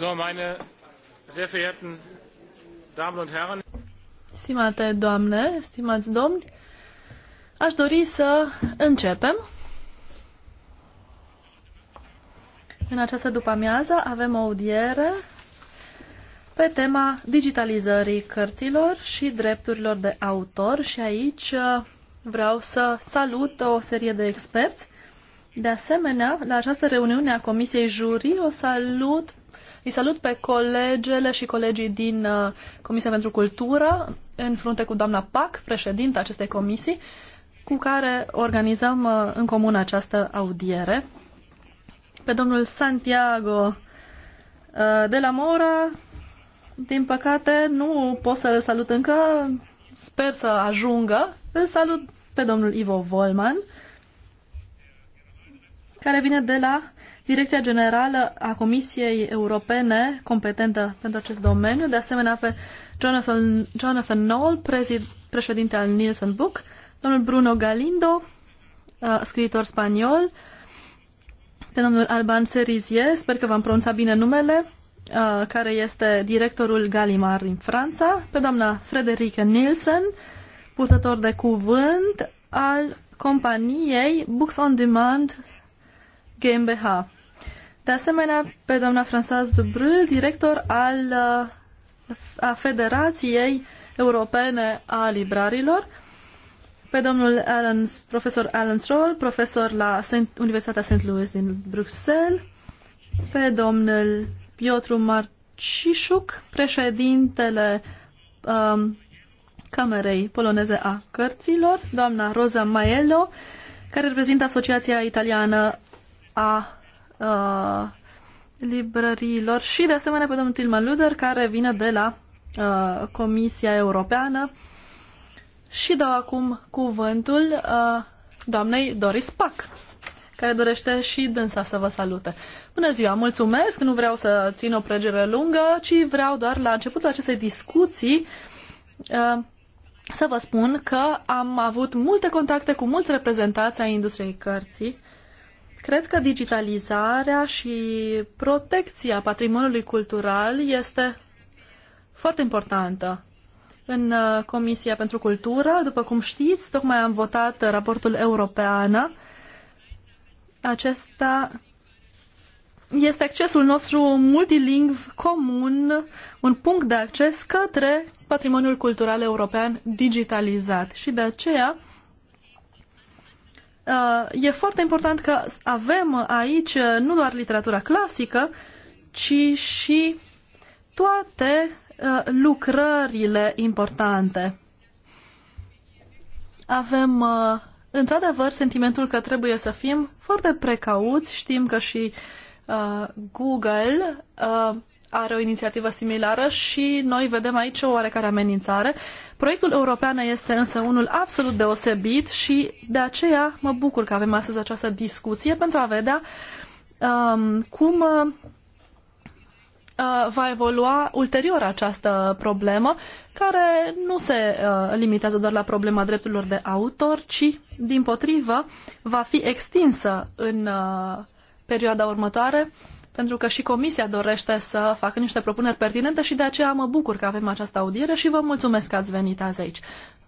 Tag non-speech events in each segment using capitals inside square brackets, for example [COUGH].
So, meine sehr verehrten Damen und Herren. Stimate doamne, stimați domni, aș dori să începem. În această după-amiază avem o audiere pe tema digitalizării cărților și drepturilor de autor și aici uh, vreau să salut o serie de experți. De asemenea, la această reuniune a Comisiei Jurii o salut îi salut pe colegele și colegii din uh, Comisia pentru Cultură, în frunte cu doamna Pac, președinta acestei comisii, cu care organizăm uh, în comun această audiere. Pe domnul Santiago uh, de la Mora, din păcate, nu pot să-l salut încă, sper să ajungă. Îl salut pe domnul Ivo Volman, care vine de la Direcția Generală a Comisiei Europene, competentă pentru acest domeniu, de asemenea pe Jonathan, Jonathan Noll, prezid, președinte al Nielsen Book, domnul Bruno Galindo, uh, scriitor spaniol, pe domnul Alban Serizie, sper că v-am pronunțat bine numele, uh, care este directorul Galimar din Franța, pe doamna Frederica Nielsen, purtător de cuvânt al companiei Books on Demand GmbH. De asemenea, pe doamna Françoise Dubrul, director al uh, a Federației Europene a Librarilor, pe domnul Alan, profesor Alan Stroll, profesor la Saint, Universitatea St. Louis din Bruxelles, pe domnul Piotru Marcișuc, președintele um, Camerei Poloneze a Cărților, doamna Rosa Maello, care reprezintă Asociația Italiană a Uh, librăriilor și de asemenea pe domnul Tilman Luder care vine de la uh, Comisia Europeană și dau acum cuvântul uh, doamnei Doris Pac care dorește și dânsa să vă salute. Bună ziua, mulțumesc, nu vreau să țin o pregere lungă, ci vreau doar la începutul acestei discuții uh, să vă spun că am avut multe contacte cu mulți reprezentanți ai industriei cărții Cred că digitalizarea și protecția patrimoniului cultural este foarte importantă. În uh, Comisia pentru Cultură, după cum știți, tocmai am votat raportul european. Acesta este accesul nostru multilingv comun, un punct de acces către patrimoniul cultural european digitalizat. Și de aceea Uh, e foarte important că avem aici uh, nu doar literatura clasică, ci și toate uh, lucrările importante. Avem într-adevăr sentimentul că trebuie să fim foarte precauți. Știm că și Google are o inițiativă similară și noi vedem aici o oarecare amenințare. Proiectul european este însă unul absolut deosebit și de aceea mă bucur că avem astăzi această discuție pentru a vedea um, cum uh, va evolua ulterior această problemă, care nu se uh, limitează doar la problema drepturilor de autor, ci, din potrivă, va fi extinsă în uh, perioada următoare pentru că și Comisia dorește să facă niște propuneri pertinente și de aceea mă bucur că avem această audiere și vă mulțumesc că ați venit azi aici.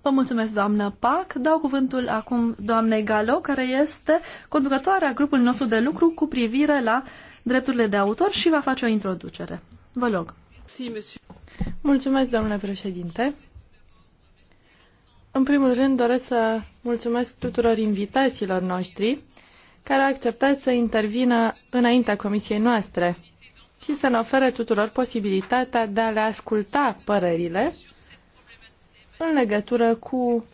Vă mulțumesc, doamnă Pac. Dau cuvântul acum doamnei Galo, care este conducătoarea grupului nostru de lucru cu privire la drepturile de autor și va face o introducere. Vă rog. Mulțumesc, domnule președinte. În primul rând doresc să mulțumesc tuturor invitațiilor noștri care a acceptat să intervină înaintea comisiei noastre și să ne ofere tuturor posibilitatea de a le asculta părerile în legătură cu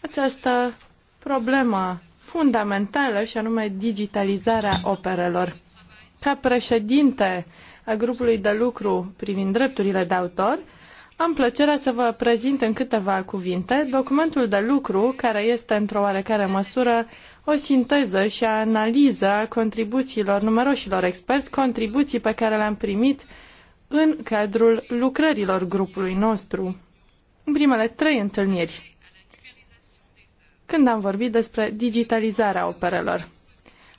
această problemă fundamentală și anume digitalizarea operelor. Ca președinte a grupului de lucru privind drepturile de autor, am plăcerea să vă prezint în câteva cuvinte documentul de lucru care este într-o oarecare măsură o sinteză și analiză a contribuțiilor numeroșilor experți, contribuții pe care le-am primit în cadrul lucrărilor grupului nostru. În primele trei întâlniri, când am vorbit despre digitalizarea operelor.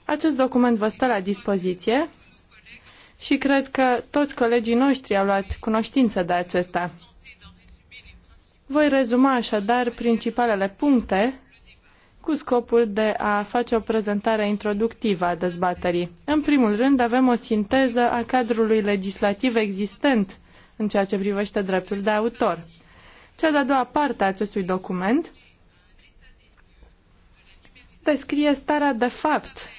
Acest document vă stă la dispoziție și cred că toți colegii noștri au luat cunoștință de acesta. Voi rezuma așadar principalele puncte cu scopul de a face o prezentare introductivă a dezbaterii. În primul rând, avem o sinteză a cadrului legislativ existent în ceea ce privește dreptul de autor. Cea de-a doua parte a acestui document descrie starea de fapt,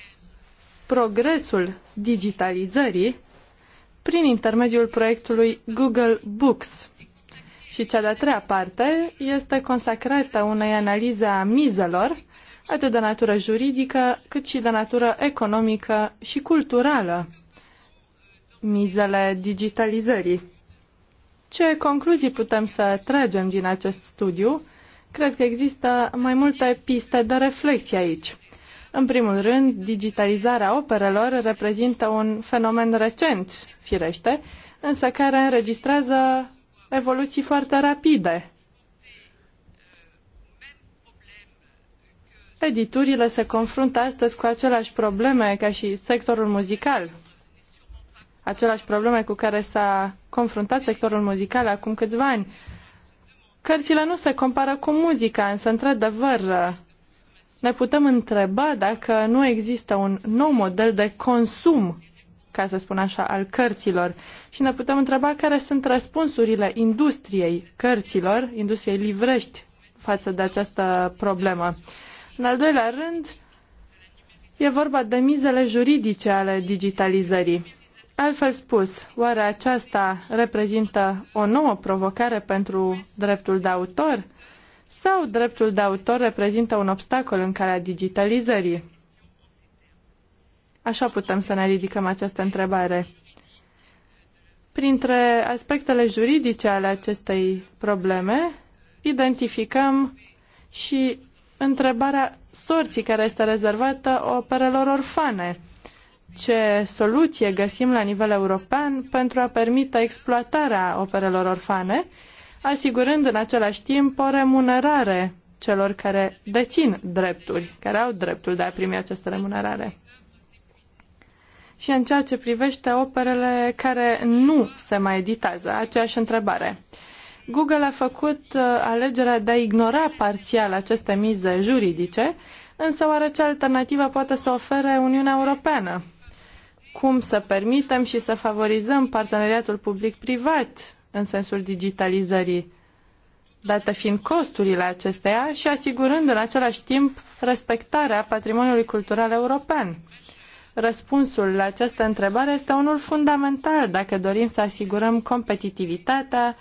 progresul digitalizării prin intermediul proiectului Google Books. Și cea de-a treia parte este consacrată unei analize a mizelor atât de natură juridică, cât și de natură economică și culturală, mizele digitalizării. Ce concluzii putem să tragem din acest studiu? Cred că există mai multe piste de reflexie aici. În primul rând, digitalizarea operelor reprezintă un fenomen recent, firește, însă care înregistrează evoluții foarte rapide. editurile se confruntă astăzi cu aceleași probleme ca și sectorul muzical. Aceleași probleme cu care s-a confruntat sectorul muzical acum câțiva ani. Cărțile nu se compară cu muzica, însă, într-adevăr, ne putem întreba dacă nu există un nou model de consum, ca să spun așa, al cărților și ne putem întreba care sunt răspunsurile industriei cărților, industriei livrești față de această problemă. În al doilea rând, e vorba de mizele juridice ale digitalizării. Altfel spus, oare aceasta reprezintă o nouă provocare pentru dreptul de autor? Sau dreptul de autor reprezintă un obstacol în calea digitalizării? Așa putem să ne ridicăm această întrebare. Printre aspectele juridice ale acestei probleme, identificăm și întrebarea sorții care este rezervată operelor orfane. Ce soluție găsim la nivel european pentru a permite exploatarea operelor orfane, asigurând în același timp o remunerare celor care dețin drepturi, care au dreptul de a primi această remunerare. Și în ceea ce privește operele care nu se mai editează, aceeași întrebare. Uh, Google a făcut uh, alegerea de a ignora parțial aceste mize juridice, însă oare ce alternativă poate să ofere Uniunea Europeană? Cum să permitem și să favorizăm parteneriatul public-privat în sensul digitalizării, dată fiind costurile acesteia și asigurând în același timp respectarea patrimoniului cultural european? Răspunsul la această întrebare este unul fundamental dacă dorim să asigurăm competitivitatea,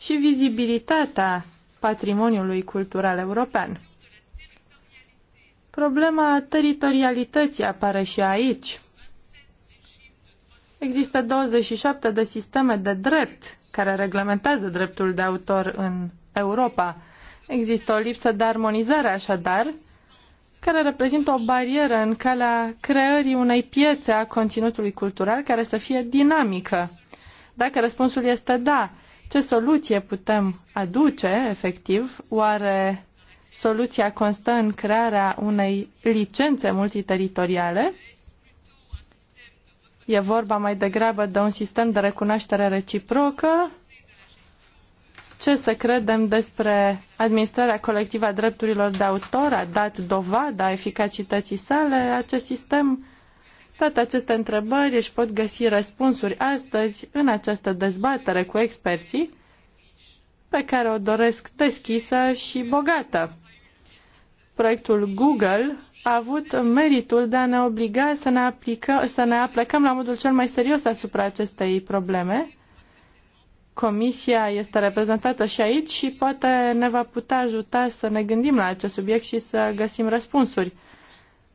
și vizibilitatea patrimoniului cultural european. Problema teritorialității apare și aici. Există 27 de sisteme de drept care reglementează dreptul de autor în Europa. Există o lipsă de armonizare, așadar, care reprezintă o barieră în calea creării unei piețe a conținutului cultural care să fie dinamică. Dacă răspunsul este da, ce soluție putem aduce, efectiv? Oare soluția constă în crearea unei licențe multiteritoriale? E vorba mai degrabă de un sistem de recunoaștere reciprocă? Ce să credem despre administrarea colectivă a drepturilor de autor? A dat dovada eficacității sale acest sistem? Toate aceste întrebări își pot găsi răspunsuri astăzi în această dezbatere cu experții pe care o doresc deschisă și bogată. Proiectul Google a avut meritul de a ne obliga să ne, aplică, să ne aplicăm la modul cel mai serios asupra acestei probleme. Comisia este reprezentată și aici și poate ne va putea ajuta să ne gândim la acest subiect și să găsim răspunsuri.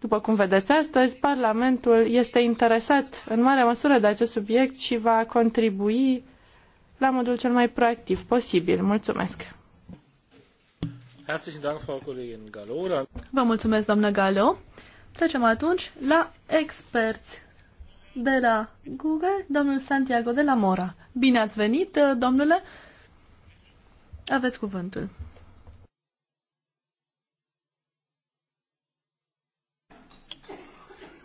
După cum vedeți astăzi, Parlamentul este interesat în mare măsură de acest subiect și va contribui la modul cel mai proactiv posibil. Mulțumesc! Vă mulțumesc, doamnă Galo. Trecem atunci la experți de la Google, domnul Santiago de la Mora. Bine ați venit, domnule! Aveți cuvântul.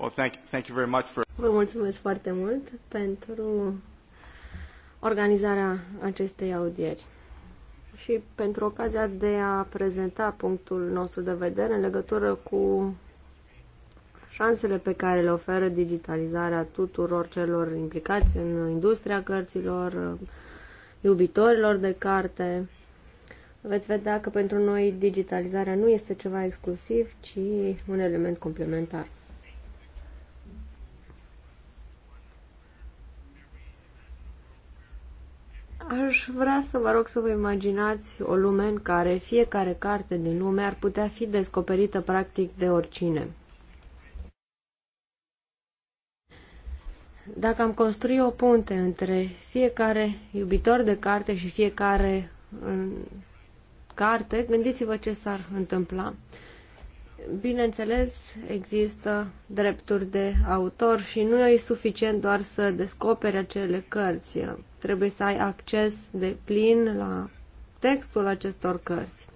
Well, thank, thank you very much for... Vă mulțumesc foarte mult pentru organizarea acestei audieri și pentru ocazia de a prezenta punctul nostru de vedere în legătură cu șansele pe care le oferă digitalizarea tuturor celor implicați în industria cărților, iubitorilor de carte. Veți vedea că pentru noi digitalizarea nu este ceva exclusiv, ci un element complementar. Aș vrea să vă rog să vă imaginați o lume în care fiecare carte din lume ar putea fi descoperită practic de oricine. Dacă am construi o punte între fiecare iubitor de carte și fiecare în carte, gândiți-vă ce s-ar întâmpla. Bineînțeles, există drepturi de autor și nu e suficient doar să descoperi acele cărți. Trebuie să ai acces de plin la textul acestor cărți.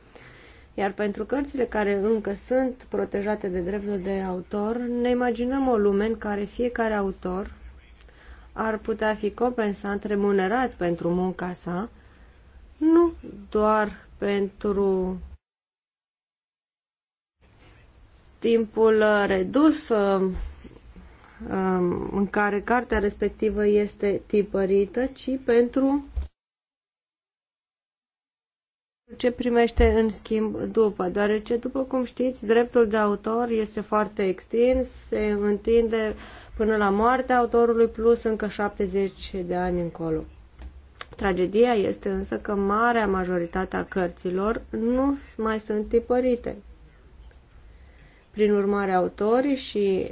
Iar pentru cărțile care încă sunt protejate de dreptul de autor, ne imaginăm o lume în care fiecare autor ar putea fi compensat, remunerat pentru munca sa, nu doar pentru timpul uh, redus uh, um, în care cartea respectivă este tipărită, ci pentru ce primește în schimb după, deoarece, după cum știți, dreptul de autor este foarte extins, se întinde până la moartea autorului plus încă 70 de ani încolo. Tragedia este însă că marea majoritate a cărților nu mai sunt tipărite, prin urmare, autorii și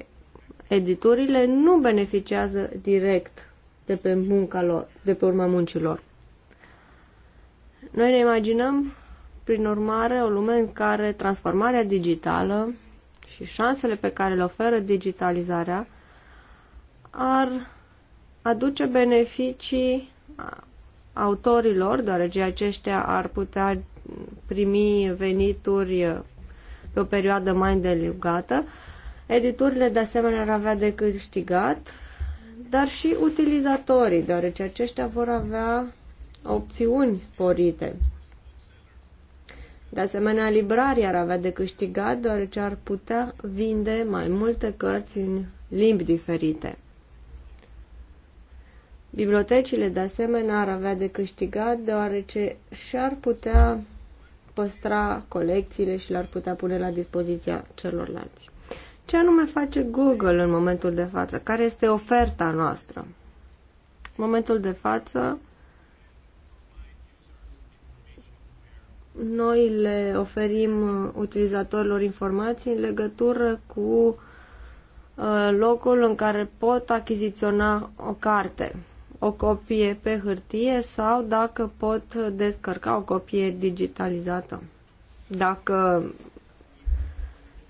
editurile nu beneficiază direct de pe munca lor, de pe urma muncilor. Noi ne imaginăm, prin urmare, o lume în care transformarea digitală și șansele pe care le oferă digitalizarea ar aduce beneficii autorilor, deoarece aceștia ar putea primi venituri pe o perioadă mai îndelugată. Editurile de asemenea ar avea de câștigat, dar și utilizatorii, deoarece aceștia vor avea opțiuni sporite. De asemenea, librarii ar avea de câștigat, deoarece ar putea vinde mai multe cărți în limbi diferite. Bibliotecile, de asemenea, ar avea de câștigat, deoarece și-ar putea păstra colecțiile și le-ar putea pune la dispoziția celorlalți. Ce anume face Google în momentul de față? Care este oferta noastră? În momentul de față, noi le oferim utilizatorilor informații în legătură cu uh, locul în care pot achiziționa o carte o copie pe hârtie sau dacă pot descărca o copie digitalizată. Dacă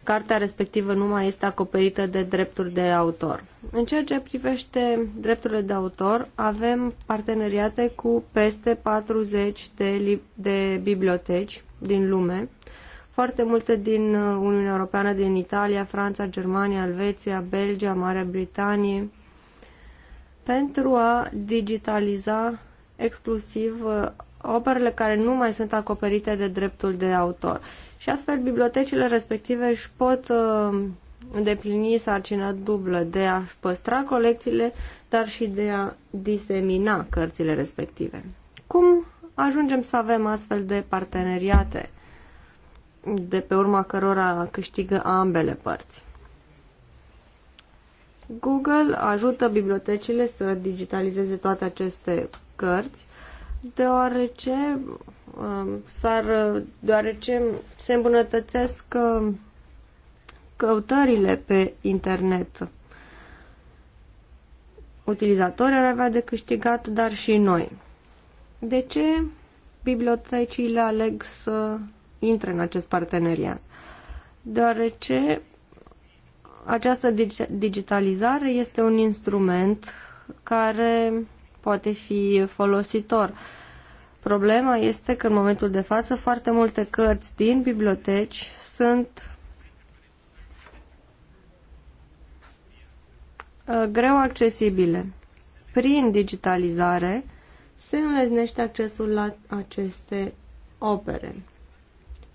cartea respectivă nu mai este acoperită de drepturi de autor. În ceea ce privește drepturile de autor, avem parteneriate cu peste 40 de, de biblioteci din lume, foarte multe din Uniunea Europeană, din Italia, Franța, Germania, Elveția, Belgia, Marea Britanie, pentru a digitaliza exclusiv uh, operele care nu mai sunt acoperite de dreptul de autor. Și astfel bibliotecile respective își pot uh, îndeplini sarcina dublă de a păstra colecțiile, dar și de a disemina cărțile respective. Cum ajungem să avem astfel de parteneriate de pe urma cărora câștigă ambele părți? Google ajută bibliotecile să digitalizeze toate aceste cărți, deoarece, um, s-ar, deoarece se îmbunătățesc um, căutările pe internet. Utilizatorii ar avea de câștigat, dar și noi. De ce bibliotecile aleg să intre în acest parteneriat? Deoarece această digitalizare este un instrument care poate fi folositor. Problema este că în momentul de față foarte multe cărți din biblioteci sunt uh, greu accesibile. Prin digitalizare se înleznește accesul la aceste opere.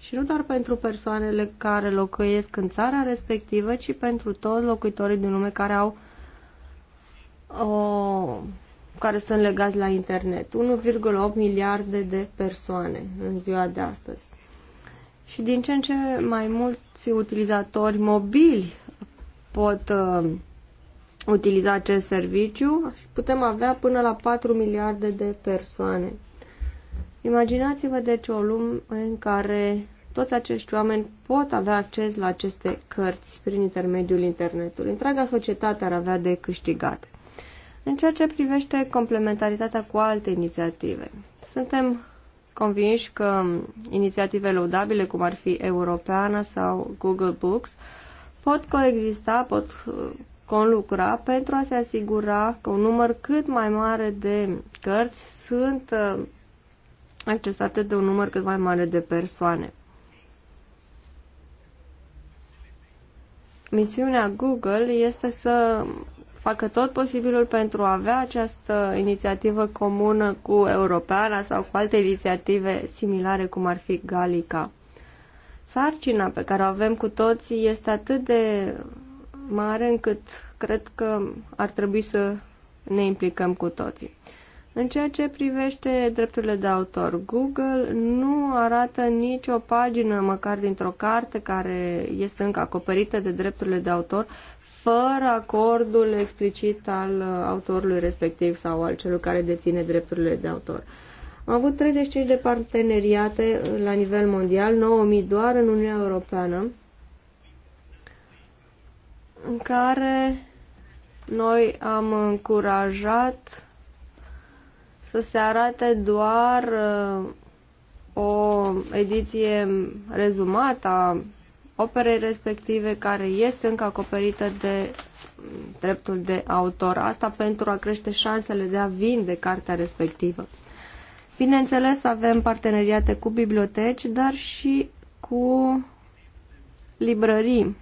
Și nu doar pentru persoanele care locuiesc în țara respectivă, ci pentru toți locuitorii din lume care au o, care sunt legați la internet. 1,8 miliarde de persoane în ziua de astăzi. Și din ce în ce mai mulți utilizatori mobili pot uh, utiliza acest serviciu și putem avea până la 4 miliarde de persoane. Imaginați-vă deci o lume în care toți acești oameni pot avea acces la aceste cărți prin intermediul internetului. Întreaga societate ar avea de câștigat. În ceea ce privește complementaritatea cu alte inițiative, suntem convinși că inițiative laudabile, cum ar fi Europeana sau Google Books, pot coexista, pot uh, conlucra pentru a se asigura că un număr cât mai mare de cărți sunt uh, accesate de un număr cât mai mare de persoane. Misiunea Google este să facă tot posibilul pentru a avea această inițiativă comună cu Europeana sau cu alte inițiative similare, cum ar fi Galica. Sarcina pe care o avem cu toții este atât de mare încât cred că ar trebui să ne implicăm cu toții. În ceea ce privește drepturile de autor, Google nu arată nicio pagină, măcar dintr-o carte care este încă acoperită de drepturile de autor, fără acordul explicit al autorului respectiv sau al celui care deține drepturile de autor. Am avut 35 de parteneriate la nivel mondial, 9000 doar în Uniunea Europeană, în care noi am încurajat să se arate doar uh, o ediție rezumată a operei respective care este încă acoperită de mm, dreptul de autor. Asta pentru a crește șansele de a vinde cartea respectivă. Bineînțeles, avem parteneriate cu biblioteci, dar și cu librării,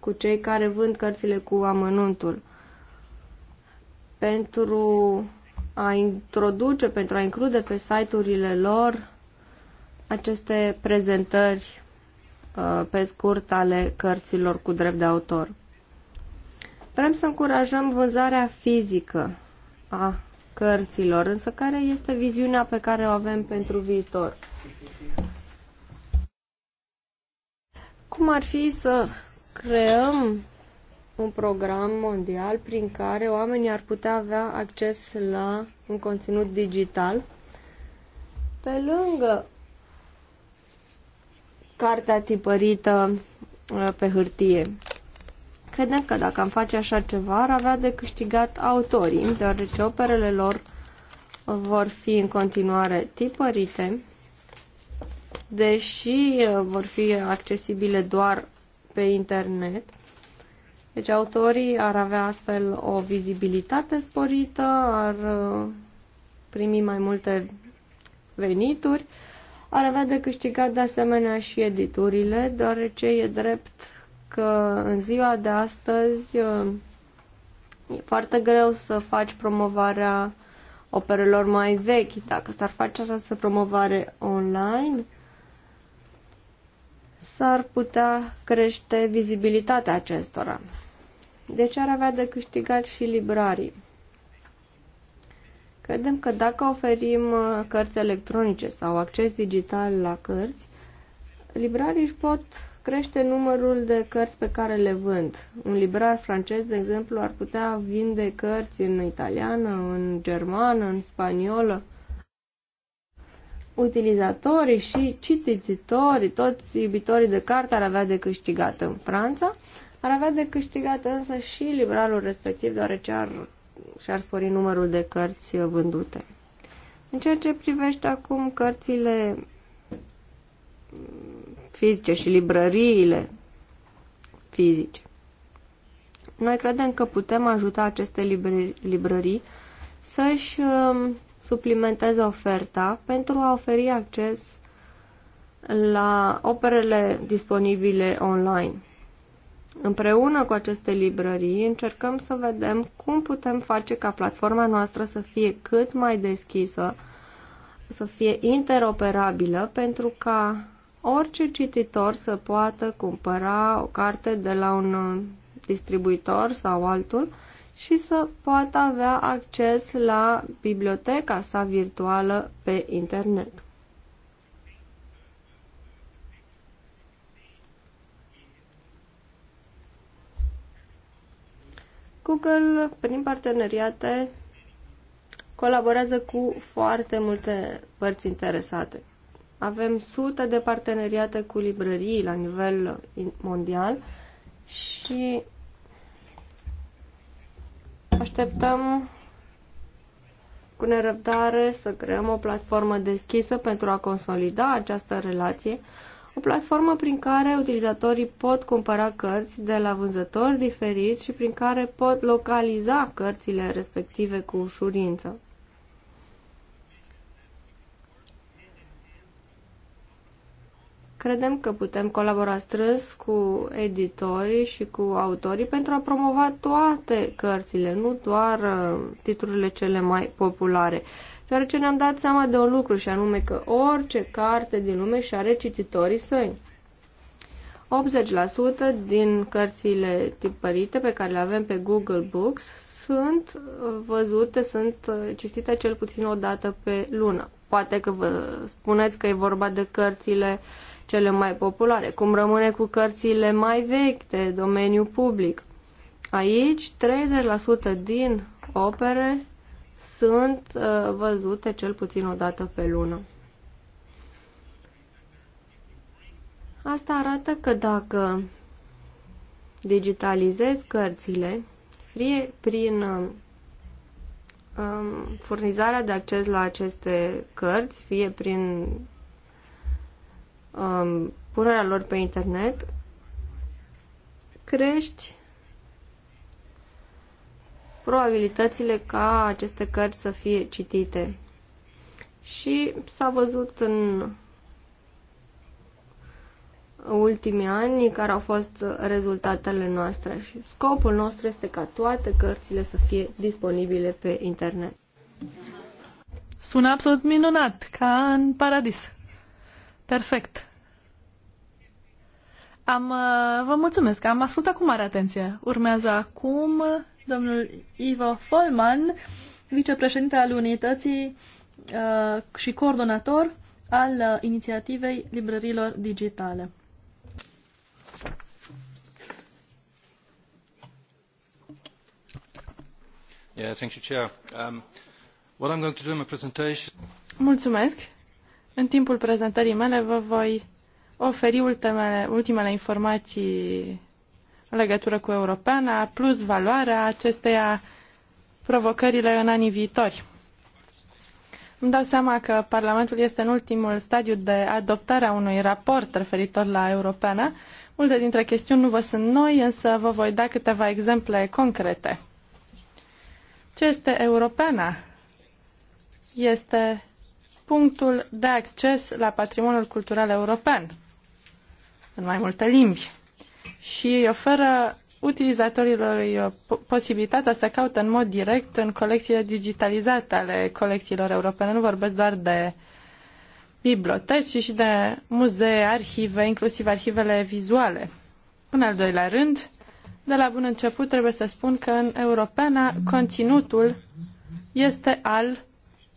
cu cei care vând cărțile cu amănuntul. Pentru a introduce, pentru a include pe site-urile lor aceste prezentări uh, pe scurt ale cărților cu drept de autor. Vrem să încurajăm vânzarea fizică a cărților, însă care este viziunea pe care o avem pentru viitor? Cum ar fi să creăm un program mondial prin care oamenii ar putea avea acces la un conținut digital pe lângă cartea tipărită uh, pe hârtie. Credem că dacă am face așa ceva, ar avea de câștigat autorii, deoarece operele lor vor fi în continuare tipărite, deși uh, vor fi accesibile doar pe internet, deci autorii ar avea astfel o vizibilitate sporită, ar uh, primi mai multe venituri, ar avea de câștigat de asemenea și editurile, deoarece e drept că în ziua de astăzi uh, e foarte greu să faci promovarea operelor mai vechi. Dacă s-ar face această promovare online, s-ar putea crește vizibilitatea acestora. Deci ar avea de câștigat și librarii. Credem că dacă oferim uh, cărți electronice sau acces digital la cărți, librarii își pot crește numărul de cărți pe care le vând. Un librar francez, de exemplu, ar putea vinde cărți în italiană, în germană, în spaniolă. Utilizatorii și cititorii, toți iubitorii de carte ar avea de câștigat în Franța ar avea de câștigat însă și liberalul respectiv, deoarece ar, și-ar spori numărul de cărți vândute. În ceea ce privește acum cărțile fizice și librăriile fizice, noi credem că putem ajuta aceste librări librării să-și um, suplimenteze oferta pentru a oferi acces la operele disponibile online. Împreună cu aceste librării încercăm să vedem cum putem face ca platforma noastră să fie cât mai deschisă, să fie interoperabilă pentru ca orice cititor să poată cumpăra o carte de la un uh, distribuitor sau altul și să poată avea acces la biblioteca sa virtuală pe internet. Google, prin parteneriate, colaborează cu foarte multe părți interesate. Avem sute de parteneriate cu librării la nivel mondial și așteptăm cu nerăbdare să creăm o platformă deschisă pentru a consolida această relație, o platformă prin care utilizatorii pot cumpăra cărți de la vânzători diferiți și prin care pot localiza cărțile respective cu ușurință. Credem că putem colabora strâns cu editorii și cu autorii pentru a promova toate cărțile, nu doar uh, titlurile cele mai populare deoarece ne-am dat seama de un lucru și anume că orice carte din lume și are cititorii săi. 80% din cărțile tipărite pe care le avem pe Google Books sunt uh, văzute, sunt uh, citite cel puțin o dată pe lună. Poate că vă spuneți că e vorba de cărțile cele mai populare, cum rămâne cu cărțile mai vechi de domeniu public. Aici, 30% din opere sunt uh, văzute cel puțin o dată pe lună. Asta arată că dacă digitalizezi cărțile, fie prin um, furnizarea de acces la aceste cărți, fie prin um, punerea lor pe internet, crești probabilitățile ca aceste cărți să fie citite. Și s-a văzut în ultimii ani care au fost rezultatele noastre și scopul nostru este ca toate cărțile să fie disponibile pe internet. Sună absolut minunat, ca în paradis. Perfect. Am, uh, vă mulțumesc, am ascultat cu mare atenție. Urmează acum domnul Ivo Folman, vicepreședinte al unității uh, și coordonator al uh, inițiativei librărilor digitale. Yeah, thank you, Chair. Um, what I'm going to do in my presentation... Mulțumesc. În timpul prezentării mele vă voi oferi ultimele, ultimele informații în legătură cu europeana, plus valoarea acesteia, provocările în anii viitori. Îmi dau seama că Parlamentul este în ultimul stadiu de adoptare a unui raport referitor la europeană. Multe dintre chestiuni nu vă sunt noi, însă vă voi da câteva exemple concrete. Ce este europeana? Este punctul de acces la patrimoniul cultural european în mai multe limbi și îi oferă utilizatorilor uh, posibilitatea să caute în mod direct în colecțiile digitalizate ale colecțiilor europene. Nu vorbesc doar de biblioteci, ci și de muzee, arhive, inclusiv arhivele vizuale. În al doilea rând, de la bun început trebuie să spun că în Europeana conținutul este al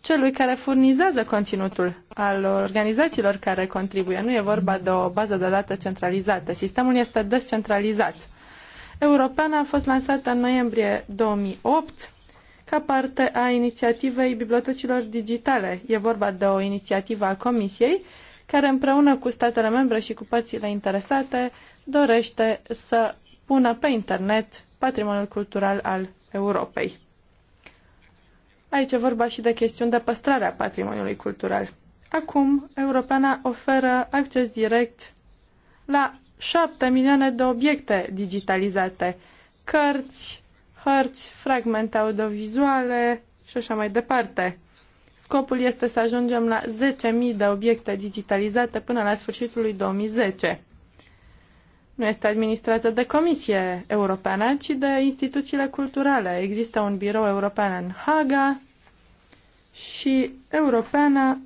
celui care furnizează conținutul al organizațiilor care contribuie. Nu e vorba de o bază de date centralizată. Sistemul este descentralizat. Europeana a fost lansată în noiembrie 2008 ca parte a inițiativei bibliotecilor digitale. E vorba de o inițiativă a Comisiei care împreună cu statele membre și cu părțile interesate dorește să pună pe internet patrimoniul cultural al Europei. Aici e vorba și de chestiuni de păstrare a patrimoniului cultural. Acum, Europeana oferă acces direct la 7 milioane de obiecte digitalizate, cărți, hărți, fragmente audiovizuale și așa mai departe. Scopul este să ajungem la 10.000 de obiecte digitalizate până la sfârșitul lui 2010 nu este administrată de Comisie Europeană, ci de instituțiile culturale. Există un birou european în Haga și europeană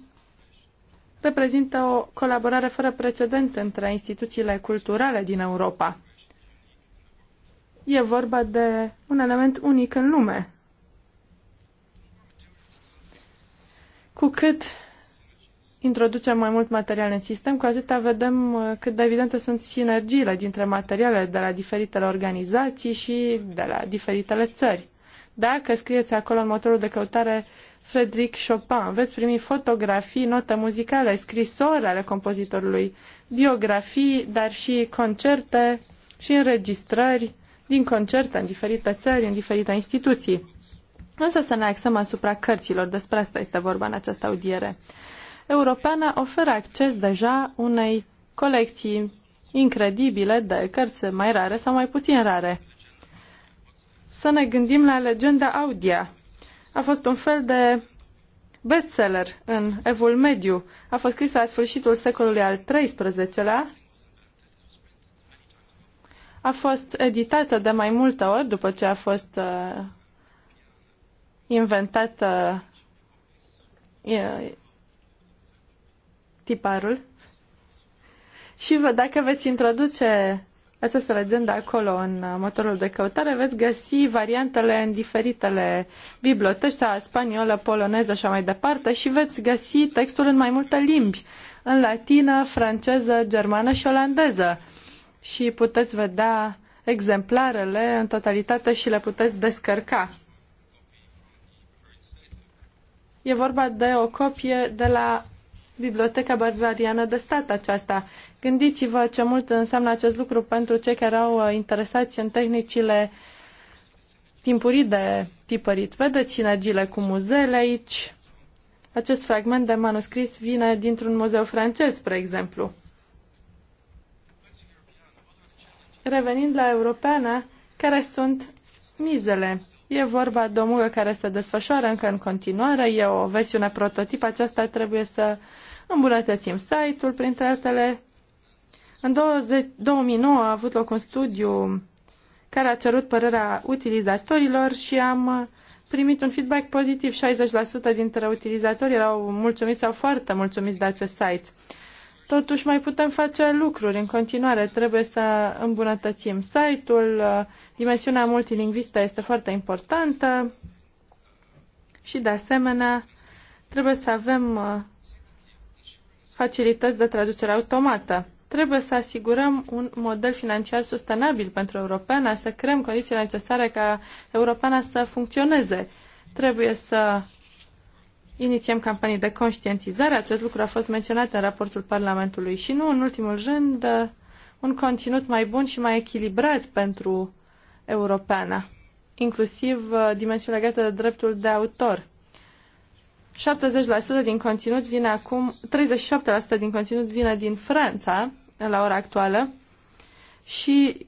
reprezintă o colaborare fără precedent între instituțiile culturale din Europa. E vorba de un element unic în lume. Cu cât introducem mai mult material în sistem, cu atâta vedem uh, cât de evidente sunt sinergiile dintre materialele de la diferitele organizații și de la diferitele țări. Dacă scrieți acolo în motorul de căutare Frederic Chopin, veți primi fotografii, note muzicale, scrisori ale compozitorului, biografii, dar și concerte și înregistrări din concerte în diferite țări, în diferite instituții. Însă să ne axăm asupra cărților, despre asta este vorba în această audiere europeană oferă acces deja unei colecții incredibile de cărți mai rare sau mai puțin rare. Să ne gândim la legenda Audia. A fost un fel de bestseller în Evul Mediu. A fost scris la sfârșitul secolului al XIII-lea. A fost editată de mai multe ori după ce a fost uh, inventată uh, tiparul și vă, dacă veți introduce această legendă acolo în uh, motorul de căutare, veți găsi variantele în diferitele biblioteci, spaniolă, poloneză și mai departe și veți găsi textul în mai multe limbi, în latină, franceză, germană și olandeză. Și puteți vedea exemplarele în totalitate și le puteți descărca. E vorba de o copie de la biblioteca barbariană de stat aceasta. Gândiți-vă ce mult înseamnă acest lucru pentru cei care au uh, interesați în tehnicile timpurii de tipărit. Vedeți sinergiile cu muzeele aici. Acest fragment de manuscris vine dintr-un muzeu francez, spre exemplu. Revenind la europeană, care sunt mizele? E vorba de o mugă care se desfășoară încă în continuare, e o versiune prototip, aceasta trebuie să uh, îmbunătățim site-ul, printre altele. În 20, 2009 a avut loc un studiu care a cerut părerea utilizatorilor și am primit un feedback pozitiv. 60% dintre utilizatori erau mulțumiți sau foarte mulțumiți de acest site. Totuși mai putem face lucruri în continuare. Trebuie să îmbunătățim site-ul, dimensiunea multilingvistă este foarte importantă și de asemenea trebuie să avem facilități de traducere automată. Trebuie să asigurăm un model financiar sustenabil pentru europeană, să creăm condițiile necesare ca Europeana să funcționeze. Trebuie să inițiem campanii de conștientizare. Acest lucru a fost menționat în raportul Parlamentului și nu, în ultimul rând, un conținut mai bun și mai echilibrat pentru Europeana, inclusiv uh, dimensiunea legată de dreptul de autor. 70% din conținut vine acum, 37% din conținut vine din Franța la ora actuală și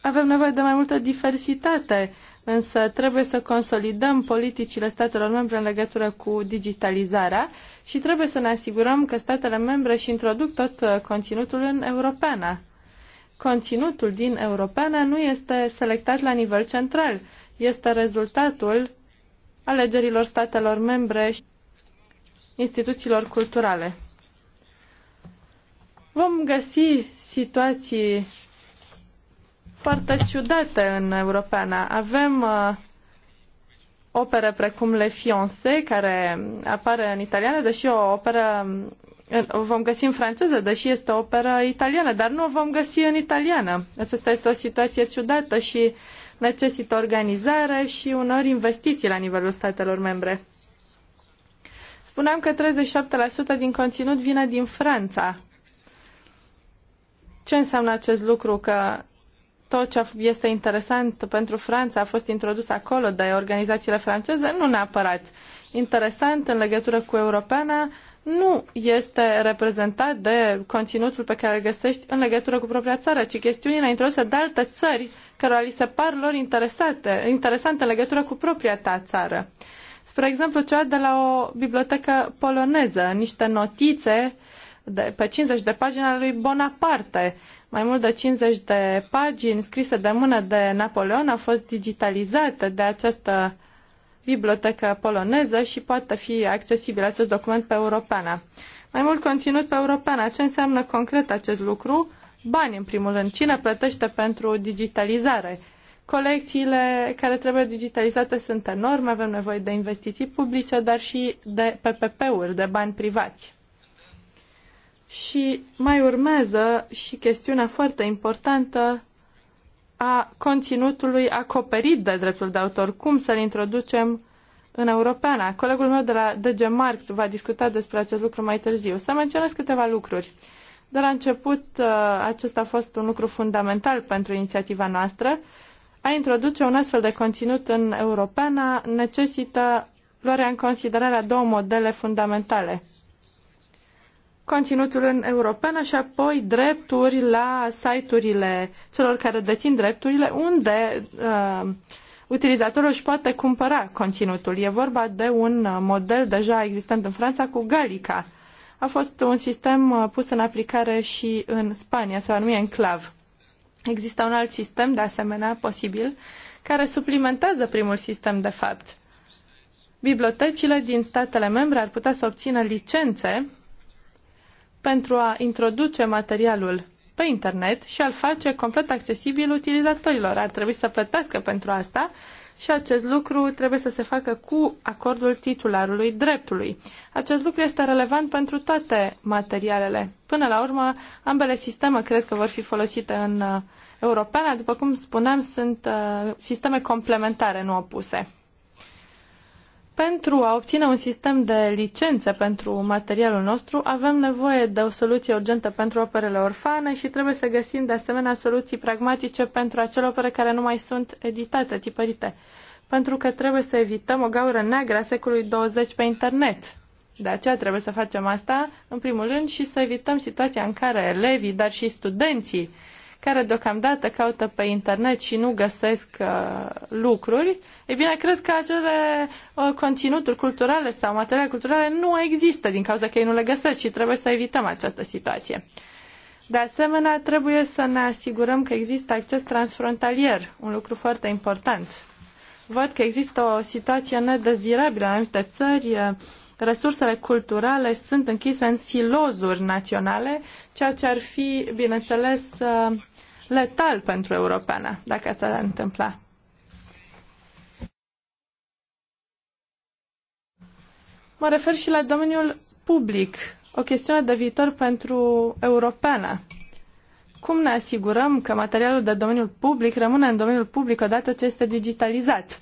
avem nevoie de mai multă diversitate, însă trebuie să consolidăm politicile statelor membre în legătură cu digitalizarea și trebuie să ne asigurăm că statele membre și introduc tot uh, conținutul în europeană. Conținutul din europeană nu este selectat la nivel central, este rezultatul alegerilor statelor membre și instituțiilor culturale. Vom găsi situații foarte ciudate în europeană. Avem uh, opere precum Le Fiancé, care apare în italiană, deși o operă o vom găsi în franceză, deși este o operă italiană, dar nu o vom găsi în italiană. Aceasta este o situație ciudată și necesită organizare și unor investiții la nivelul statelor membre. Spuneam că 37% din conținut vine din Franța. Ce înseamnă acest lucru? Că tot ce este interesant pentru Franța a fost introdus acolo de organizațiile franceze? Nu neapărat. Interesant în legătură cu europeana nu este reprezentat de conținutul pe care îl găsești în legătură cu propria țară, ci chestiunile introduse de alte țări care li se par lor interesate, interesante în legătură cu propria ta țară. Spre exemplu, cea de la o bibliotecă poloneză, niște notițe de, pe 50 de pagini ale lui Bonaparte. Mai mult de 50 de pagini scrise de mână de Napoleon au fost digitalizate de această bibliotecă poloneză și poate fi accesibil acest document pe europeană. Mai mult conținut pe europeană. Ce înseamnă concret acest lucru? Bani, în primul rând. Cine plătește pentru digitalizare? Colecțiile care trebuie digitalizate sunt enorme, avem nevoie de investiții publice, dar și de PPP-uri, de bani privați. Și mai urmează și chestiunea foarte importantă a conținutului acoperit de dreptul de autor, cum să-l introducem în europeană. Colegul meu de la DG Markt va discuta despre acest lucru mai târziu. Să menționez câteva lucruri. De la început, uh, acesta a fost un lucru fundamental pentru inițiativa noastră. A introduce un astfel de conținut în europeană necesită luarea în considerare a două modele fundamentale conținutul în europeană și apoi drepturi la site-urile celor care dețin drepturile unde uh, utilizatorul își poate cumpăra conținutul. E vorba de un model deja existent în Franța cu Galica. A fost un sistem uh, pus în aplicare și în Spania, se în Enclav. Există un alt sistem, de asemenea, posibil, care suplimentează primul sistem de fapt. Bibliotecile din statele membre ar putea să obțină licențe pentru a introduce materialul pe internet și a-l face complet accesibil utilizatorilor. Ar trebui să plătească pentru asta și acest lucru trebuie să se facă cu acordul titularului dreptului. Acest lucru este relevant pentru toate materialele. Până la urmă, ambele sisteme cred că vor fi folosite în uh, Europeană. După cum spuneam, sunt uh, sisteme complementare, nu opuse. Pentru a obține un sistem de licențe pentru materialul nostru, avem nevoie de o soluție urgentă pentru operele orfane și trebuie să găsim de asemenea soluții pragmatice pentru acele opere care nu mai sunt editate, tipărite. Pentru că trebuie să evităm o gaură neagră a secolului 20 pe internet. De aceea trebuie să facem asta, în primul rând, și să evităm situația în care elevii, dar și studenții care deocamdată caută pe internet și nu găsesc uh, lucruri, e bine, cred că acele uh, conținuturi culturale sau materiale culturale nu există din cauza că ei nu le găsesc și trebuie să evităm această situație. De asemenea, trebuie să ne asigurăm că există acces transfrontalier, un lucru foarte important. Văd că există o situație nedezirabilă în anumite țări. Uh, resursele culturale sunt închise în silozuri naționale, ceea ce ar fi, bineînțeles, uh, letal pentru europeană, dacă asta s-ar întâmpla. Mă refer și la domeniul public, o chestiune de viitor pentru europeană. Cum ne asigurăm că materialul de domeniul public rămâne în domeniul public odată ce este digitalizat?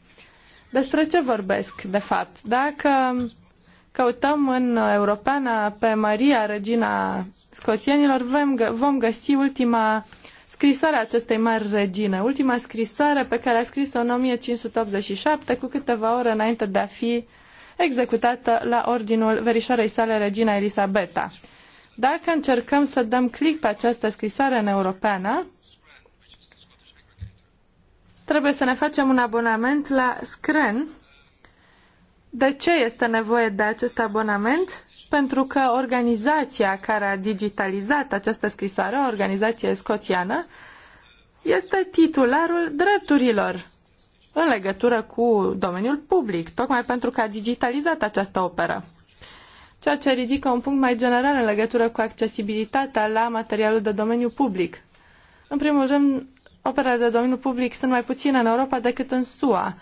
Despre ce vorbesc, de fapt? Dacă căutăm în europeană pe Maria, regina scoțienilor, vom găsi ultima scrisoarea acestei mari regine, ultima scrisoare pe care a scris-o în 1587, cu câteva ore înainte de a fi executată la ordinul verișoarei sale regina Elisabeta. Dacă încercăm să dăm click pe această scrisoare în europeană, trebuie să ne facem un abonament la Scren. De ce este nevoie de acest abonament? pentru că organizația care a digitalizat această scrisoare, o organizație scoțiană, este titularul drepturilor în legătură cu domeniul public, tocmai pentru că a digitalizat această operă. Ceea ce ridică un punct mai general în legătură cu accesibilitatea la materialul de domeniu public. În primul rând, operele de domeniu public sunt mai puține în Europa decât în SUA.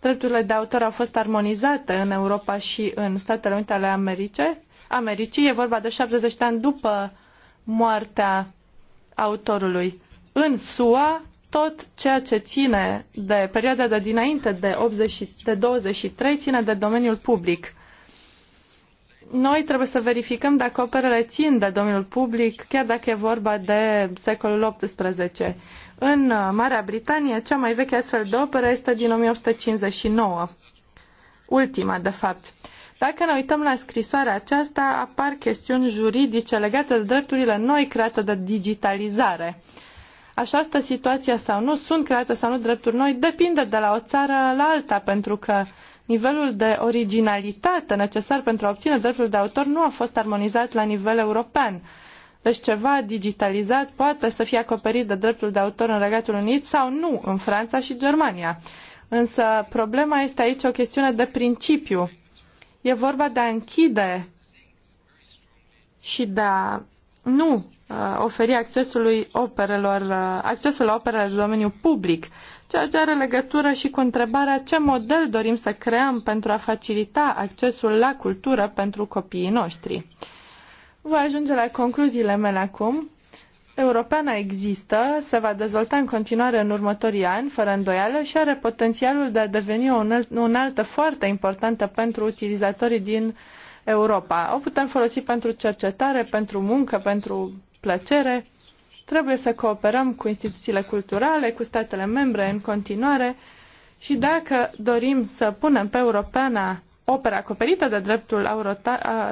Drepturile de autor au fost armonizate în Europa și în Statele Unite ale Americii, Americii. E vorba de 70 de ani după moartea autorului. În SUA, tot ceea ce ține de perioada de dinainte de, 80, de 23 ține de domeniul public. Noi trebuie să verificăm dacă operele țin de domeniul public, chiar dacă e vorba de secolul XVIII. În uh, Marea Britanie, cea mai veche astfel de operă este din 1859. Ultima, de fapt. Dacă ne uităm la scrisoarea aceasta, apar chestiuni juridice legate de drepturile noi create de digitalizare. Așa stă situația sau nu, sunt create sau nu drepturi noi, depinde de la o țară la alta, pentru că nivelul de originalitate necesar pentru a obține dreptul de autor nu a fost armonizat la nivel european. Deci ceva digitalizat poate să fie acoperit de dreptul de autor în Regatul Unit sau nu în Franța și Germania. Însă problema este aici o chestiune de principiu. E vorba de a închide și de a nu uh, oferi accesului operelor, uh, accesul la operele de domeniu public, ceea ce are legătură și cu întrebarea ce model dorim să creăm pentru a facilita accesul la cultură pentru copiii noștri. Voi ajunge la concluziile mele acum europeană există, se va dezvolta în continuare în următorii ani, fără îndoială, și are potențialul de a deveni o unealtă foarte importantă pentru utilizatorii din Europa. O putem folosi pentru cercetare, pentru muncă, pentru plăcere. Trebuie să cooperăm cu instituțiile culturale, cu statele membre în continuare și dacă dorim să punem pe europeana opera acoperită de dreptul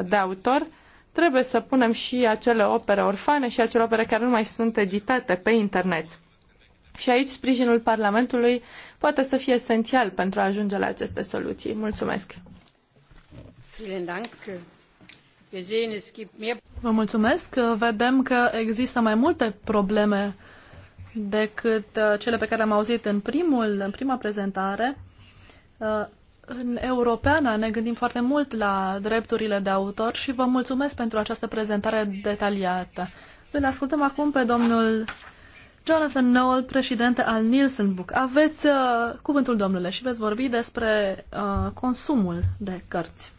de autor, trebuie să punem și acele opere orfane și acele opere care nu mai sunt editate pe internet. Și aici sprijinul Parlamentului poate să fie esențial pentru a ajunge la aceste soluții. Mulțumesc! Vă mulțumesc! Vedem că există mai multe probleme decât uh, cele pe care le-am auzit în, primul, în prima prezentare. Uh, în Europeana ne gândim foarte mult la drepturile de autor și vă mulțumesc pentru această prezentare detaliată. Îl ascultăm acum pe domnul Jonathan Noel, președinte al Nielsen Book. Aveți uh, cuvântul, domnule, și veți vorbi despre uh, consumul de cărți.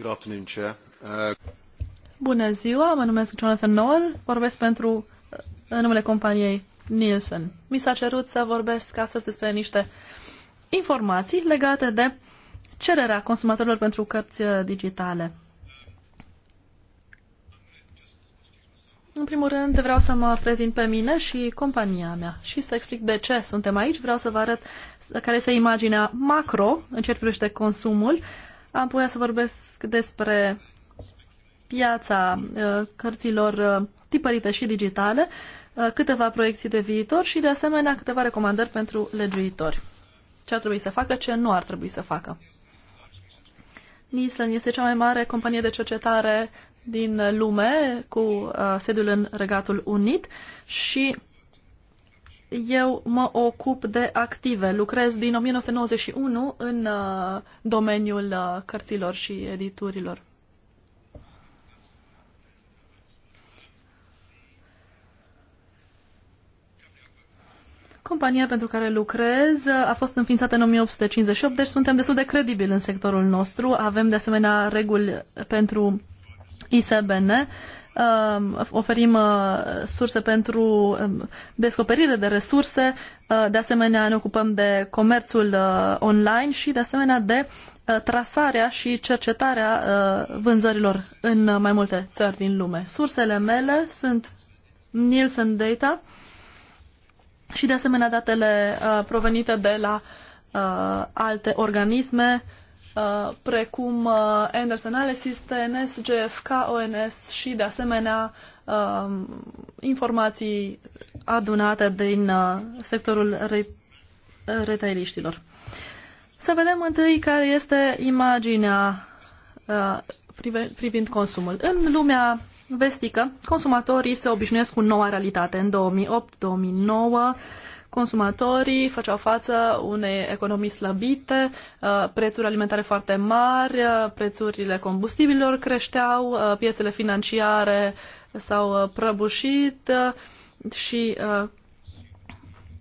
Good afternoon, Chair. Uh... Bună ziua, mă numesc Jonathan Noel, vorbesc pentru în numele companiei Nielsen. Mi s-a cerut să vorbesc astăzi despre niște informații legate de cererea consumatorilor pentru cărți uh, digitale. În primul rând vreau să mă prezint pe mine și compania mea și să explic de ce suntem aici. Vreau să vă arăt care este imaginea macro în ce privește consumul. putea să vorbesc despre piața uh, cărților uh, tipărite și digitale, uh, câteva proiecții de viitor și, de asemenea, câteva recomandări pentru legiuitori. Ce ar trebui să facă, ce nu ar trebui să facă. Nissan este cea mai mare companie de cercetare din lume, cu sediul în Regatul Unit și eu mă ocup de active. Lucrez din 1991 în domeniul cărților și editurilor. Compania pentru care lucrez a fost înființată în 1858, deci suntem destul de credibili în sectorul nostru. Avem de asemenea reguli pentru ISBN, um, oferim uh, surse pentru um, descoperire de resurse, uh, de asemenea ne ocupăm de comerțul uh, online și de asemenea de trasarea și cercetarea vânzărilor în mai multe țări din lume. Sursele mele sunt Nielsen Data, și de asemenea datele uh, provenite de la uh, alte organisme uh, precum uh, Anderson Analysis, TNS, GFK, ONS și de asemenea uh, informații adunate din uh, sectorul re- retailiștilor. Să vedem întâi care este imaginea uh, privind consumul. În lumea vestică, consumatorii se obișnuiesc cu noua realitate. În 2008-2009, consumatorii făceau față unei economii slăbite, uh, prețuri alimentare foarte mari, uh, prețurile combustibilor creșteau, uh, piețele financiare s-au prăbușit și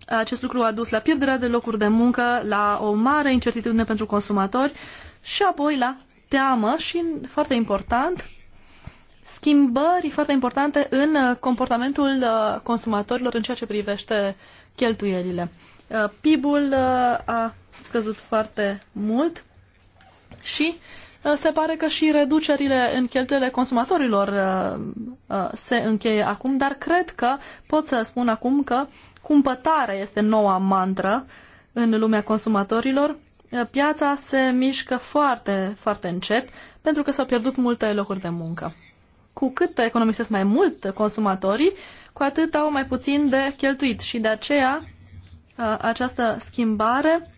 acest lucru a dus la pierderea de locuri de muncă, la o mare incertitudine pentru consumatori și apoi la teamă și, foarte important, schimbări foarte importante în uh, comportamentul uh, consumatorilor în ceea ce privește cheltuielile. Uh, PIB-ul a scăzut foarte mult și se pare că și reducerile în cheltuielile consumatorilor se încheie acum, dar cred că pot să spun acum că cumpătarea este noua mantră în lumea consumatorilor. Piața se mișcă foarte, foarte încet pentru că s-au pierdut multe locuri de muncă cu cât economisesc mai mult consumatorii, cu atât au mai puțin de cheltuit și de aceea această schimbare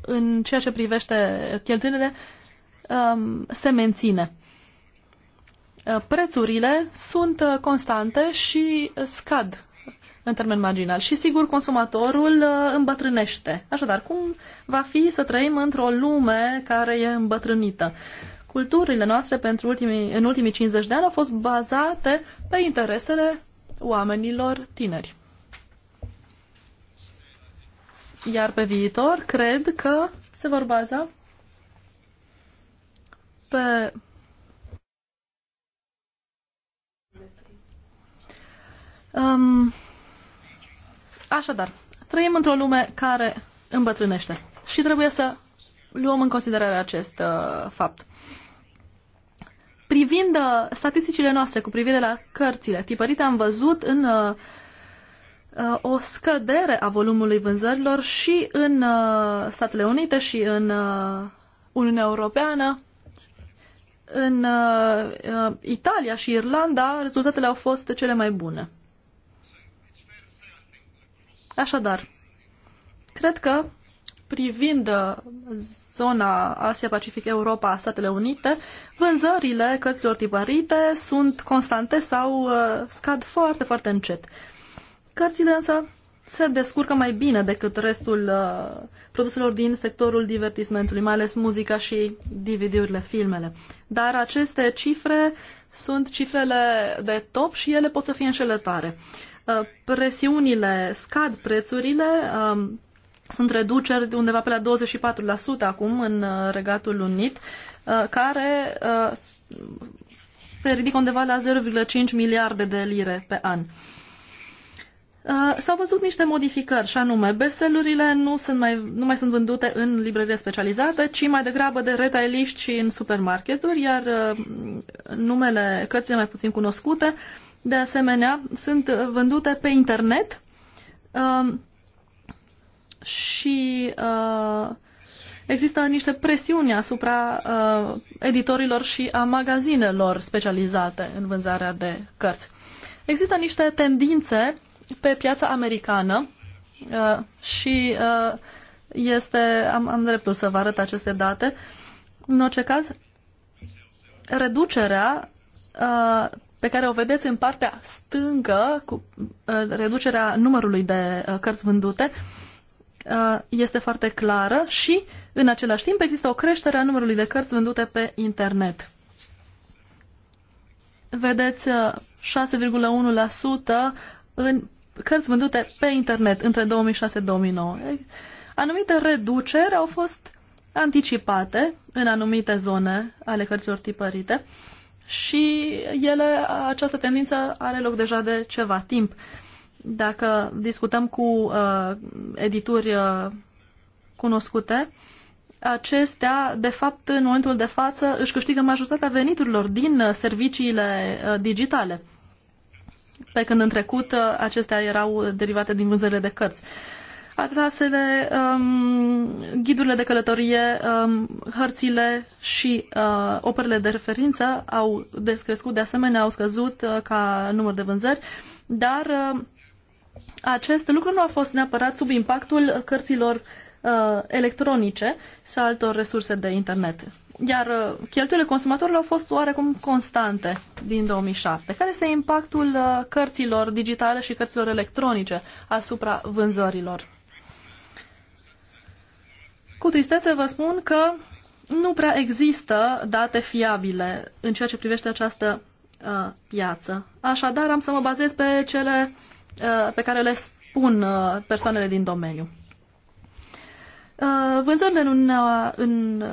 în ceea ce privește cheltuielile se menține. Prețurile sunt constante și scad în termen marginal și sigur consumatorul îmbătrânește. Așadar, cum va fi să trăim într-o lume care e îmbătrânită? Culturile noastre pentru ultimii, în ultimii 50 de ani au fost bazate pe interesele oamenilor tineri. Iar pe viitor, cred că se vor baza pe Um, așadar, trăim într-o lume care îmbătrânește și trebuie să luăm în considerare acest uh, fapt. Privind uh, statisticile noastre cu privire la cărțile tipărite, am văzut în uh, uh, o scădere a volumului vânzărilor și în uh, Statele Unite și în uh, Uniunea Europeană. În uh, uh Italia și Irlanda rezultatele au fost cele mai bune. Așadar, cred că privind zona Asia-Pacific-Europa, Statele Unite, vânzările cărților tipărite sunt constante sau uh, scad foarte, foarte încet. Cărțile însă se descurcă mai bine decât restul uh, produselor din sectorul divertismentului, mai ales muzica și DVD-urile, filmele. Dar aceste cifre sunt cifrele de top și ele pot să fie înșelătoare. Uh, presiunile scad prețurile, um, sunt reduceri undeva pe la 24% acum în uh, Regatul Unit, uh, care uh, se ridică undeva la 0,5 miliarde de lire pe an. S-au văzut niște modificări, și anume, bestsellerurile nu, sunt mai, nu mai sunt vândute în librărie specializate, ci mai degrabă de retailiști și în supermarketuri, iar numele cărțile mai puțin cunoscute, de asemenea, sunt vândute pe internet, și uh, există niște presiuni asupra uh, editorilor și a magazinelor specializate în vânzarea de cărți. Există niște tendințe pe piața americană uh, și uh, este, am, am dreptul să vă arăt aceste date. În orice caz, reducerea uh, pe care o vedeți în partea stângă, cu uh, reducerea numărului de uh, cărți vândute, uh, Uh, este foarte clară și, în același timp, există o creștere a numărului de cărți vândute pe internet. Vedeți 6,1% uh, în cărți vândute pe internet între 2006-2009. Anumite reduceri au fost anticipate în anumite zone ale cărților tipărite și ele, această tendință are loc deja de ceva timp. Dacă discutăm cu uh, edituri uh, cunoscute, acestea, de fapt, în momentul de față, își câștigă majoritatea veniturilor din uh, serviciile uh, digitale, pe când în trecut uh, acestea erau derivate din vânzările de cărți. Atrasele, um, ghidurile de călătorie, um, hărțile și uh, operele de referință au descrescut, de asemenea au scăzut uh, ca număr de vânzări, dar uh, acest lucru nu a fost neapărat sub impactul cărților uh, electronice sau altor resurse de internet. Iar uh, cheltuielile consumatorilor au fost oarecum constante din 2007. Care este impactul uh, cărților digitale și cărților electronice asupra vânzărilor? Cu tristețe vă spun că nu prea există date fiabile în ceea ce privește această uh, piață. Așadar, am să mă bazez pe cele uh, Uh, pe care le spun uh, persoanele din domeniu. Uh, vânzările în, în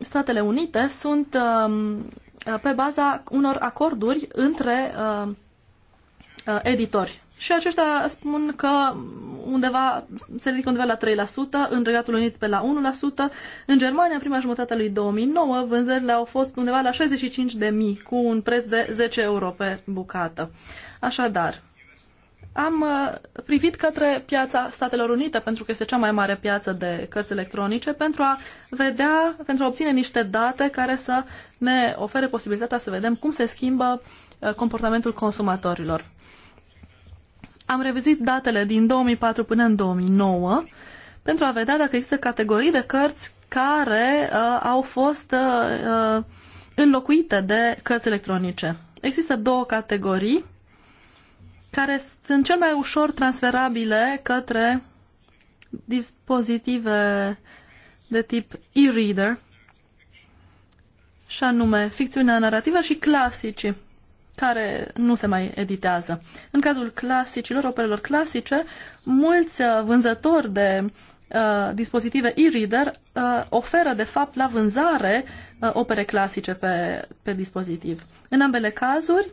Statele Unite sunt um, pe baza unor acorduri între editori. Și aceștia spun că undeva, se ridică undeva la 3%, în Regatul Unit pe la 1%. În Germania, în prima jumătate a lui 2009, vânzările au fost undeva la 65 de mii, cu un preț de 10 euro pe bucată. Așadar, am uh, privit către piața Statelor Unite, pentru că este cea mai mare piață de cărți electronice, pentru a vedea, pentru a obține niște date care să ne ofere posibilitatea să vedem cum se schimbă uh, comportamentul consumatorilor. Am revizuit datele din 2004 până în 2009 pentru a vedea dacă există categorii de cărți care uh, au fost uh, uh înlocuite de cărți electronice. Există două categorii care sunt cel mai ușor transferabile către dispozitive de tip e-reader, și anume ficțiunea narrativă și clasici, care nu se mai editează. În cazul clasicilor, operelor clasice, mulți uh, vânzători de uh, dispozitive e-reader uh, oferă, de fapt, la vânzare uh, opere clasice pe, pe dispozitiv. În ambele cazuri,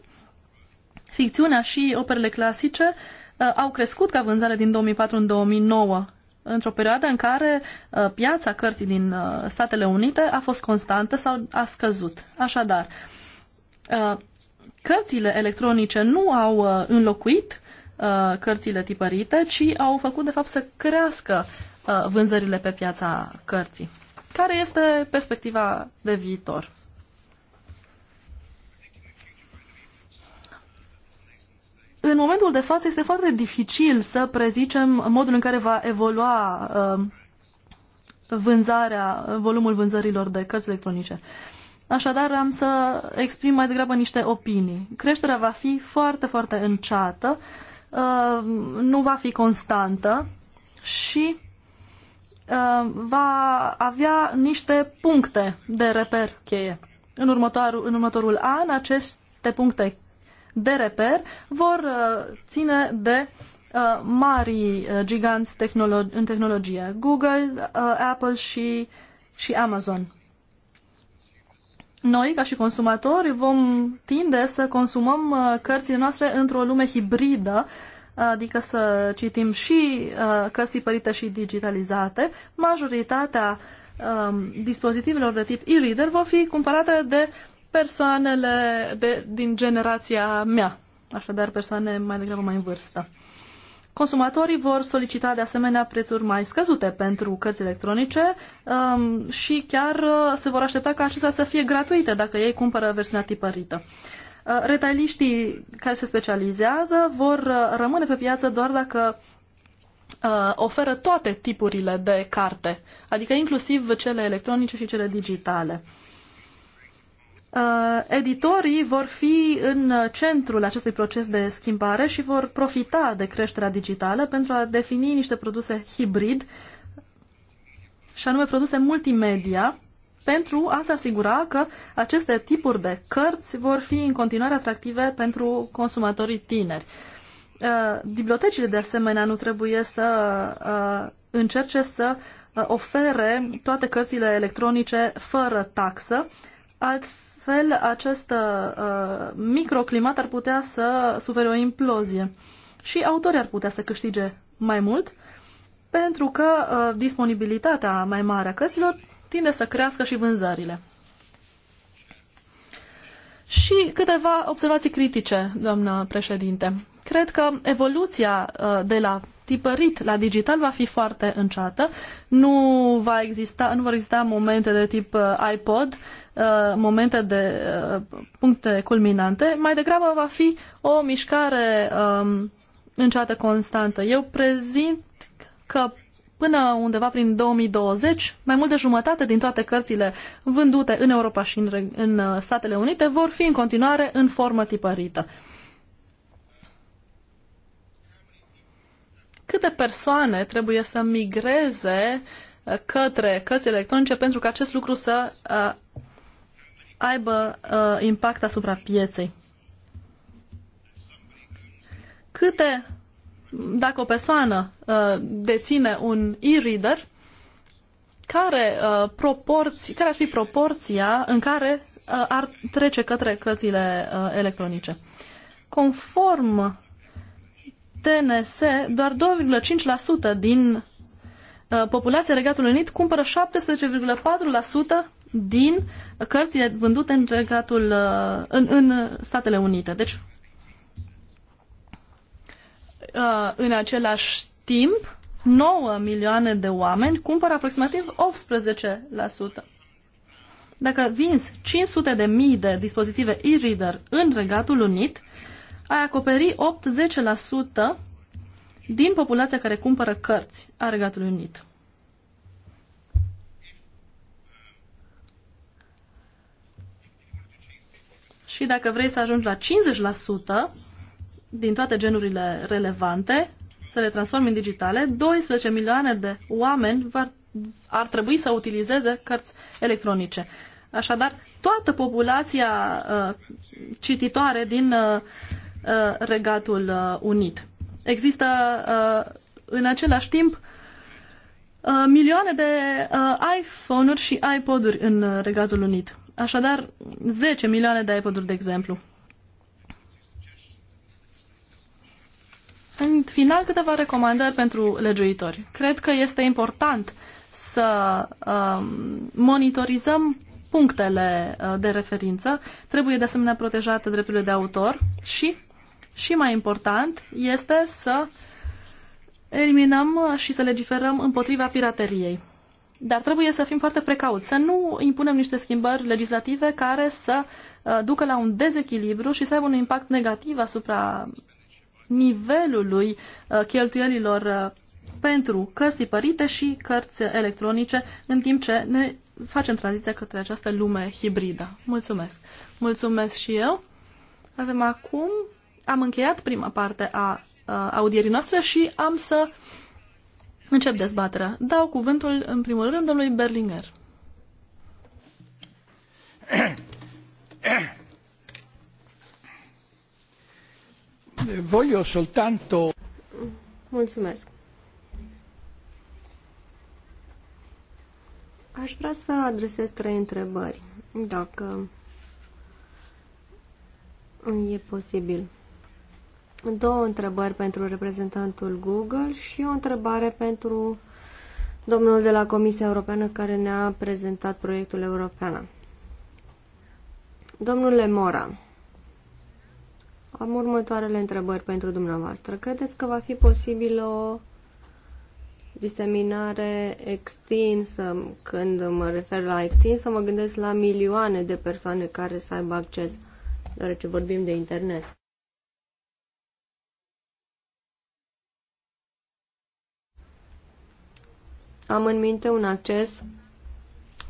ficțiunea și operele clasice uh, au crescut ca vânzare din 2004 în 2009, într-o perioadă în care uh, piața cărții din uh, Statele Unite a fost constantă sau a scăzut. Așadar, uh, cărțile electronice nu au uh, înlocuit uh, cărțile tipărite, ci au făcut, de fapt, să crească uh, vânzările pe piața cărții. Care este perspectiva de viitor? În momentul de față este foarte dificil să prezicem modul în care va evolua uh, vânzarea, volumul vânzărilor de cărți electronice. Așadar, am să exprim mai degrabă niște opinii. Creșterea va fi foarte, foarte înceată, uh, nu va fi constantă și uh, va avea niște puncte de reper cheie. În următorul, în următorul an, aceste puncte de reper vor uh, ține de uh, mari uh, giganți tehnolo- în tehnologie, Google, Apple și, și Amazon. Noi, ca și consumatori, vom tinde să consumăm cărțile noastre într-o lume hibridă, adică să citim și cărți tipărite și digitalizate. Majoritatea um, dispozitivelor de tip e-reader vor fi cumpărate de persoanele de, din generația mea, așadar persoane mai degrabă mai în vârstă. Consumatorii vor solicita de asemenea prețuri mai scăzute pentru cărți electronice um, și chiar uh, se vor aștepta ca acestea să fie gratuite dacă ei cumpără versiunea tipărită. Uh, retailiștii care se specializează vor uh, rămâne pe piață doar dacă oferă toate tipurile de carte, adică inclusiv cele electronice și cele digitale. Uh, editorii vor fi în centrul acestui proces de schimbare și vor profita de creșterea digitală pentru a defini niște produse hibrid, și anume produse multimedia, pentru a se asigura că aceste tipuri de cărți vor fi în continuare atractive pentru consumatorii tineri. Uh, bibliotecile, de asemenea, nu trebuie să uh, încerce să ofere toate cărțile electronice fără taxă, altfel fel acest uh, microclimat ar putea să sufere o implozie și autorii ar putea să câștige mai mult pentru că uh, disponibilitatea mai mare a cărților tinde să crească și vânzările. Și câteva observații critice, doamnă președinte. Cred că evoluția uh, de la tipărit la digital va fi foarte înceată. Nu, va exista, nu vor exista momente de tip uh, iPod, uh, momente de uh, puncte culminante. Mai degrabă va fi o mișcare um, înceată constantă. Eu prezint că până undeva prin 2020, mai mult de jumătate din toate cărțile vândute în Europa și în, în Statele Unite vor fi în continuare în formă tipărită. câte persoane trebuie să migreze uh, către cărți electronice pentru ca acest lucru să uh, aibă uh, impact asupra pieței. Câte, dacă o persoană uh, deține un e-reader, care, uh, care ar fi proporția în care uh, ar trece către cărțile uh, electronice? Conform TNS, doar 2,5% din uh, populația Regatului Unit cumpără 17,4% din cărțile vândute în, regatul, uh, în, în Statele Unite. Deci, uh, în același timp, 9 milioane de oameni cumpără aproximativ 18%. Dacă vinzi 500 de mii de dispozitive e-reader în Regatul Unit, uh, ai acoperi 80% din populația care cumpără cărți a Regatului Unit. Și dacă vrei să ajungi la 50% din toate genurile relevante, să le transformi în digitale, 12 milioane de oameni var, ar trebui să utilizeze cărți electronice. Așadar, toată populația uh, cititoare din uh, Uh, Regatul uh, Unit. Există uh, în același timp milioane de iPhone-uri și iPod-uri în Regatul Unit. Așadar, 10 milioane de iPod-uri, de exemplu. În final, câteva recomandări pentru legiuitori. Cred că este important să um, monitorizăm punctele de referință. Trebuie de asemenea protejate drepturile de autor și și mai important este să eliminăm și să legiferăm împotriva pirateriei. Dar trebuie să fim foarte precauți, să nu impunem niște schimbări legislative care să uh, ducă la un dezechilibru și să aibă un impact negativ asupra nivelului uh, cheltuielilor uh, pentru cărți tipărite și cărți electronice în timp ce ne facem tranziția către această lume hibridă. Mulțumesc! Mulțumesc și eu! Avem acum am încheiat prima parte a audierii noastre și am să încep dezbaterea. Dau cuvântul, în primul rând, domnului Berlinger. [COUGHS] Voglio soltanto... Mulțumesc. Aș vrea să adresez trei întrebări, dacă e posibil două întrebări pentru reprezentantul Google și o întrebare pentru domnul de la Comisia Europeană care ne-a prezentat proiectul european. Domnule Mora, am următoarele întrebări pentru dumneavoastră. Credeți că va fi posibil o diseminare extinsă? Când mă refer la extinsă, mă gândesc la milioane de persoane care să aibă acces, deoarece vorbim de internet. Am în minte un acces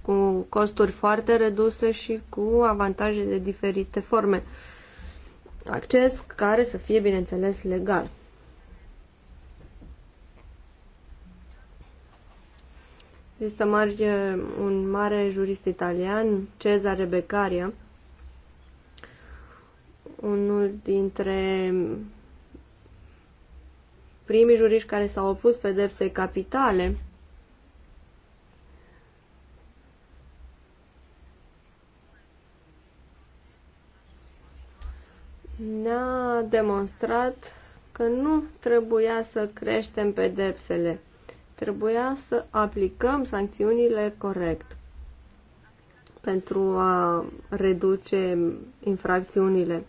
cu costuri foarte reduse și cu avantaje de diferite forme. Acces care să fie, bineînțeles, legal. Există mari, un mare jurist italian, Cezare Beccaria, unul dintre primii juriști care s-au opus pedepsei capitale ne-a demonstrat că nu trebuia să creștem pedepsele, trebuia să aplicăm sancțiunile corect pentru a reduce infracțiunile.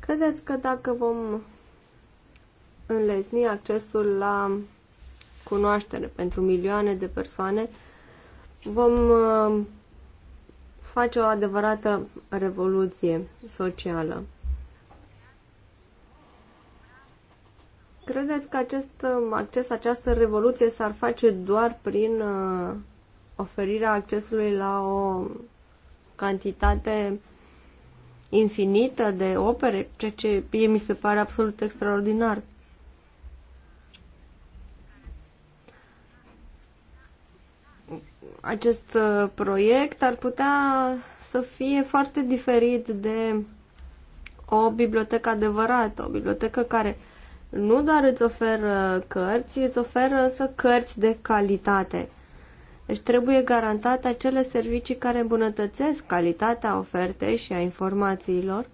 Credeți că dacă vom înlesni accesul la cunoaștere pentru milioane de persoane, vom uh, face o adevărată revoluție socială. Credeți că acest uh, acces, această revoluție s-ar face doar prin uh, oferirea accesului la o cantitate infinită de opere, ceea ce mie mi se pare absolut extraordinar. acest uh, proiect ar putea să fie foarte diferit de o bibliotecă adevărată, o bibliotecă care nu doar îți oferă cărți, îți oferă să cărți de calitate. Deci trebuie garantate acele servicii care îmbunătățesc calitatea ofertei și a informațiilor,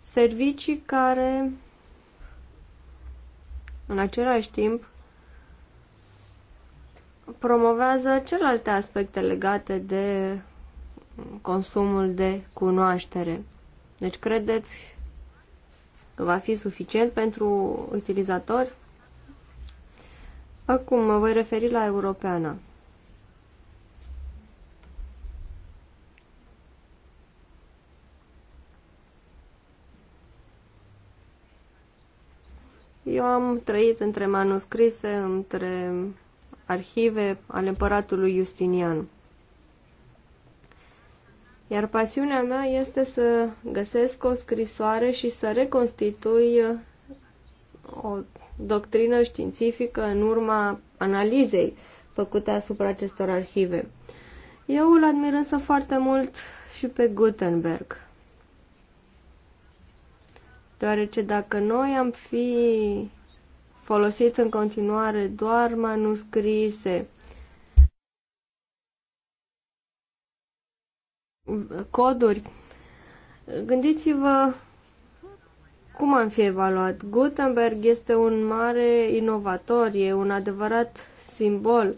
servicii care în același timp promovează celelalte aspecte legate de consumul de cunoaștere. Deci credeți că va fi suficient pentru utilizatori? Acum mă voi referi la europeana. Eu am trăit între manuscrise, între arhive ale împăratului Justinian. Iar pasiunea mea este să găsesc o scrisoare și să reconstitui uh, o doctrină științifică în urma analizei făcute asupra acestor arhive. Eu îl admir însă foarte mult și pe Gutenberg. Deoarece dacă noi am fi folosiți în continuare doar manuscrise. Coduri. Gândiți-vă cum am fi evaluat? Gutenberg este un mare inovator, e un adevărat simbol.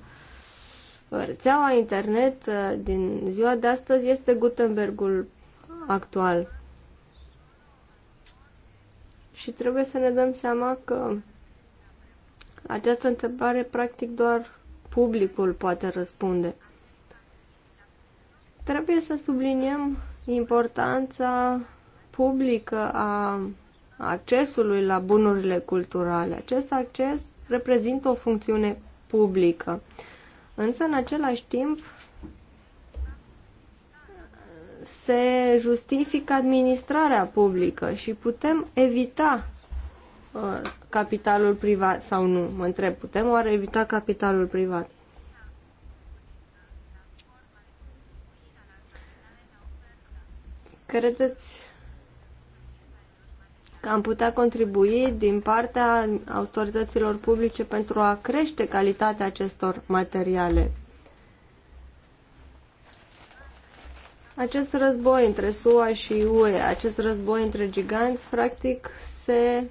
Rețeaua internet uh, din ziua de astăzi este Gutenbergul actual. Și trebuie să ne dăm seama că această întrebare, practic, doar publicul poate răspunde. Trebuie să subliniem importanța publică a accesului la bunurile culturale. Acest acces reprezintă o funcțiune publică. Însă, în același timp, se justifică administrarea publică și putem evita Uh, capitalul privat sau nu? Mă întreb, putem oare evita capitalul privat? Credeți că am putea contribui din partea autorităților publice pentru a crește calitatea acestor materiale? Acest război între SUA și UE, acest război între giganți, practic se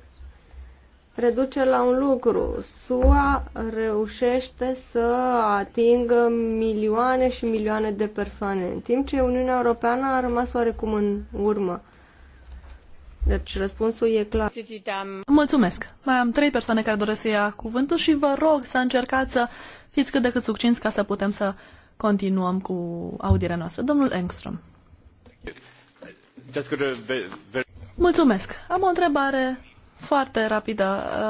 reduce la un lucru. SUA reușește să atingă milioane și milioane de persoane, în timp ce Uniunea Europeană a rămas oarecum în urmă. Deci răspunsul e clar. Mulțumesc. Mai am trei persoane care doresc să ia cuvântul și vă rog să încercați să fiți cât de cât succinți ca să putem să continuăm cu audierea noastră. Domnul Engström. Mulțumesc. Am o întrebare foarte rapidă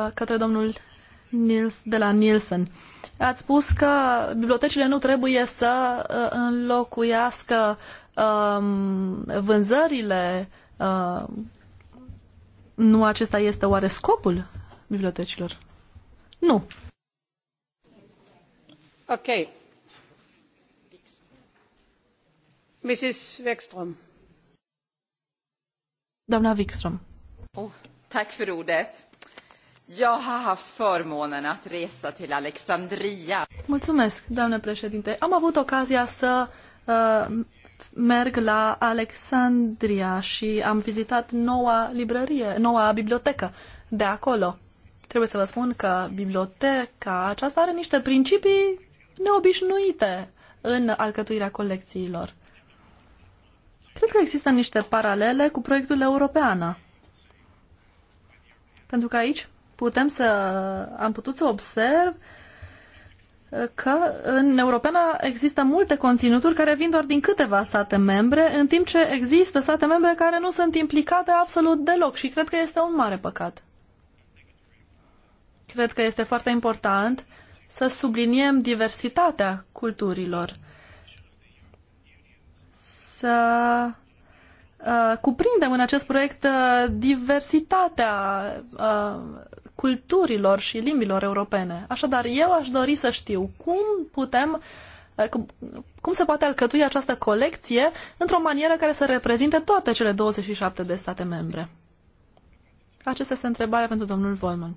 uh, către domnul Nils, de la Nielsen. Ați spus că bibliotecile nu trebuie să uh, înlocuiască um, vânzările. Um, nu acesta este oare scopul bibliotecilor? Nu. Ok. Mrs. Wickstrom. Doamna Wikström. Oh. Tack för ordet. Jag har haft förmånen att resa till Alexandria. Mulțumesc, doamnă președinte. Am avut ocazia să uh, merg la Alexandria și am vizitat noua librărie, noua bibliotecă de acolo. Trebuie să vă spun că biblioteca aceasta are niște principii neobișnuite în alcătuirea colecțiilor. Cred că există niște paralele cu proiectul european pentru că aici putem să, am putut să observ că în Europeană există multe conținuturi care vin doar din câteva state membre, în timp ce există state membre care nu sunt implicate absolut deloc și cred că este un mare păcat. Cred că este foarte important să subliniem diversitatea culturilor. Să Uh, cuprindem în acest proiect uh, diversitatea uh, culturilor și limbilor europene. Așadar, eu aș dori să știu cum putem cum, se poate alcătui această colecție într-o manieră care să reprezinte toate cele 27 de state membre. Aceasta este întrebarea pentru domnul Volman.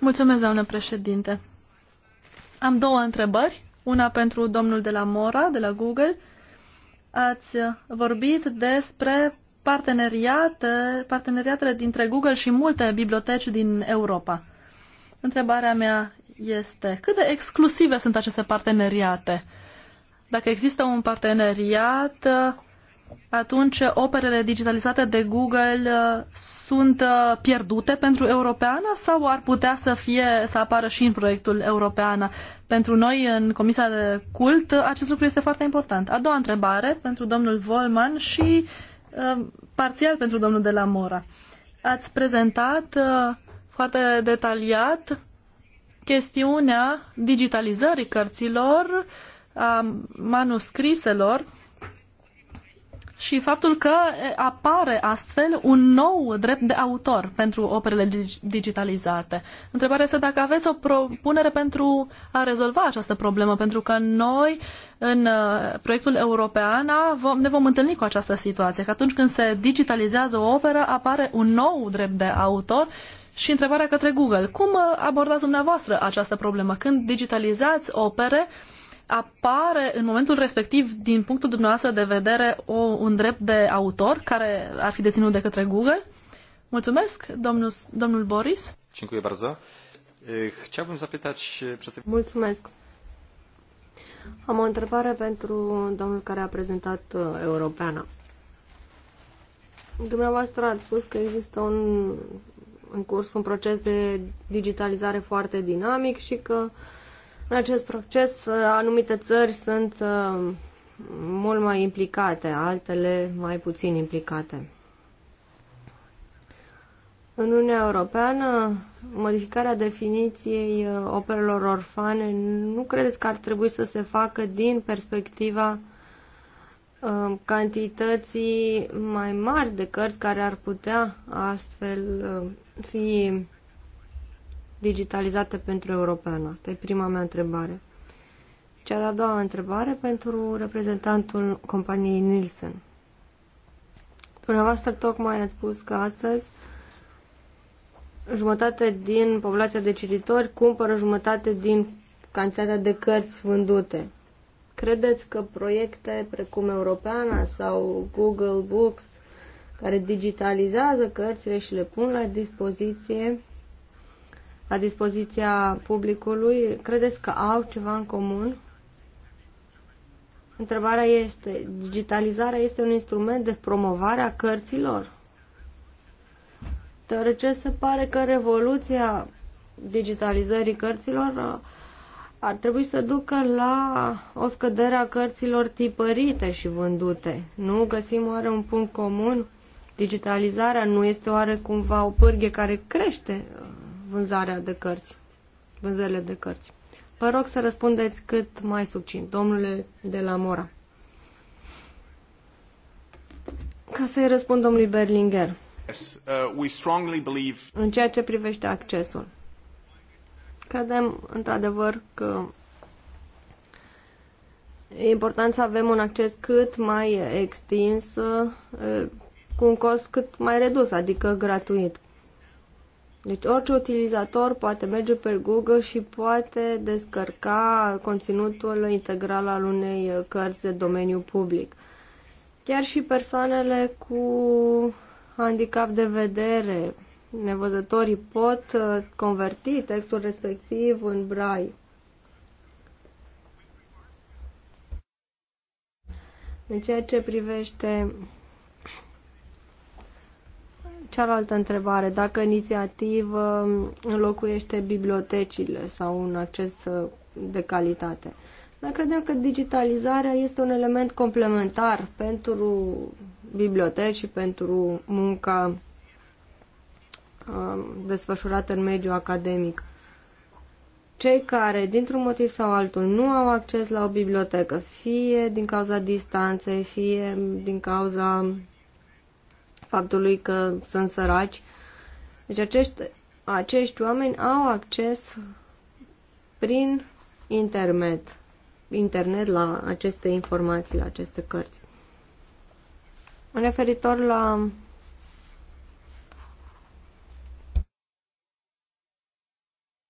Mulțumesc, doamnă președinte. Am două întrebări, una pentru domnul de la Mora, de la Google, ați vorbit despre parteneriate, parteneriatele dintre Google și multe biblioteci din Europa. Întrebarea mea este cât de exclusive sunt aceste parteneriate? Dacă există un parteneriat atunci operele digitalizate de Google uh, sunt uh, pierdute pentru europeană sau ar putea să fie să apară și în proiectul europeană? Pentru noi, în Comisia de Cult, uh, acest lucru este foarte important. A doua întrebare pentru domnul Volman și parțial pentru domnul de la Mora. Ați prezentat foarte detaliat chestiunea digitalizării cărților, a manuscriselor, și faptul că apare astfel un nou drept de autor pentru operele digitalizate. Întrebarea este dacă aveți o propunere pentru a rezolva această problemă, pentru că noi în uh, proiectul european, ne vom întâlni cu această situație, că atunci când se digitalizează o operă apare un nou drept de autor și întrebarea către Google, cum uh, abordați dumneavoastră această problemă? Când digitalizați opere, apare în momentul respectiv, din punctul dumneavoastră de vedere, o, un drept de autor care ar fi deținut de către Google? Mulțumesc, domnul, domnul Boris. Dziękuję bardzo. Chciałbym zapytać Mulțumesc. Am o întrebare pentru domnul care a prezentat Europeana. Dumneavoastră ați spus că există un, în curs un proces de digitalizare foarte dinamic și că uh, în acest proces, uh, anumite țări sunt uh, mult mai implicate, altele mai puțin implicate. În Uniunea Europeană, modificarea definiției uh, operelor orfane nu credeți că ar trebui să se facă din perspectiva cantității mai mari de cărți care ar putea astfel fi digitalizate pentru europeană? Asta e prima mea întrebare. Cea de-a doua întrebare pentru reprezentantul companiei Nielsen. Dumneavoastră tocmai ați spus că astăzi jumătate din populația de cititori cumpără jumătate din cantitatea de cărți vândute. Credeți că proiecte precum Europeana sau Google Books, care digitalizează cărțile și le pun la dispoziție la dispoziția publicului, credeți că au ceva în comun? Întrebarea este, digitalizarea este un instrument de promovare a cărților? Deoarece se pare că revoluția digitalizării cărților uh, ar trebui să ducă la o scădere a cărților tipărite și vândute. Nu găsim oare un punct comun? Digitalizarea nu este oare cumva o pârghie care crește uh, vânzarea de cărți, vânzările de cărți. Vă rog să răspundeți cât mai succint, domnule de la Mora. Ca să-i răspund domnului Berlinger. Yes, uh, we strongly believe... În ceea ce privește accesul. Credem, într-adevăr, că e important să avem un acces cât mai extins, uh, cu un cost cât mai redus, adică gratuit. Deci orice utilizator poate merge pe Google și poate descărca conținutul integral al unei uh, cărți de domeniu public. Chiar și persoanele cu handicap de vedere, nevăzătorii pot uh, converti textul respectiv în braille. În ceea ce privește cealaltă întrebare, dacă inițiativă înlocuiește bibliotecile sau un acces uh, de calitate. Noi credem că digitalizarea este un element complementar pentru biblioteci și pentru munca uh, desfășurată în mediul academic. Cei care, dintr-un motiv sau altul, nu au acces la o bibliotecă, fie din cauza distanței, fie din cauza faptului că sunt săraci. Deci acești, acești oameni au acces prin internet, internet la aceste informații, la aceste cărți. În Referitor la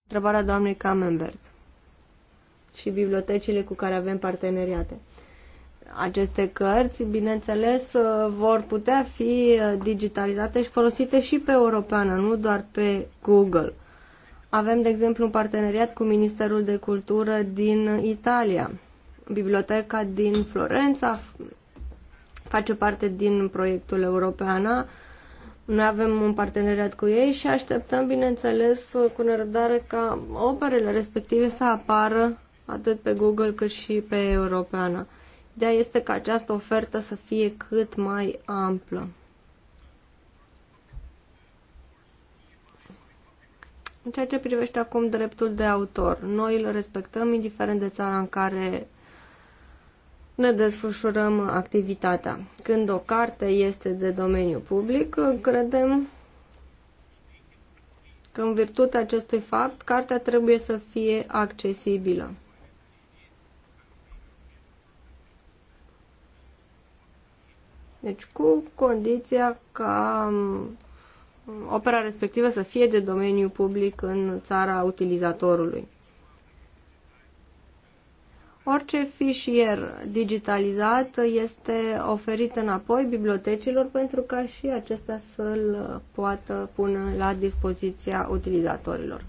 întrebarea doamnei Camembert și bibliotecile cu care avem parteneriate. Aceste cărți, bineînțeles, uh, vor putea fi uh, digitalizate și folosite și pe europeană, nu doar pe Google. Avem, de exemplu, un parteneriat cu Ministerul de Cultură din Italia. Biblioteca din Florența face parte din proiectul Europeana. Noi avem un parteneriat cu ei și așteptăm, bineînțeles, cu nerăbdare ca operele respective să apară atât pe Google cât și pe Europeana. Ideea este ca această ofertă să fie cât mai amplă. În ceea ce privește acum dreptul de autor, noi îl respectăm indiferent de țara în care ne desfășurăm activitatea. Când o carte este de domeniu public, credem că în virtutea acestui fapt, cartea trebuie să fie accesibilă. Deci cu condiția ca um, opera respectivă să fie de domeniu public în țara utilizatorului. Orice fișier digitalizat este oferit înapoi bibliotecilor pentru ca și acestea să-l poată pune la dispoziția utilizatorilor.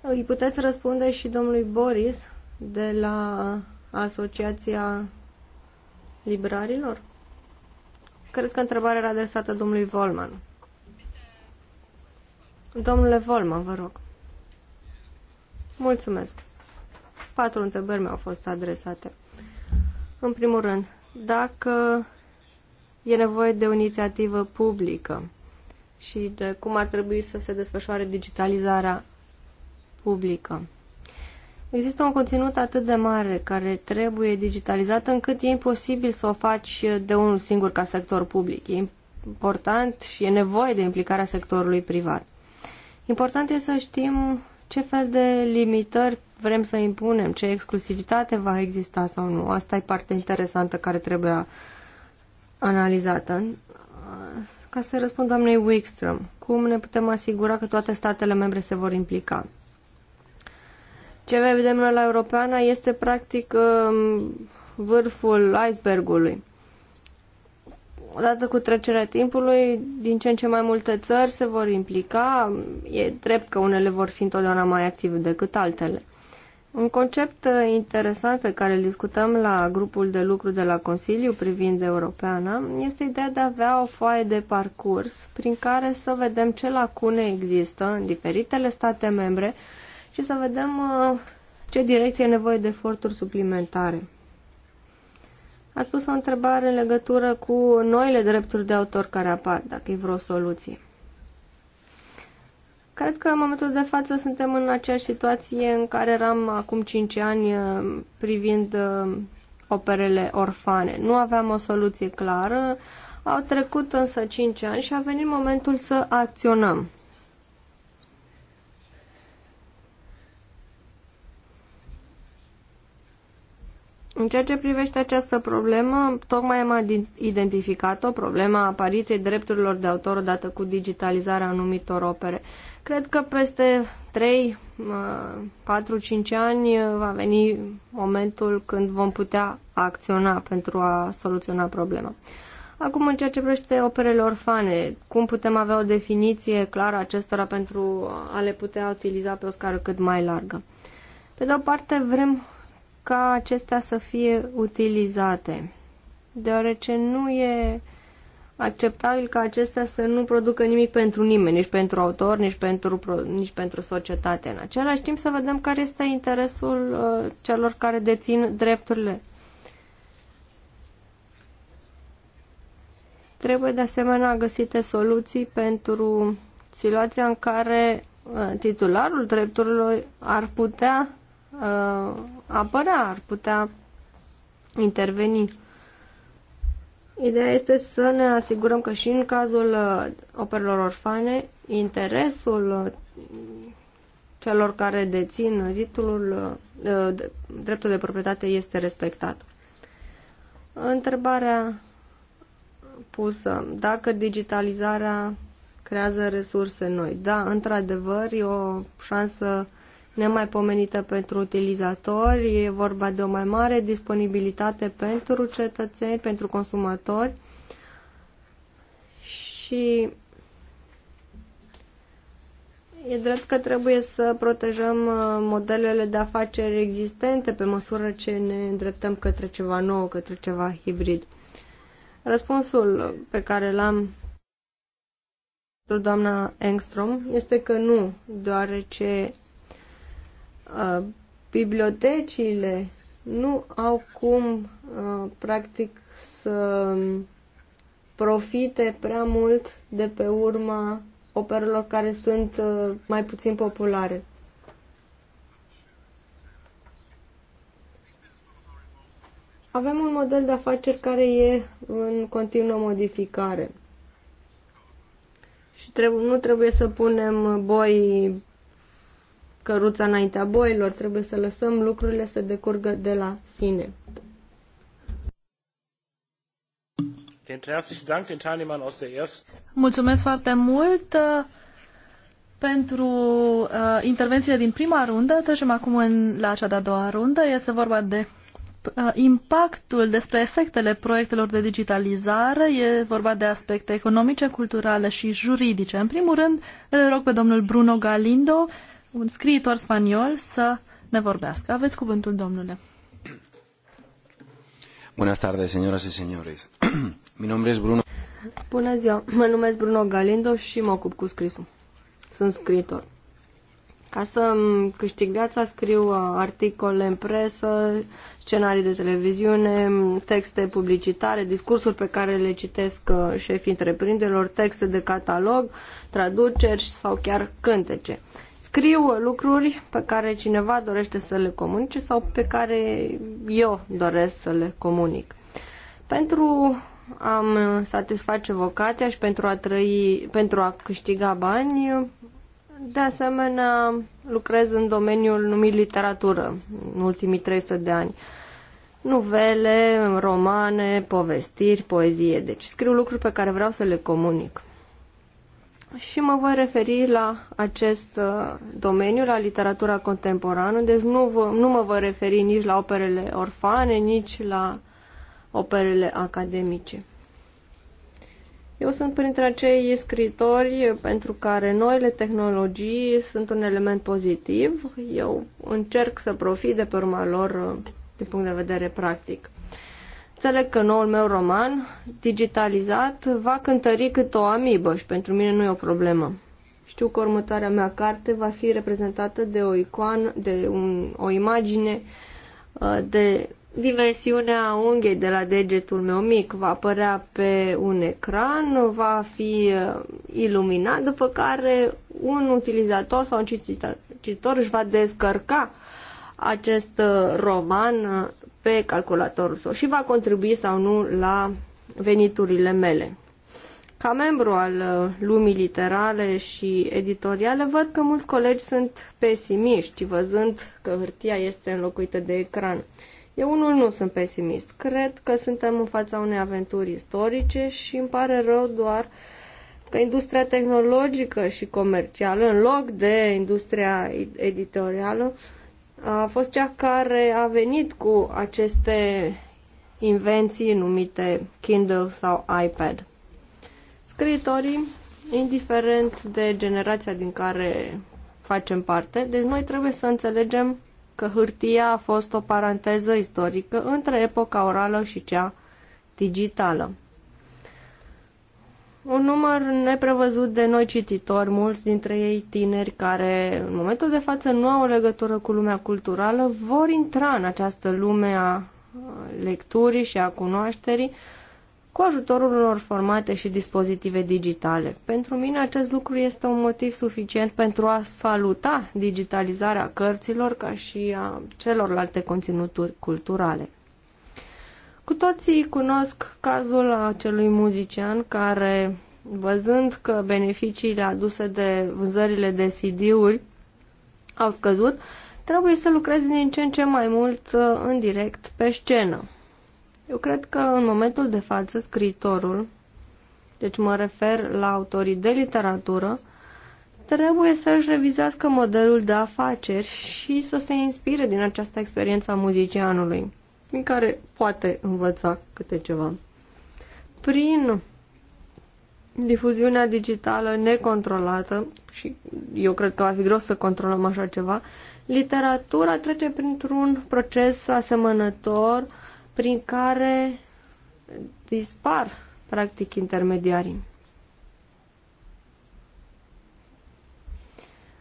Îi puteți răspunde și domnului Boris de la Asociația Librarilor? cred că întrebarea era adresată domnului Volman. Domnule Volman, vă rog. Mulțumesc. Patru întrebări mi-au fost adresate. În primul rând, dacă e nevoie de o inițiativă publică și de cum ar trebui să se desfășoare digitalizarea publică. Există un conținut atât de mare care trebuie digitalizat încât e imposibil să o faci de unul singur ca sector public. E important și e nevoie de implicarea sectorului privat. Important e să știm ce fel de limitări vrem să impunem, ce exclusivitate va exista sau nu. Asta e partea interesantă care trebuie analizată. Ca să răspund doamnei Wickstrom, cum ne putem asigura că toate statele membre se vor implica? Ce vedem noi la Europeana este practic um, vârful icebergului. Odată cu trecerea timpului, din ce în ce mai multe țări se vor implica. E drept că unele vor fi întotdeauna mai active decât altele. Un concept uh, interesant pe care îl discutăm la grupul de lucru de la Consiliu privind Europeana este ideea de a avea o foaie de parcurs prin care să vedem ce lacune există în diferitele state membre și să vedem uh, ce direcție e nevoie de eforturi suplimentare. Ați pus o întrebare în legătură cu noile drepturi de autor care apar, dacă e vreo soluție. Cred că în momentul de față suntem în aceeași situație în care eram acum 5 ani uh, privind uh, operele orfane. Nu aveam o soluție clară, au trecut însă 5 ani și a venit momentul să acționăm. În ceea ce privește această problemă, tocmai am identificat-o, problema apariției drepturilor de autor odată cu digitalizarea anumitor opere. Cred că peste 3, 4, 5 ani va veni momentul când vom putea acționa pentru a soluționa problema. Acum, în ceea ce privește operele orfane, cum putem avea o definiție clară acestora pentru a le putea utiliza pe o scară cât mai largă? Pe de o parte, vrem ca acestea să fie utilizate, deoarece nu e acceptabil ca acestea să nu producă nimic pentru nimeni, nici pentru autor, nici pentru, nici pentru societate. În același timp să vedem care este interesul uh, celor care dețin drepturile. Trebuie de asemenea găsite soluții pentru situația în care uh, titularul drepturilor ar putea uh, apăra, ar putea interveni. Ideea este să ne asigurăm că și în cazul uh, operelor orfane, interesul uh, celor care dețin titlul, uh, dreptul de proprietate este respectat. Întrebarea pusă, dacă digitalizarea creează resurse noi. Da, într-adevăr, e o șansă nemaipomenită pentru utilizatori, e vorba de o mai mare disponibilitate pentru cetățeni, pentru consumatori și E drept că trebuie să protejăm uh, modelele de afaceri existente pe măsură ce ne îndreptăm către ceva nou, către ceva hibrid. Răspunsul pe care l-am pentru doamna Engstrom este că nu, deoarece bibliotecile nu au cum, practic, să profite prea mult de pe urma operelor care sunt mai puțin populare. Avem un model de afaceri care e în continuă modificare. Și trebu- nu trebuie să punem boi căruța înaintea boilor, trebuie să lăsăm lucrurile să decurgă de la sine. Mulțumesc foarte mult uh, pentru uh, intervențiile din prima rundă. Trecem acum în, la cea de-a doua rundă. Este vorba de uh, impactul despre efectele proiectelor de digitalizare. E vorba de aspecte economice, culturale și juridice. În primul rând, îl rog pe domnul Bruno Galindo un scriitor spaniol să ne vorbească. Aveți cuvântul, domnule. Bună tarde, señoras y señores. [CLEARS THROAT] Mi nombre es Bruno. Bună ziua, mă numesc Bruno Galindo și mă ocup cu scrisul. Sunt scriitor. Ca să câștig viața, scriu uh, articole în presă, scenarii de televiziune, texte publicitare, discursuri pe care le citesc uh, șefii întreprinderilor, texte de catalog, traduceri sau chiar cântece scriu lucruri pe care cineva dorește să le comunice sau pe care eu doresc să le comunic. Pentru a satisface vocația și pentru a trăi, pentru a câștiga bani, de asemenea, lucrez în domeniul numit literatură în ultimii 300 de ani. Nuvele, romane, povestiri, poezie. Deci scriu lucruri pe care vreau să le comunic și mă voi referi la acest uh, domeniu, la literatura contemporană, deci nu, vă, nu mă voi referi nici la operele orfane, nici la operele academice. Eu sunt printre acei scritori pentru care noile tehnologii sunt un element pozitiv. Eu încerc să profit de pe urma lor uh, din punct de vedere practic. Înțeleg că noul meu roman, digitalizat, va cântări cât o amibă și pentru mine nu e o problemă. Știu că următoarea mea carte va fi reprezentată de o icoană, de un, o imagine, uh, de dimensiunea unghei de la degetul meu mic. Va apărea pe un ecran, va fi uh, iluminat, după care un utilizator sau un cititor își va descărca acest uh, roman pe calculatorul său și va contribui sau nu la veniturile mele. Ca membru al uh, lumii literale și editoriale, văd că mulți colegi sunt pesimiști, văzând că hârtia este înlocuită de ecran. Eu unul nu sunt pesimist. Cred că suntem în fața unei aventuri istorice și îmi pare rău doar că industria tehnologică și comercială, în loc de industria editorială, a fost cea care a venit cu aceste invenții numite Kindle sau iPad. Scriitorii, indiferent de generația din care facem parte, deci noi trebuie să înțelegem că hârtia a fost o paranteză istorică între epoca orală și cea digitală un număr neprevăzut de noi cititori, mulți dintre ei tineri care în momentul de față nu au o legătură cu lumea culturală, vor intra în această lume a lecturii și a cunoașterii cu ajutorul unor formate și dispozitive digitale. Pentru mine acest lucru este un motiv suficient pentru a saluta digitalizarea cărților ca și a celorlalte conținuturi culturale. Cu toții cunosc cazul acelui muzician care, văzând că beneficiile aduse de vânzările de CD-uri au scăzut, trebuie să lucreze din ce în ce mai mult uh, în direct pe scenă. Eu cred că în momentul de față scriitorul, deci mă refer la autorii de literatură, trebuie să-și revizească modelul de afaceri și să se inspire din această experiență a muzicianului din care poate învăța câte ceva. Prin difuziunea digitală necontrolată, și eu cred că va fi gros să controlăm așa ceva, literatura trece printr-un proces asemănător prin care dispar, practic, intermediarii.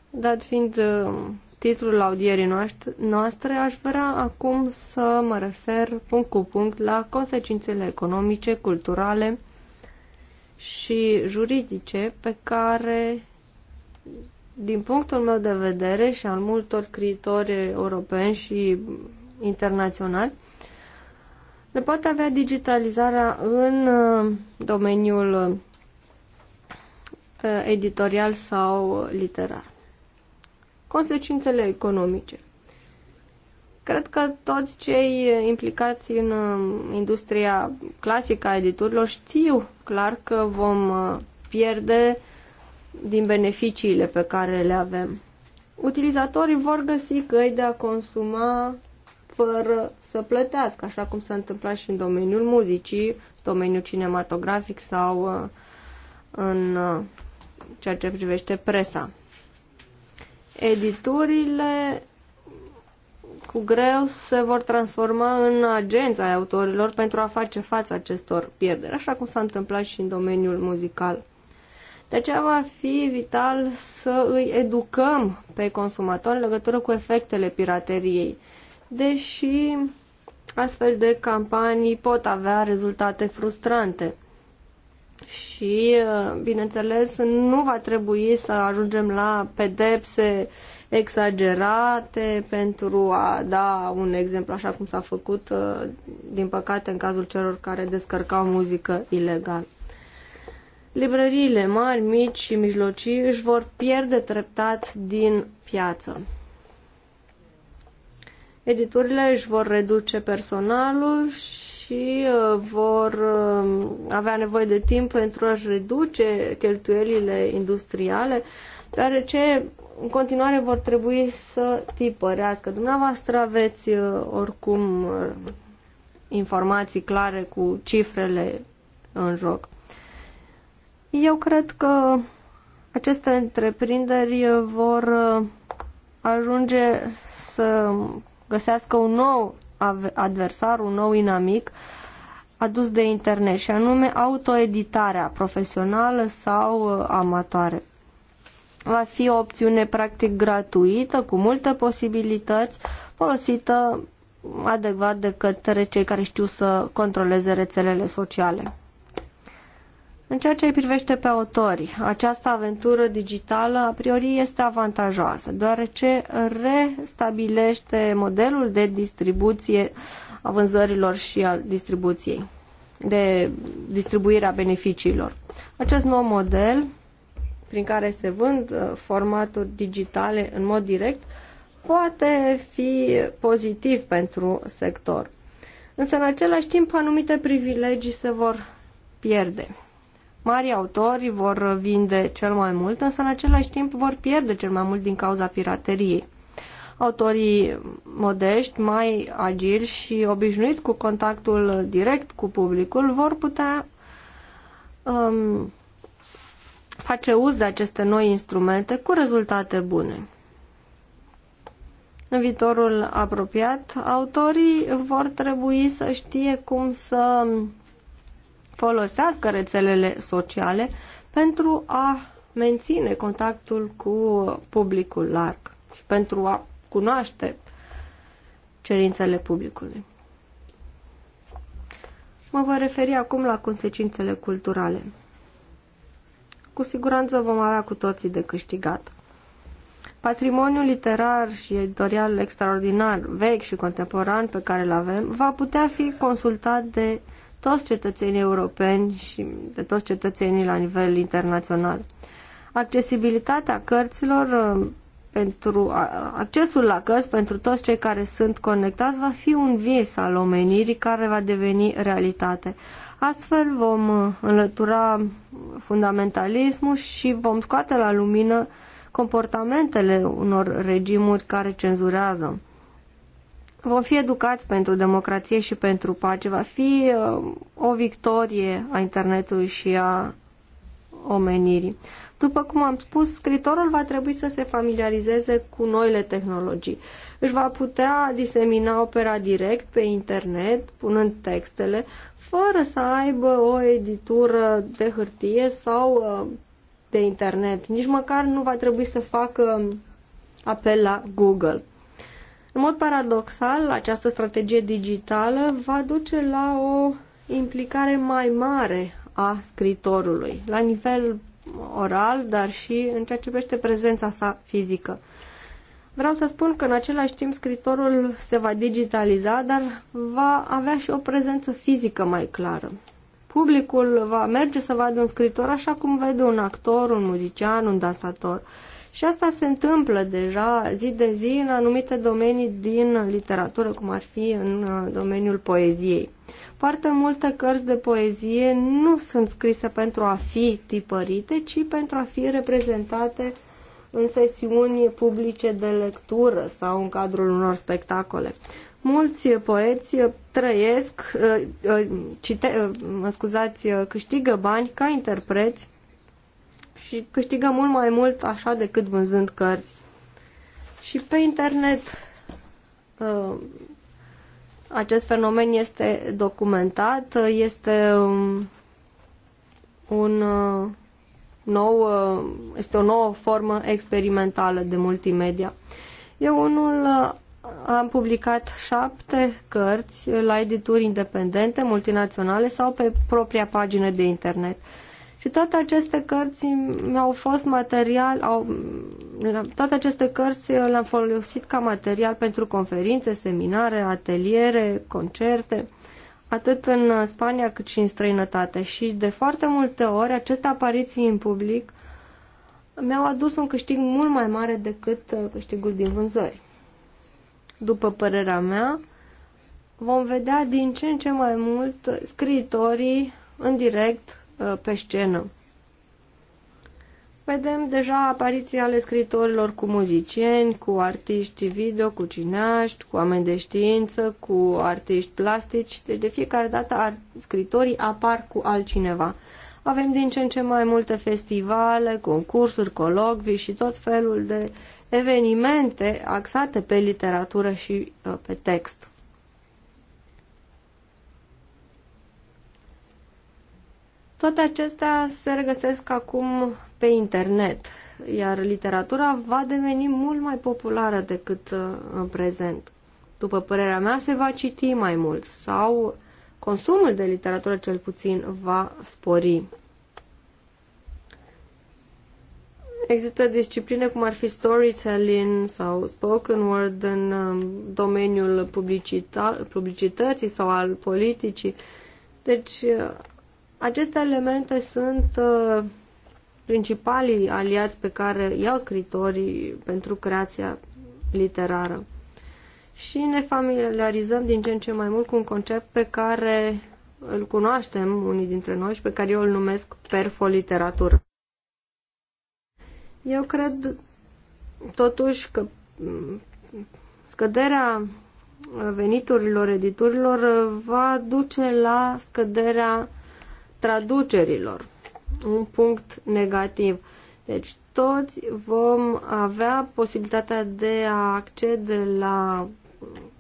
Dat fiind uh, titlul audierii noastre, aș vrea acum să mă refer punct cu punct la consecințele economice, culturale și juridice pe care, din punctul meu de vedere și al multor scriitori europeni și internaționali, le poate avea digitalizarea în uh, domeniul uh, editorial sau literar consecințele economice. Cred că toți cei eh, implicați în eh, industria clasică a editurilor știu clar că vom eh, pierde din beneficiile pe care le avem. Utilizatorii vor găsi căi de a consuma fără să plătească, așa cum s-a întâmplat și în domeniul muzicii, domeniul cinematografic sau în ceea ce privește presa editurile cu greu se vor transforma în agenți ai autorilor pentru a face față acestor pierderi, așa cum s-a întâmplat și în domeniul muzical. De aceea va fi vital să îi educăm pe consumatori în legătură cu efectele pirateriei, deși astfel de campanii pot avea rezultate frustrante – și, uh, bineînțeles, nu va trebui să ajungem la pedepse exagerate pentru a da un exemplu așa cum s-a făcut, uh, din păcate, în cazul celor care descărcau muzică ilegal. Librăriile mari, mici și mijlocii își vor pierde treptat din piață. Editurile își vor reduce personalul și și uh, vor uh, avea nevoie de timp pentru a-și reduce cheltuielile industriale, deoarece în continuare vor trebui să tipărească. Dumneavoastră aveți uh, oricum informații clare cu cifrele în joc. Eu cred că aceste întreprinderi vor ajunge să găsească un nou adversar, un nou inamic adus de internet și anume autoeditarea profesională sau uh, amatoare. Va fi o opțiune practic gratuită, cu multe posibilități, folosită adecvat de către cei care știu să controleze rețelele sociale. În ceea ce îi privește pe autori, această aventură digitală a priori este avantajoasă, deoarece restabilește modelul de distribuție a vânzărilor și a distribuției, de distribuirea beneficiilor. Acest nou model, prin care se vând uh, formaturi digitale în mod direct, poate fi pozitiv pentru sector. Însă, în același timp, anumite privilegii se vor pierde. Mari autori vor vinde cel mai mult, însă în același timp vor pierde cel mai mult din cauza pirateriei. Autorii modești, mai agili și obișnuiți cu contactul direct cu publicul vor putea um, face uz de aceste noi instrumente cu rezultate bune. În viitorul apropiat, autorii vor trebui să știe cum să folosească rețelele sociale pentru a menține contactul cu publicul larg și pentru a cunoaște cerințele publicului. Mă voi referi acum la consecințele culturale. Cu siguranță vom avea cu toții de câștigat. Patrimoniul literar și editorial extraordinar, vechi și contemporan pe care îl avem, va putea fi consultat de toți cetățenii europeni și de toți cetățenii la nivel internațional. Accesibilitatea cărților uh, pentru accesul la cărți pentru toți cei care sunt conectați va fi un vis al omenirii care va deveni realitate. Astfel vom uh, înlătura fundamentalismul și vom scoate la lumină comportamentele unor regimuri care cenzurează vom fi educați pentru democrație și pentru pace. Va fi uh, o victorie a internetului și a omenirii. După cum am spus, scritorul va trebui să se familiarizeze cu noile tehnologii. Își va putea disemina opera direct pe internet, punând textele, fără să aibă o editură de hârtie sau uh, de internet. Nici măcar nu va trebui să facă um, apel la Google. În mod paradoxal, această strategie digitală va duce la o implicare mai mare a scritorului, la nivel oral, dar și în ceea ce privește prezența sa fizică. Vreau să spun că în același timp scritorul se va digitaliza, dar va avea și o prezență fizică mai clară. Publicul va merge să vadă un scritor așa cum vede un actor, un muzician, un dansator. Și asta se întâmplă deja zi de zi în anumite domenii din literatură, cum ar fi în uh, domeniul poeziei. Foarte multe cărți de poezie nu sunt scrise pentru a fi tipărite, ci pentru a fi reprezentate în sesiuni publice de lectură sau în cadrul unor spectacole. Mulți poeți trăiesc, uh, uh, cite, mă scuzați, câștigă bani ca interpreți și câștigă mult mai mult așa decât vânzând cărți. Și pe internet uh, acest fenomen este documentat, este um, un uh, nou, uh, este o nouă formă experimentală de multimedia. Eu unul am publicat șapte cărți la edituri independente, multinaționale sau pe propria pagină de internet. Și toate aceste cărți mi-au fost material, au, toate aceste cărți le-am folosit ca material pentru conferințe, seminare, ateliere, concerte, atât în Spania cât și în străinătate. Și de foarte multe ori aceste apariții în public mi-au adus un câștig mult mai mare decât uh, câștigul din vânzări. După părerea mea, vom vedea din ce în ce mai mult scriitorii în direct Uh, pe scenă. Vedem deja apariția ale scritorilor cu muzicieni, cu artiști video, cu cineaști, cu oameni de știință, cu artiști plastici. Deci de fiecare dată scritorii apar cu altcineva. Avem din ce în ce mai multe festivale, concursuri, colocvii și tot felul de evenimente axate pe literatură și uh, pe text. Toate acestea se regăsesc acum pe internet, iar literatura va deveni mult mai populară decât uh, în prezent. După părerea mea, se va citi mai mult sau consumul de literatură cel puțin va spori. Există discipline cum ar fi storytelling sau spoken word în um, domeniul publicității sau al politicii. Deci uh, aceste elemente sunt uh, principalii aliați pe care iau scritorii pentru creația literară. Și ne familiarizăm din ce în ce mai mult cu un concept pe care îl cunoaștem unii dintre noi și pe care eu îl numesc perfoliteratură. Eu cred totuși că mm, scăderea veniturilor editurilor va duce la scăderea traducerilor. Un punct negativ. Deci toți vom avea posibilitatea de a accede la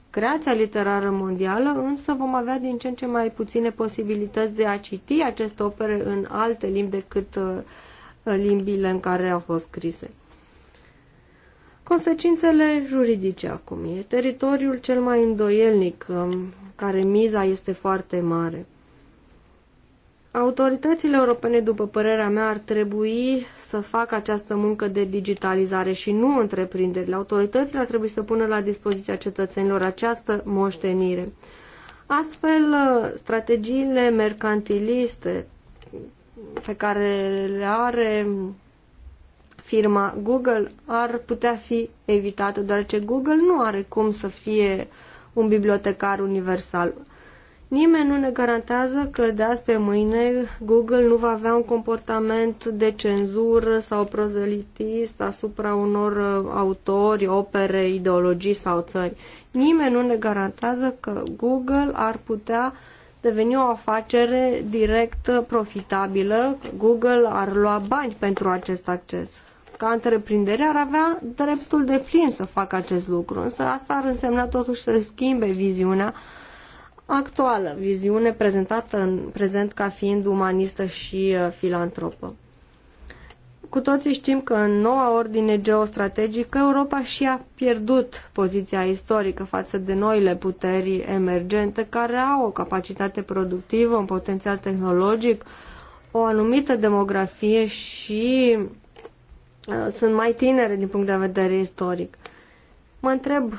creația literară mondială, însă vom avea din ce în ce mai puține posibilități de a citi aceste opere în alte limbi decât uh, limbile în care au fost scrise. Consecințele juridice acum. E teritoriul cel mai îndoielnic, um, care miza este foarte mare. Autoritățile europene, după părerea mea, ar trebui să facă această muncă de digitalizare și nu întreprinderile. Autoritățile ar trebui să pună la dispoziția cetățenilor această moștenire. Astfel, strategiile mercantiliste pe care le are firma Google ar putea fi evitate, deoarece Google nu are cum să fie un bibliotecar universal. Nimeni nu ne garantează că de azi pe mâine Google nu va avea un comportament de cenzură sau prozelitist asupra unor uh, autori, opere, ideologii sau țări. Nimeni nu ne garantează că Google ar putea deveni o afacere direct profitabilă, Google ar lua bani pentru acest acces. Ca întreprindere ar avea dreptul de plin să facă acest lucru, însă asta ar însemna totuși să schimbe viziunea actuală, viziune prezentată în prezent ca fiind umanistă și uh, filantropă. Cu toții știm că în noua ordine geostrategică Europa și-a pierdut poziția istorică față de noile puteri emergente care au o capacitate productivă, un potențial tehnologic, o anumită demografie și uh, sunt mai tinere din punct de vedere istoric. Mă întreb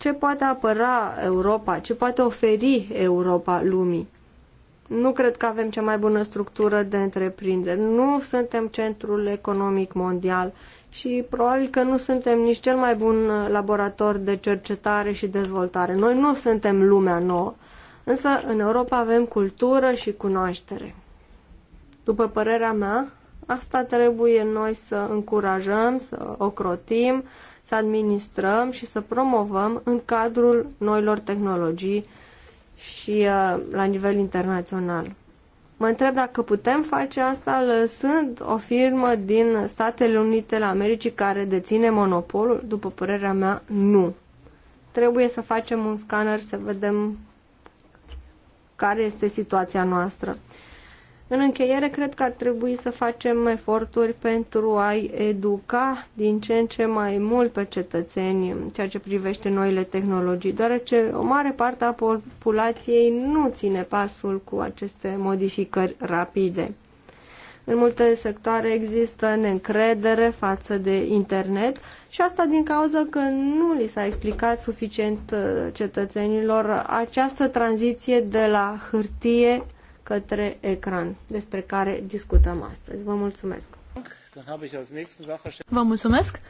ce poate apăra Europa, ce poate oferi Europa lumii. Nu cred că avem cea mai bună structură de întreprinderi. Nu suntem centrul economic mondial și probabil că nu suntem nici cel mai bun laborator de cercetare și dezvoltare. Noi nu suntem lumea nouă, însă în Europa avem cultură și cunoaștere. După părerea mea, asta trebuie noi să încurajăm, să ocrotim, să administrăm și să promovăm în cadrul noilor tehnologii și uh, la nivel internațional. Mă întreb dacă putem face asta lăsând o firmă din Statele Unite la Americii care deține monopolul? După părerea mea, nu. Trebuie să facem un scanner să vedem care este situația noastră. În încheiere, cred că ar trebui să facem eforturi pentru a-i educa din ce în ce mai mult pe cetățeni în ceea ce privește noile tehnologii, deoarece o mare parte a populației nu ține pasul cu aceste modificări rapide. În multe sectoare există neîncredere față de internet și asta din cauza că nu li s-a explicat suficient uh, cetățenilor această tranziție de la hârtie către ecran, despre care discutăm astăzi. Vă mulțumesc! Vă mulțumesc!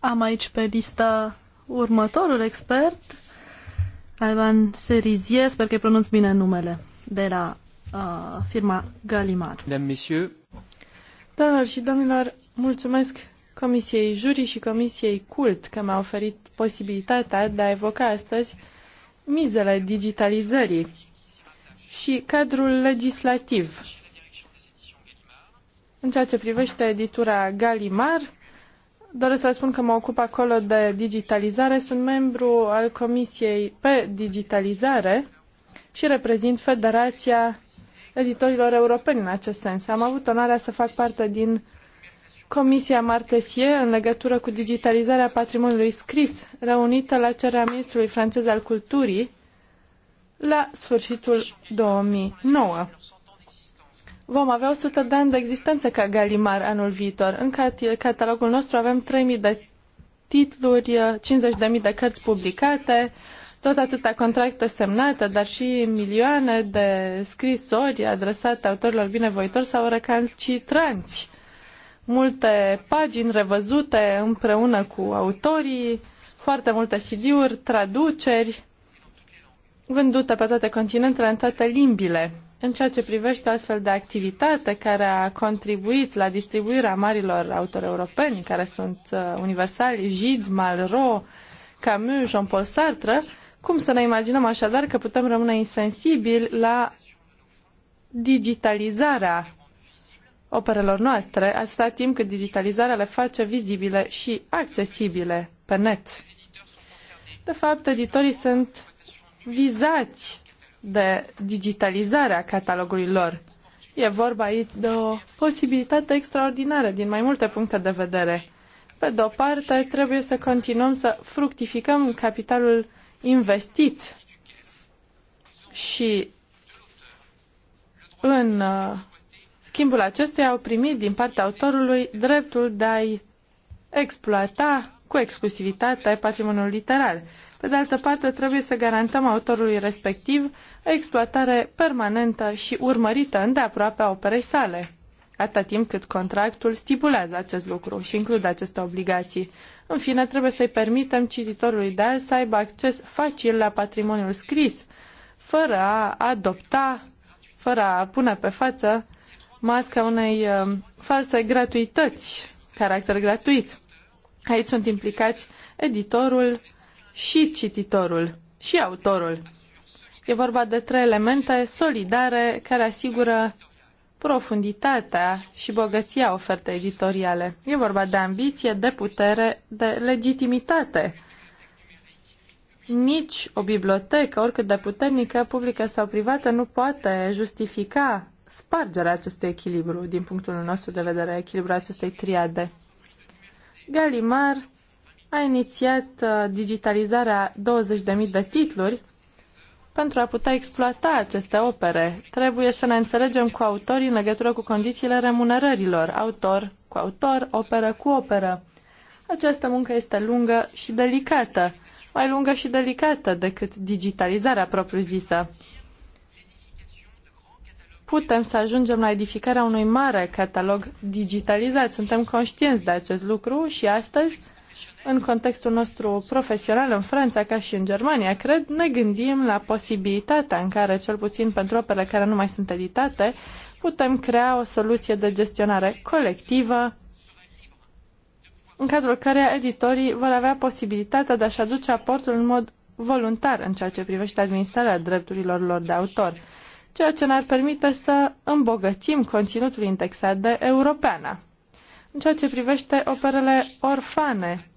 Am aici pe lista următorul expert, Alban Serizie, sper că pronunț bine numele, de la uh, firma Galimar. Doamnelor și domnilor, mulțumesc Comisiei Juri și Comisiei Cult că mi-a oferit posibilitatea de a evoca astăzi mizele digitalizării și cadrul legislativ. În ceea ce privește editura Galimar, doresc să spun că mă ocup acolo de digitalizare, sunt membru al Comisiei pe Digitalizare și reprezint Federația Editorilor Europeni în acest sens. Am avut onoarea să fac parte din Comisia Martesie în legătură cu digitalizarea patrimoniului scris, reunită la cererea Ministrului francez al Culturii la sfârșitul 2009. Vom avea 100 de ani de existență ca Galimar anul viitor. În catalogul nostru avem 3.000 de titluri, 50.000 de cărți publicate, tot atâta contracte semnate, dar și milioane de scrisori adresate autorilor binevoitori sau recalcitranți. Multe pagini revăzute împreună cu autorii, foarte multe CD-uri, traduceri, vândută pe toate continentele, în toate limbile. În ceea ce privește astfel de activitate care a contribuit la distribuirea marilor autori europeni, care sunt uh, universali, Gide, Malraux, Camus, Jean-Paul Sartre, cum să ne imaginăm așadar că putem rămâne insensibili la digitalizarea operelor noastre, atâta timp cât digitalizarea le face vizibile și accesibile pe net. De fapt, editorii sunt vizați de digitalizarea catalogului lor. E vorba aici de o posibilitate extraordinară din mai multe puncte de vedere. Pe de-o parte, trebuie să continuăm să fructificăm capitalul investit și în uh, schimbul acestuia au primit din partea autorului dreptul de a-i exploata cu exclusivitate patrimoniul literar. Pe de altă parte, trebuie să garantăm autorului respectiv o exploatare permanentă și urmărită îndeaproape a operei sale, atâta timp cât contractul stipulează acest lucru și include aceste obligații. În fine, trebuie să-i permitem cititorului de azi să aibă acces facil la patrimoniul scris, fără a adopta, fără a pune pe față masca unei um, false gratuități, caracter gratuit. Aici sunt implicați editorul și cititorul și autorul. E vorba de trei elemente solidare care asigură profunditatea și bogăția ofertei editoriale. E vorba de ambiție, de putere, de legitimitate. Nici o bibliotecă, oricât de puternică, publică sau privată, nu poate justifica spargerea acestui echilibru, din punctul nostru de vedere, echilibrul acestei triade. Galimar a inițiat uh, digitalizarea 20.000 de titluri pentru a putea exploata aceste opere. Trebuie să ne înțelegem cu autorii în legătură cu condițiile remunerărilor, autor cu autor, operă cu operă. Această muncă este lungă și delicată, mai lungă și delicată decât digitalizarea propriu-zisă putem să ajungem la edificarea unui mare catalog digitalizat. Suntem conștienți de acest lucru și astăzi, în contextul nostru profesional în Franța ca și în Germania, cred, ne gândim la posibilitatea în care, cel puțin pentru operele care nu mai sunt editate, putem crea o soluție de gestionare colectivă în cadrul care editorii vor avea posibilitatea de a-și aduce aportul în mod voluntar în ceea ce privește administrarea drepturilor lor de autor ceea ce ne-ar permite să îmbogățim conținutul indexat de europeană. În ceea ce privește operele orfane,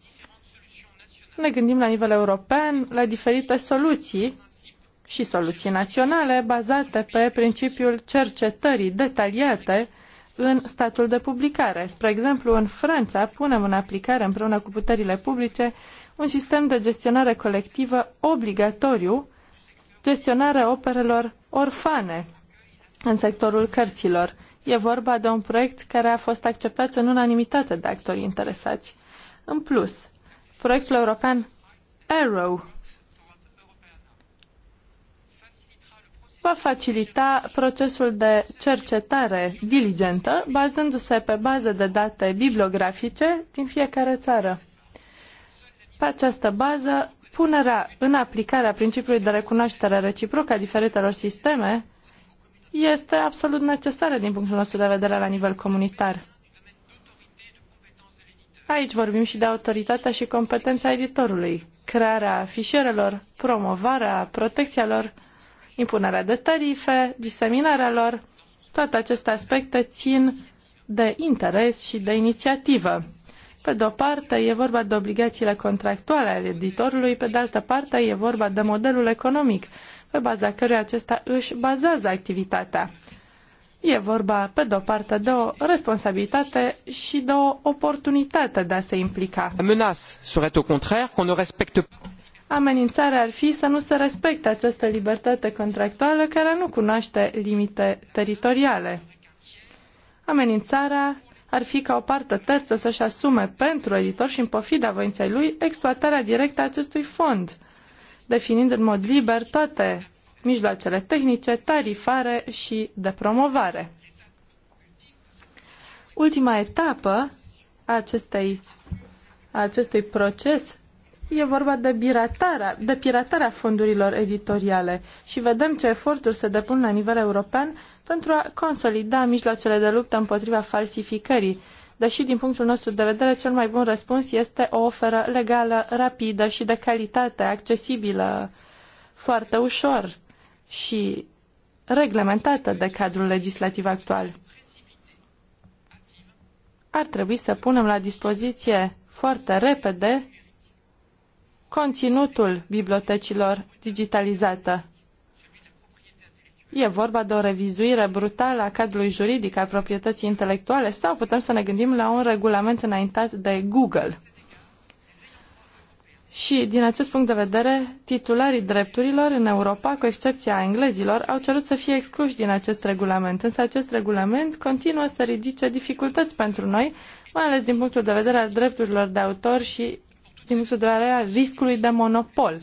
ne gândim la nivel european la diferite soluții și soluții naționale bazate pe principiul cercetării detaliate în statul de publicare. Spre exemplu, în Franța punem în aplicare împreună cu puterile publice un sistem de gestionare colectivă obligatoriu gestionarea operelor orfane în sectorul cărților. E vorba de un proiect care a fost acceptat în unanimitate de actorii interesați. În plus, proiectul european Arrow va facilita procesul de cercetare diligentă, bazându-se pe baze de date bibliografice din fiecare țară. Pe această bază, punerea în aplicare a principiului de recunoaștere reciprocă a diferitelor sisteme este absolut necesară din punctul nostru de vedere la nivel comunitar. Aici vorbim și de autoritatea și competența editorului, crearea fișierelor, promovarea, protecția lor, impunerea de tarife, diseminarea lor, toate aceste aspecte țin de interes și de inițiativă. Pe de o parte e vorba de obligațiile contractuale ale editorului, pe de altă parte e vorba de modelul economic pe baza căruia acesta își bazează activitatea. E vorba, pe de-o parte, de o responsabilitate și de o oportunitate de a se implica. respecte Amenințarea ar fi să nu se respecte această libertate contractuală care nu cunoaște limite teritoriale. Amenințarea ar fi ca o parte terță să-și asume pentru editor și în pofida voinței lui exploatarea directă a acestui fond, definind în mod liber toate mijloacele tehnice, tarifare și de promovare. Ultima etapă a acestei a acestui proces E vorba de piratarea, de piratarea fondurilor editoriale și vedem ce eforturi se depun la nivel european pentru a consolida mijloacele de luptă împotriva falsificării, deși din punctul nostru de vedere cel mai bun răspuns este o oferă legală, rapidă și de calitate, accesibilă foarte ușor și reglementată de cadrul legislativ actual. Ar trebui să punem la dispoziție foarte repede conținutul bibliotecilor digitalizate. E vorba de o revizuire brutală a cadrului juridic al proprietății intelectuale sau putem să ne gândim la un regulament înaintat de Google. Și, din acest punct de vedere, titularii drepturilor în Europa, cu excepția englezilor, au cerut să fie excluși din acest regulament, însă acest regulament continuă să ridice dificultăți pentru noi, mai ales din punctul de vedere al drepturilor de autor și din punctul de vedere al riscului de monopol.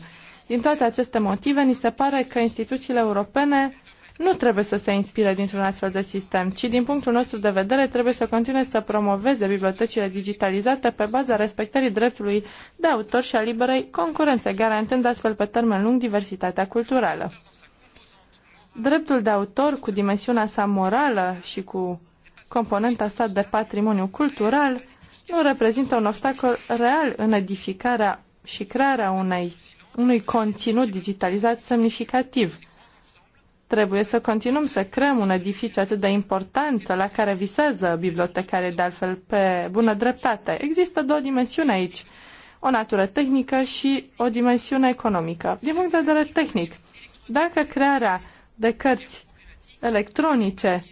Din toate aceste motive, ni se pare că instituțiile europene nu trebuie să se inspire dintr-un astfel de sistem, ci din punctul nostru de vedere trebuie să continue să promoveze bibliotecile digitalizate pe baza respectării dreptului de autor și a liberei concurențe, garantând astfel pe termen lung diversitatea culturală. Dreptul de autor, cu dimensiunea sa morală și cu componenta sa de patrimoniu cultural, nu reprezintă un obstacol real în edificarea și crearea unei, unui conținut digitalizat semnificativ. Trebuie să continuăm să creăm un edificiu atât de important la care visează bibliotecarii de altfel pe bună dreptate. Există două dimensiuni aici, o natură tehnică și o dimensiune economică. Din punct de vedere tehnic, dacă crearea de cărți electronice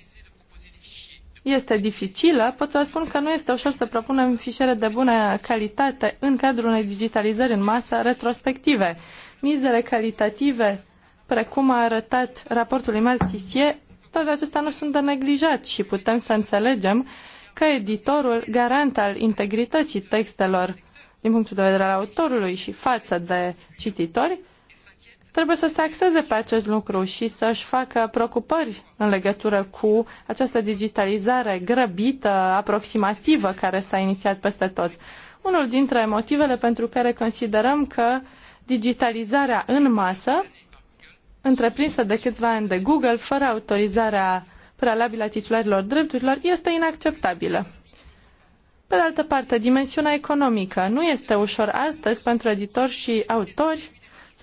este dificilă, pot să vă spun că nu este ușor să propunem fișiere de bună calitate în cadrul unei digitalizări în masă retrospective. Mizele calitative, precum a arătat raportul Imel Tisie, toate acestea nu sunt de neglijat și putem să înțelegem că editorul garant al integrității textelor din punctul de vedere al autorului și față de cititori trebuie să se axeze pe acest lucru și să-și facă preocupări în legătură cu această digitalizare grăbită, aproximativă, care s-a inițiat peste tot. Unul dintre motivele pentru care considerăm că digitalizarea în masă, întreprinsă de câțiva ani de Google, fără autorizarea prealabilă a titularilor drepturilor, este inacceptabilă. Pe de altă parte, dimensiunea economică nu este ușor astăzi pentru editori și autori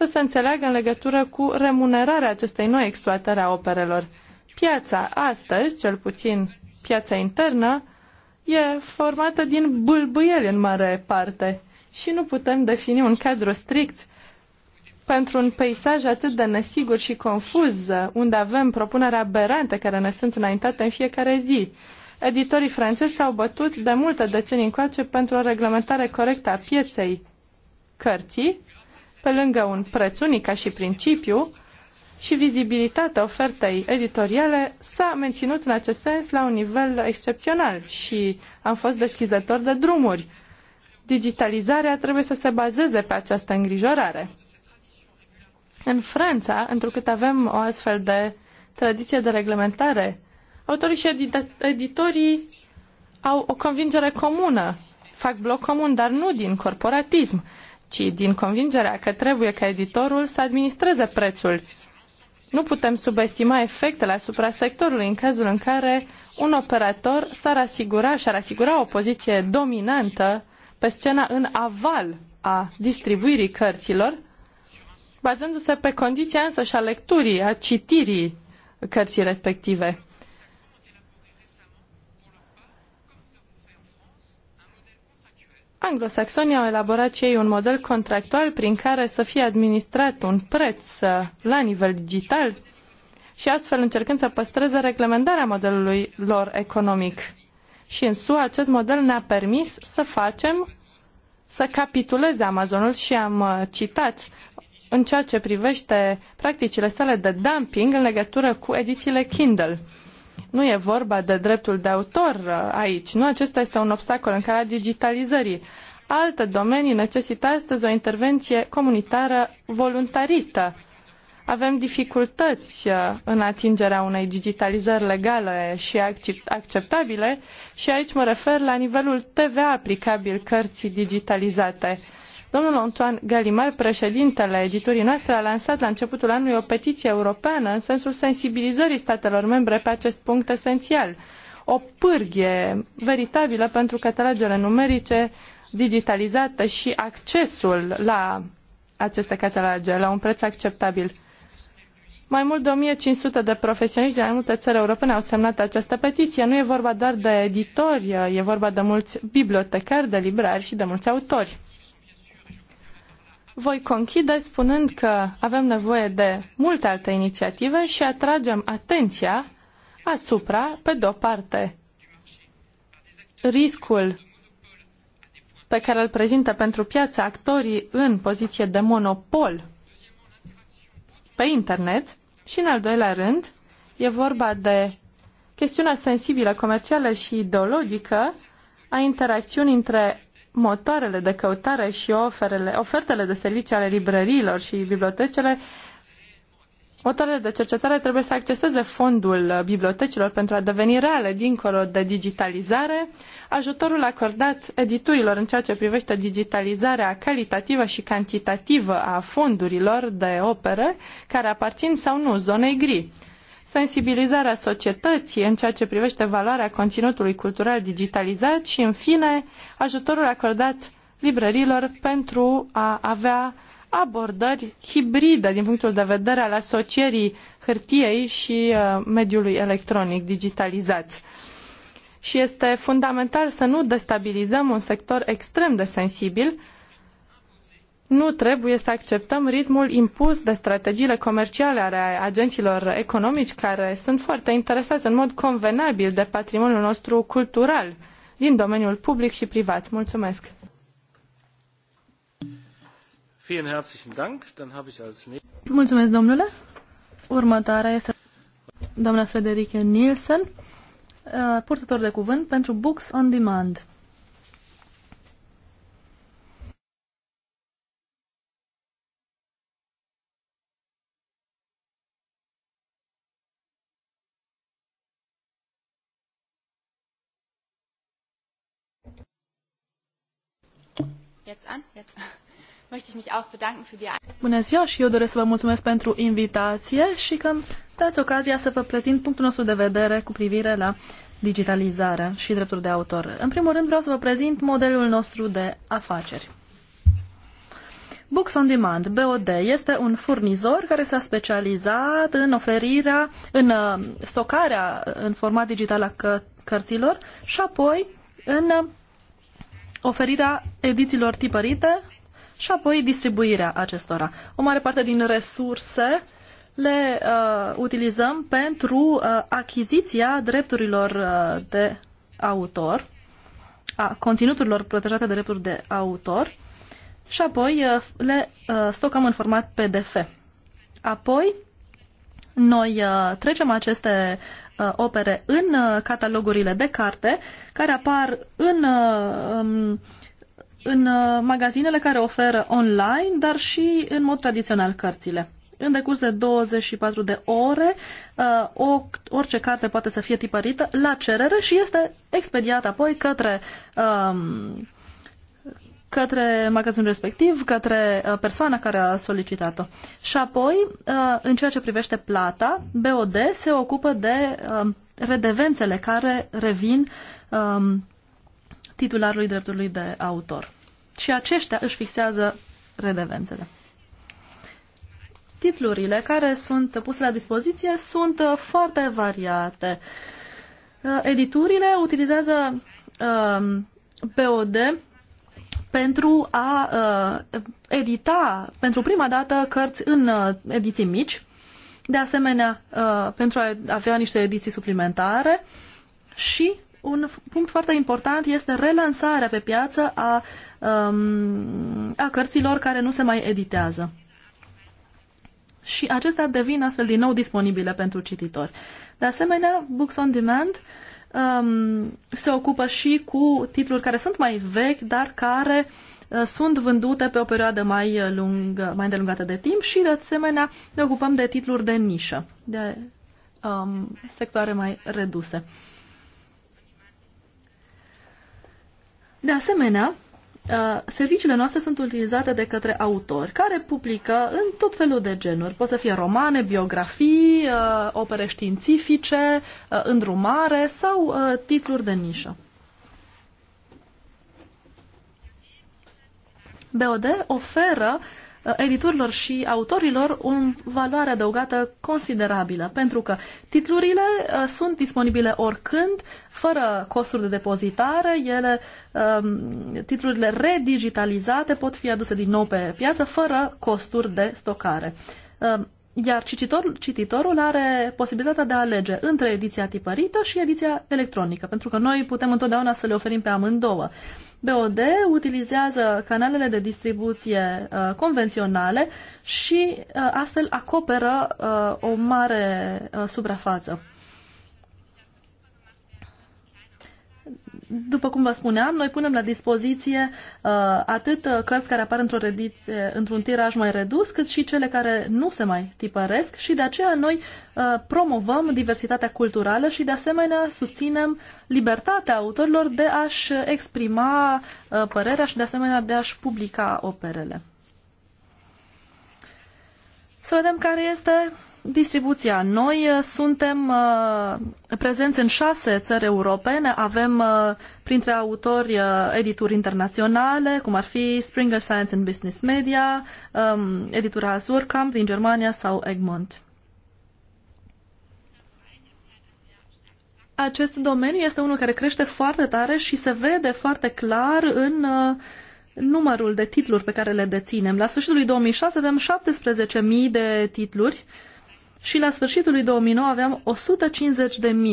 să se înțeleagă în legătură cu remunerarea acestei noi exploatări a operelor. Piața astăzi, cel puțin piața internă, e formată din bâlbâieli în mare parte și nu putem defini un cadru strict pentru un peisaj atât de nesigur și confuz, unde avem propunerea aberante care ne sunt înaintate în fiecare zi. Editorii francezi s-au bătut de multe decenii încoace pentru o reglementare corectă a pieței cărții pe lângă un preț unic ca și principiu și vizibilitatea ofertei editoriale s-a menținut în acest sens la un nivel excepțional și am fost deschizător de drumuri. Digitalizarea trebuie să se bazeze pe această îngrijorare. În Franța, întrucât avem o astfel de tradiție de reglementare, autorii și editorii au o convingere comună, fac bloc comun, dar nu din corporatism ci din convingerea că trebuie ca editorul să administreze prețul. Nu putem subestima efectele asupra sectorului în cazul în care un operator s-ar asigura și ar asigura o poziție dominantă pe scena în aval a distribuirii cărților, bazându-se pe condiția însă și a lecturii, a citirii cărții respective. Anglosaxonii au elaborat și ei un model contractual prin care să fie administrat un preț uh, la nivel digital și astfel încercând să păstreze reglementarea modelului lor economic. Și în SUA acest model ne-a permis să facem, să capituleze Amazonul și am uh, citat în ceea ce privește practicile sale de dumping în legătură cu edițiile Kindle. Nu e vorba de dreptul de autor uh, aici, nu acesta este un obstacol în calea digitalizării. Alte domenii necesită astăzi o intervenție comunitară voluntaristă. Avem dificultăți uh, în atingerea unei digitalizări legale și acceptabile și aici mă refer la nivelul TVA aplicabil cărții digitalizate. Domnul Antoine Galimar, președintele editurii noastre, a lansat la începutul anului o petiție europeană în sensul sensibilizării statelor membre pe acest punct esențial. O pârghie veritabilă pentru catalogele numerice digitalizate și accesul la aceste cataloge la un preț acceptabil. Mai mult de 1500 de profesioniști din multe țări europene au semnat această petiție. Nu e vorba doar de editori, e vorba de mulți bibliotecari, de librari și de mulți autori voi conchide spunând că avem nevoie de multe alte inițiative și atragem atenția asupra, pe de-o parte, riscul pe care îl prezintă pentru piață actorii în poziție de monopol pe internet și, în al doilea rând, e vorba de chestiunea sensibilă, comercială și ideologică a interacțiunii între motoarele de căutare și oferele, ofertele de servicii ale librăriilor și bibliotecele, motoarele de cercetare trebuie să acceseze fondul bibliotecilor pentru a deveni reale dincolo de digitalizare, ajutorul acordat editurilor în ceea ce privește digitalizarea calitativă și cantitativă a fondurilor de opere care aparțin sau nu zonei gri sensibilizarea societății în ceea ce privește valoarea conținutului cultural digitalizat și, în fine, ajutorul acordat librărilor pentru a avea abordări hibride din punctul de vedere al asocierii hârtiei și uh, mediului electronic digitalizat. Și este fundamental să nu destabilizăm un sector extrem de sensibil, nu trebuie să acceptăm ritmul impus de strategiile comerciale ale agenților economici care sunt foarte interesați în mod convenabil de patrimoniul nostru cultural din domeniul public și privat. Mulțumesc! Mulțumesc, domnule! Următoarea este doamna Frederike Nielsen, uh, purtător de cuvânt pentru Books on Demand. [LAUGHS] Bună ziua și eu doresc să vă mulțumesc pentru invitație și că dați ocazia să vă prezint punctul nostru de vedere cu privire la digitalizare și drepturi de autor. În primul rând vreau să vă prezint modelul nostru de afaceri. Books on Demand, BOD, este un furnizor care s-a specializat în oferirea, în uh, stocarea în format digital a cărților și apoi în oferirea edițiilor tipărite și apoi distribuirea acestora. O mare parte din resurse le uh, utilizăm pentru uh, achiziția drepturilor uh, de autor, a conținuturilor protejate de drepturi de autor și apoi uh, le uh, stocăm în format PDF. Apoi, noi uh, trecem aceste uh, opere în uh, catalogurile de carte care apar în uh, um, în uh, magazinele care oferă online, dar și în mod tradițional cărțile. În decurs de 24 de ore, uh, o, orice carte poate să fie tipărită la cerere și este expediată apoi către, um, către magazinul respectiv, către uh, persoana care a solicitat-o. Și apoi, în ceea ce privește plata, BOD se ocupă de um, redevențele care revin um, titularului dreptului de autor. Și aceștia își fixează redevențele. Titlurile care sunt puse la dispoziție sunt uh, foarte variate. Uh, editurile utilizează um, POD pentru a uh, edita pentru prima dată cărți în ediții mici, de asemenea pentru a avea niște ediții suplimentare și un punct foarte important este relansarea pe piață a, um, a cărților care nu se mai editează. Și acestea devin astfel din nou disponibile pentru cititori. De asemenea, Books on Demand um, se ocupă și cu titluri care sunt mai vechi, dar care uh, sunt vândute pe o perioadă mai, lungă, mai îndelungată de timp și, de asemenea, ne ocupăm de titluri de nișă, de um, sectoare mai reduse. De asemenea, uh, serviciile noastre sunt utilizate de către autori care publică în tot felul de genuri. Pot să fie romane, biografii, uh, opere științifice, uh, îndrumare sau titluri de nișă. BOD oferă Uh, editorilor și autorilor o valoare adăugată considerabilă, pentru că titlurile uh, sunt disponibile oricând, fără costuri de depozitare, ele, um, titlurile redigitalizate pot fi aduse din nou pe piață fără costuri de stocare um, iar cititorul, cititorul are posibilitatea de a alege între ediția tipărită și ediția electronică, pentru că noi putem întotdeauna să le oferim pe amândouă. BOD utilizează canalele de distribuție uh, convenționale și uh, astfel acoperă uh, o mare uh, suprafață. După cum vă spuneam, noi punem la dispoziție uh, atât uh, cărți care apar într-o într-un tiraj mai redus, cât și cele care nu se mai tipăresc și de aceea noi uh, promovăm diversitatea culturală și de asemenea susținem libertatea autorilor de a-și exprima uh, părerea și de asemenea de a-și publica operele. Să vedem care este distribuția. Noi uh, suntem uh, prezenți în șase țări europene, avem uh, printre autori edituri internaționale, cum ar fi Springer Science and Business Media, um, editura Azurkamp din Germania sau Egmont. Acest domeniu este unul care crește foarte tare și se vede foarte clar în numărul de titluri pe care le deținem. La sfârșitul lui 2006 avem 17.000 de titluri și la sfârșitul lui 2009 aveam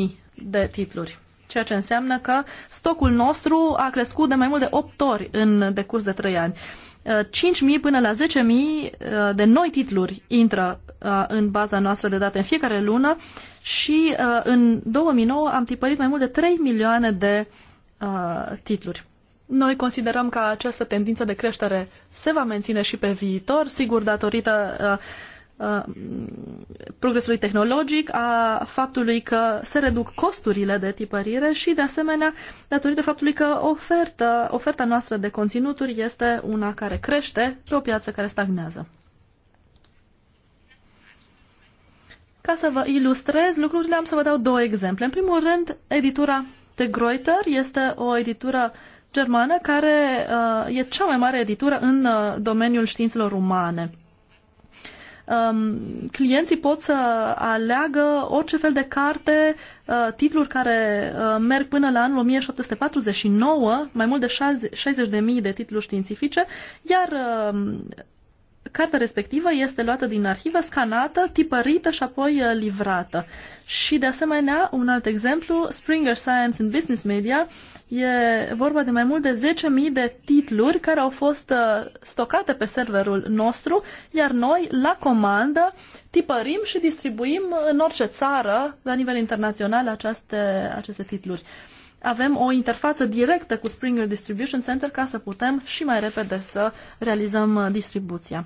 150.000 de titluri, ceea ce înseamnă că stocul nostru a crescut de mai mult de 8 ori în decurs de 3 ani. 5.000 uh, până la 10.000 uh, de noi titluri intră uh, în baza noastră de date în fiecare lună și în 2009 am tipărit mai mult de 3 milioane de titluri. Noi considerăm că această tendință de creștere se va menține și pe viitor, sigur datorită Uh, progresului tehnologic, a faptului că se reduc costurile de tipărire și, de asemenea, datorită faptului că ofertă, oferta noastră de conținuturi este una care crește pe o piață care stagnează. Ca să vă ilustrez lucrurile, am să vă dau două exemple. În primul rând, editura de Greuter este o editură germană care uh, e cea mai mare editură în uh, domeniul științelor umane um, clienții pot să aleagă orice fel de carte, uh, titluri care uh, merg până la anul 1749, mai mult de 60.000 de titluri științifice, iar uh, cartea respectivă este luată din arhivă, scanată, tipărită și apoi uh, livrată. Și de asemenea, un alt exemplu, Springer Science and Business Media, e vorba de mai mult de 10.000 de titluri care au fost uh, stocate pe serverul nostru, iar noi, la comandă, tipărim și distribuim în orice țară, la nivel internațional, aceste, aceste titluri avem o interfață directă cu Springer Distribution Center ca să putem și mai repede să realizăm uh, distribuția.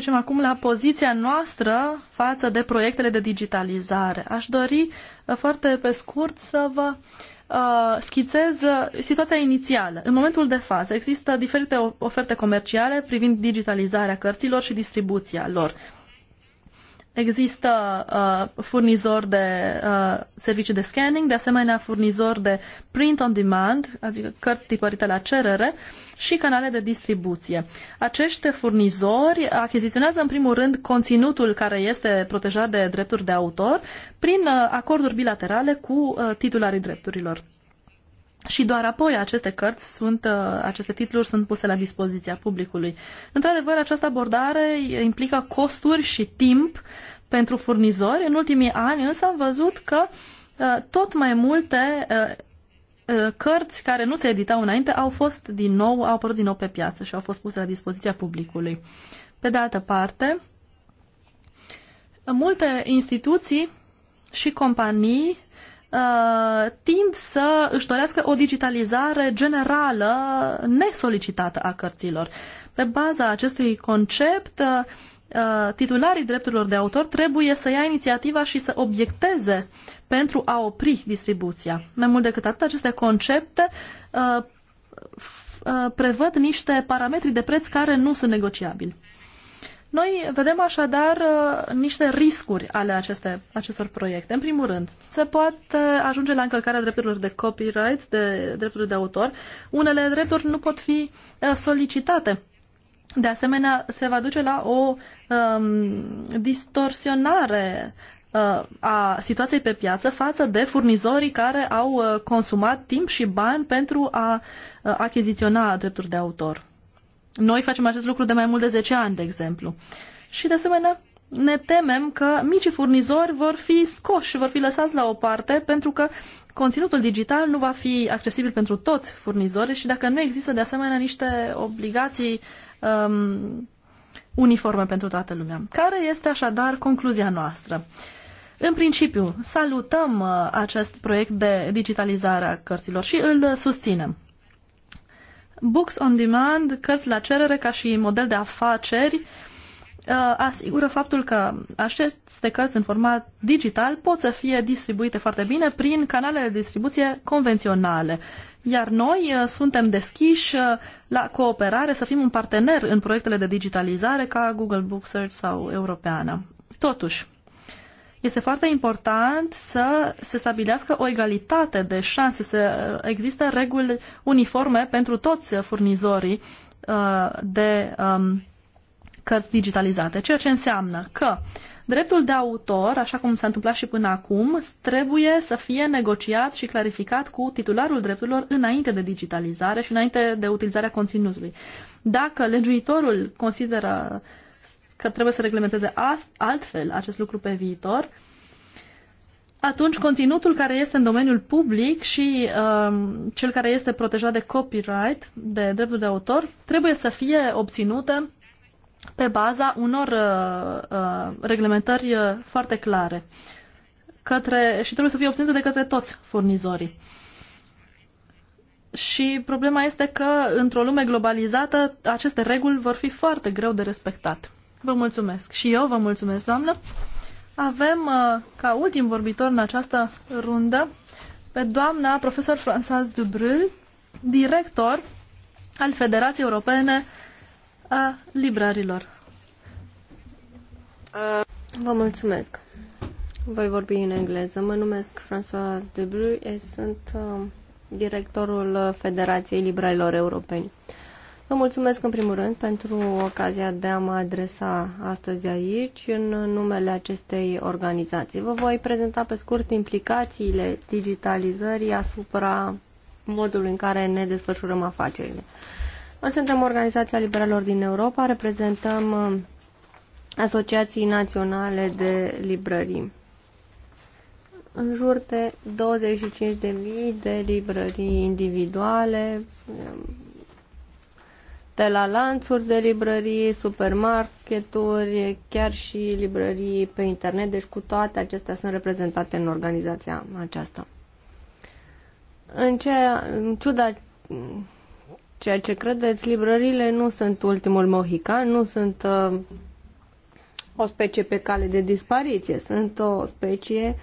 Trecem acum la poziția noastră față de proiectele de digitalizare. Aș dori uh, foarte pe scurt să vă uh, schițez uh, situația inițială. În momentul de față există diferite oferte comerciale privind digitalizarea cărților și distribuția lor. Există uh, furnizori de uh, servicii de scanning, de asemenea furnizori de print on demand, adică cărți tipărite la cerere și canale de distribuție. Acești furnizori achiziționează în primul rând conținutul care este protejat de drepturi de autor prin uh, acorduri bilaterale cu uh, titularii drepturilor și doar apoi aceste cărți sunt, uh, aceste titluri sunt puse la dispoziția publicului. Într-adevăr, această abordare implică costuri și timp pentru furnizori. În ultimii ani însă am văzut că uh, tot mai multe uh, cărți care nu se editau înainte au fost din nou, au apărut din nou pe piață și au fost puse la dispoziția publicului. Pe de altă parte, multe instituții și companii Uh, tind să își dorească o digitalizare generală nesolicitată a cărților. Pe baza acestui concept, uh, titularii drepturilor de autor trebuie să ia inițiativa și să obiecteze pentru a opri distribuția. Mai mult decât atât, aceste concepte uh, prevăd niște parametri de preț care nu sunt negociabili. Noi vedem așadar uh, niște riscuri ale aceste, acestor proiecte. În primul rând, se poate ajunge la încălcarea drepturilor de copyright, de drepturi de autor. Unele drepturi nu pot fi uh, solicitate. De asemenea, se va duce la o um, distorsionare uh, a situației pe piață față de furnizorii care au uh, consumat timp și bani pentru a uh, achiziționa drepturi de autor. Noi facem acest lucru de mai mult de 10 ani, de exemplu. Și, de asemenea, ne temem că micii furnizori vor fi scoși, vor fi lăsați la o parte pentru că conținutul digital nu va fi accesibil pentru toți furnizorii și dacă nu există de asemenea niște obligații um, uniforme pentru toată lumea. Care este așadar concluzia noastră? În principiu, salutăm uh, acest proiect de digitalizare a cărților și îl susținem. Books on demand, cărți la cerere ca și model de afaceri, uh, asigură faptul că aceste cărți în format digital pot să fie distribuite foarte bine prin canalele de distribuție convenționale. Iar noi uh, suntem deschiși uh, la cooperare să fim un partener în proiectele de digitalizare ca Google Book Search sau Europeană. Totuși, este foarte important să se stabilească o egalitate de șanse, să există reguli uniforme pentru toți furnizorii uh, de um, cărți digitalizate, ceea ce înseamnă că dreptul de autor, așa cum s-a întâmplat și până acum, trebuie să fie negociat și clarificat cu titularul drepturilor înainte de digitalizare și înainte de utilizarea conținutului. Dacă legiuitorul consideră uh, că trebuie să reglementeze altfel acest lucru pe viitor, atunci conținutul care este în domeniul public și um, cel care este protejat de copyright, de dreptul de autor, trebuie să fie obținute pe baza unor uh, uh, reglementări uh, foarte clare către, și trebuie să fie obținute de către toți furnizorii. Și problema este că, într-o lume globalizată, aceste reguli vor fi foarte greu de respectat. Vă mulțumesc. Și eu vă mulțumesc, doamnă. Avem uh, ca ultim vorbitor în această rundă pe doamna profesor François Dubrul, director al Federației Europene a Librarilor. Uh. Vă mulțumesc. Voi vorbi în engleză. Mă numesc François Dubrul. și sunt uh, directorul Federației Librarilor Europene. Vă mulțumesc în primul rând pentru ocazia de a mă adresa astăzi aici în numele acestei organizații. Vă voi prezenta pe scurt implicațiile digitalizării asupra modului în care ne desfășurăm afacerile. Noi suntem Organizația Liberalilor din Europa, reprezentăm uh, asociații naționale de librării. În jur de 25.000 de librării individuale, uh, de la lanțuri de librării, supermarketuri, chiar și librării pe internet, deci cu toate acestea sunt reprezentate în organizația aceasta. În, ce, în ciuda ceea ce credeți, librările nu sunt ultimul mohican, nu sunt uh, o specie pe cale de dispariție, sunt o specie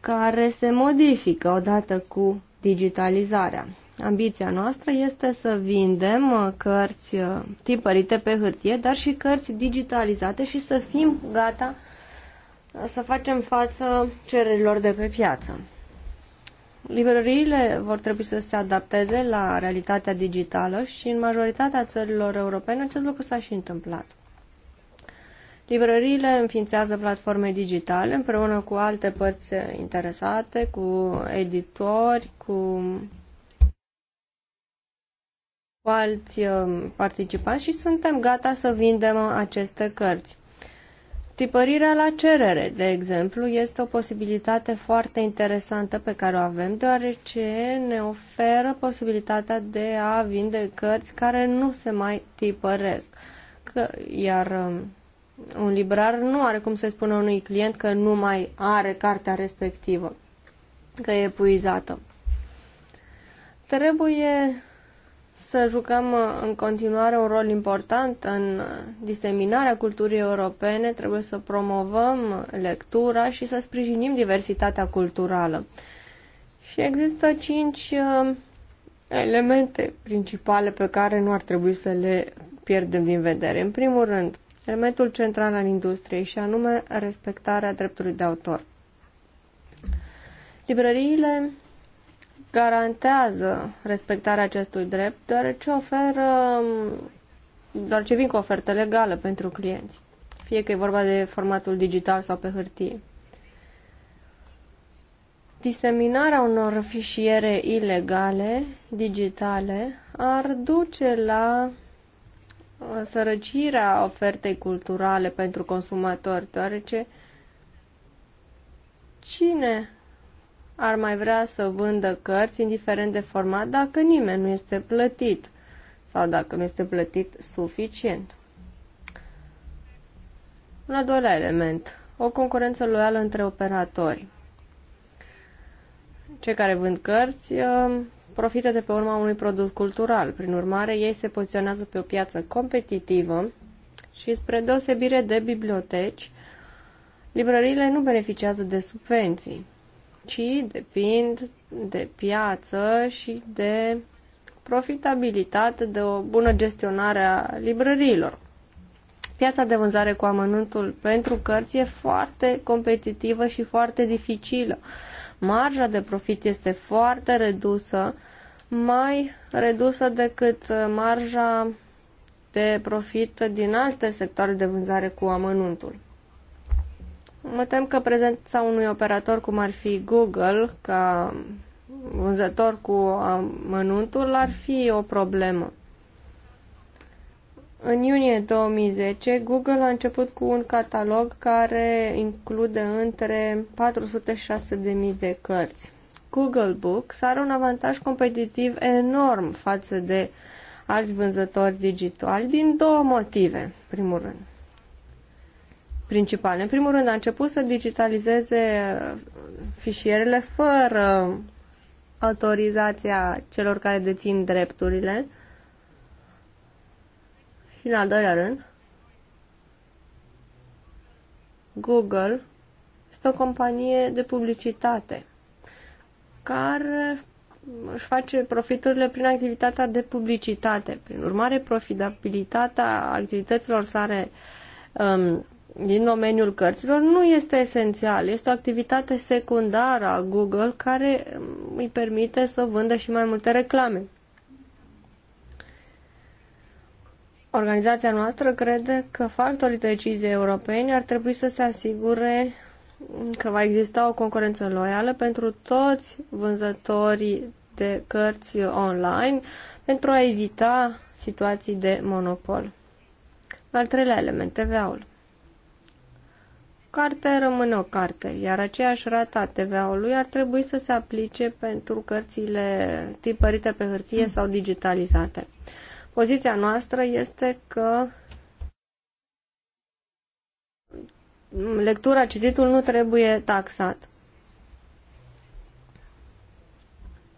care se modifică odată cu digitalizarea ambiția noastră este să vindem uh, cărți uh, tipărite pe hârtie, dar și cărți digitalizate și să fim gata uh, să facem față cererilor de pe piață. Librăriile vor trebui să se adapteze la realitatea digitală și în majoritatea țărilor europene acest lucru s-a și întâmplat. Librăriile înființează platforme digitale împreună cu alte părți interesate, cu editori, cu cu alți uh, participanți și suntem gata să vindem aceste cărți. Tipărirea la cerere, de exemplu, este o posibilitate foarte interesantă pe care o avem, deoarece ne oferă posibilitatea de a vinde cărți care nu se mai tipăresc. Că, iar um, un librar nu are cum să spună unui client că nu mai are cartea respectivă, că e epuizată. Trebuie să jucăm uh, în continuare un rol important în uh, diseminarea culturii europene, trebuie să promovăm uh, lectura și să sprijinim diversitatea culturală. Și există cinci elemente principale pe care nu ar trebui să le pierdem din vedere. În primul rând, elementul central al industriei și anume respectarea dreptului de autor. Librăriile garantează respectarea acestui drept, deoarece oferă, ce vin cu ofertă legală pentru clienți, fie că e vorba de formatul digital sau pe hârtie. Diseminarea unor fișiere ilegale, digitale, ar duce la uh, sărăcirea ofertei culturale pentru consumatori, deoarece cine ar mai vrea să vândă cărți, indiferent de format, dacă nimeni nu este plătit sau dacă nu este plătit suficient. Un al doilea element, o concurență loială între operatori. Cei care vând cărți ă, profită de pe urma unui produs cultural. Prin urmare, ei se poziționează pe o piață competitivă și spre deosebire de biblioteci, librăriile nu beneficiază de subvenții ci depind de piață și de profitabilitate, de o bună gestionare a librăriilor. Piața de vânzare cu amănuntul pentru cărți e foarte competitivă și foarte dificilă. Marja de profit este foarte redusă, mai redusă decât marja de profit din alte sectoare de vânzare cu amănuntul. Mă tem că prezența unui operator cum ar fi Google, ca vânzător cu amănuntul, ar fi o problemă. În iunie 2010, Google a început cu un catalog care include între 400 și de cărți. Google Books are un avantaj competitiv enorm față de alți vânzători digitali din două motive, primul rând principale. În primul rând, a început să digitalizeze uh, fișierele fără autorizația celor care dețin drepturile. Și în al doilea rând, Google este o companie de publicitate care își face profiturile prin activitatea de publicitate. Prin urmare, profitabilitatea activităților sale um, din domeniul cărților nu este esențial. Este o activitate secundară a Google care um, îi permite să vândă și mai multe reclame. Organizația noastră crede că factorii de decizie europeni ar trebui să se asigure că va exista o concurență loială pentru toți vânzătorii de cărți online pentru a evita situații de monopol. Al treilea element, TVA-ul carte rămâne o carte, iar aceeași rata TVA-ului ar trebui să se aplice pentru cărțile tipărite pe hârtie sau digitalizate. Poziția noastră este că lectura, cititul nu trebuie taxat.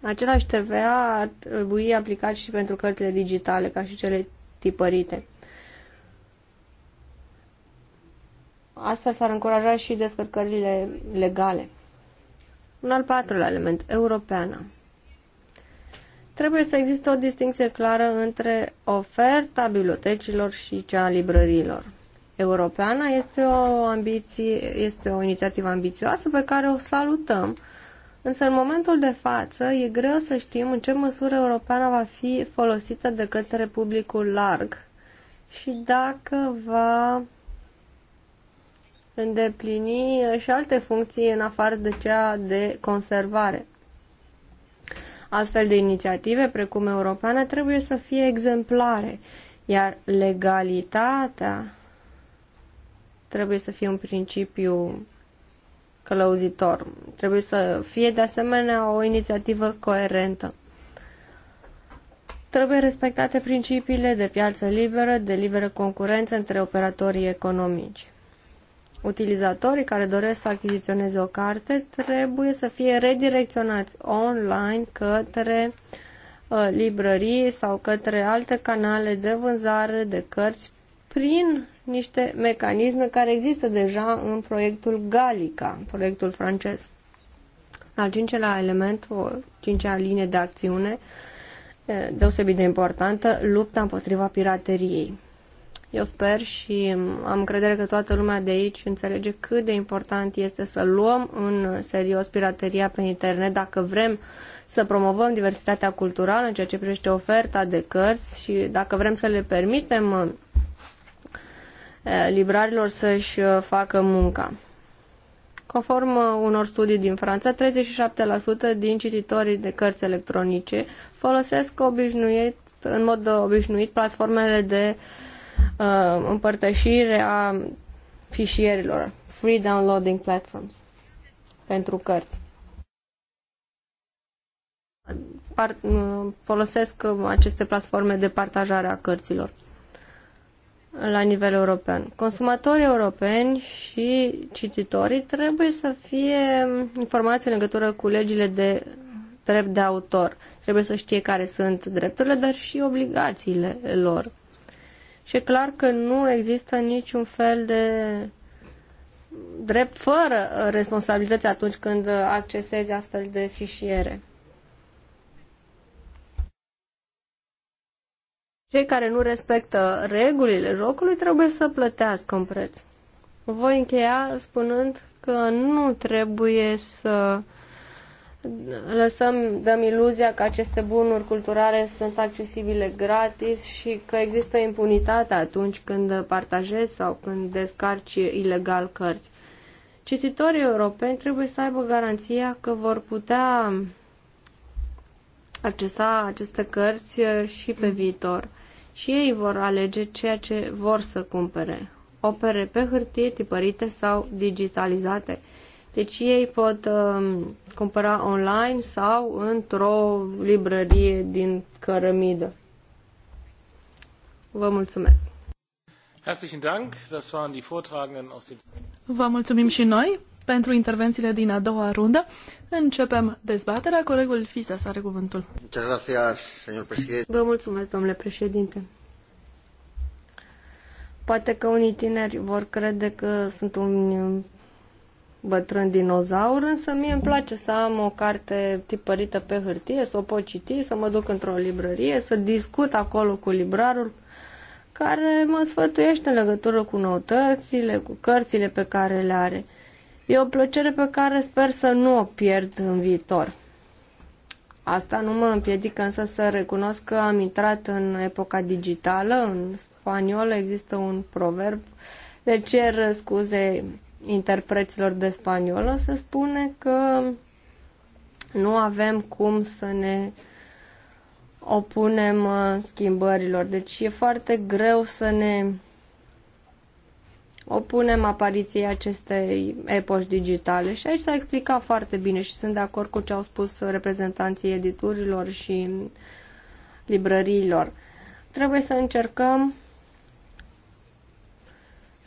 Același TVA ar trebui aplicat și pentru cărțile digitale, ca și cele tipărite. Astfel s-ar încuraja și descărcările legale. Un al patrulea element, europeană. Trebuie să existe o distinție clară între oferta bibliotecilor și cea a librărilor. Europeana este o, ambiție, este o inițiativă ambițioasă pe care o salutăm, însă în momentul de față e greu să știm în ce măsură europeana va fi folosită de către publicul larg și dacă va îndeplini și alte funcții în afară de cea de conservare. Astfel de inițiative, precum europeană, trebuie să fie exemplare, iar legalitatea trebuie să fie un principiu călăuzitor. Trebuie să fie de asemenea o inițiativă coerentă. Trebuie respectate principiile de piață liberă, de liberă concurență între operatorii economici utilizatorii care doresc să achiziționeze o carte trebuie să fie redirecționați online către uh, librării sau către alte canale de vânzare de cărți prin niște mecanisme care există deja în proiectul Galica, proiectul francez. Al cincelea element, o cincea linie de acțiune uh, deosebit de importantă, lupta împotriva pirateriei. Eu sper și am încredere că toată lumea de aici înțelege cât de important este să luăm în serios pirateria pe internet dacă vrem să promovăm diversitatea culturală în ceea ce privește oferta de cărți și dacă vrem să le permitem uh, librarilor să-și uh, facă munca. Conform uh, unor studii din Franța, 37% din cititorii de cărți electronice folosesc obișnuit, în mod obișnuit platformele de uh, uh, împărtășire a fișierilor, free downloading platforms, pentru cărți. Part, uh, folosesc uh, aceste platforme de partajare a cărților la nivel european. Consumatorii europeni și cititorii trebuie să fie informați în legătură cu legile de drept de autor. Trebuie să știe care sunt drepturile, dar și obligațiile lor și e clar că nu există niciun fel de drept fără responsabilități atunci când accesezi astfel de fișiere. Cei care nu respectă regulile jocului trebuie să plătească un preț. Voi încheia spunând că nu trebuie să lăsăm, dăm iluzia că aceste bunuri culturale sunt accesibile gratis și că există impunitate atunci când partajezi sau când descarci ilegal cărți. Cititorii europeni trebuie să aibă garanția că vor putea accesa aceste cărți și pe viitor și ei vor alege ceea ce vor să cumpere, opere pe hârtie tipărite sau digitalizate deci ei pot uh, cumpăra online sau într-o librărie din cărămidă. Vă mulțumesc! Vă mulțumim și noi pentru intervențiile din a doua rundă. Începem dezbaterea. Colegul Fisa să are cuvântul. Vă mulțumesc, domnule președinte. Poate că unii tineri vor crede că sunt un bătrân dinozaur, însă mie îmi place să am o carte tipărită pe hârtie, să o pot citi, să mă duc într-o librărie, să discut acolo cu librarul care mă sfătuiește în legătură cu noutățile, cu cărțile pe care le are. E o plăcere pe care sper să nu o pierd în viitor. Asta nu mă împiedică însă să recunosc că am intrat în epoca digitală. În spaniolă există un proverb, le cer scuze interpreților de spaniolă, se spune că nu avem cum să ne opunem uh, schimbărilor. Deci e foarte greu să ne opunem apariției acestei epoși digitale. Și aici s-a explicat foarte bine și sunt de acord cu ce au spus reprezentanții editurilor și librăriilor. Trebuie să încercăm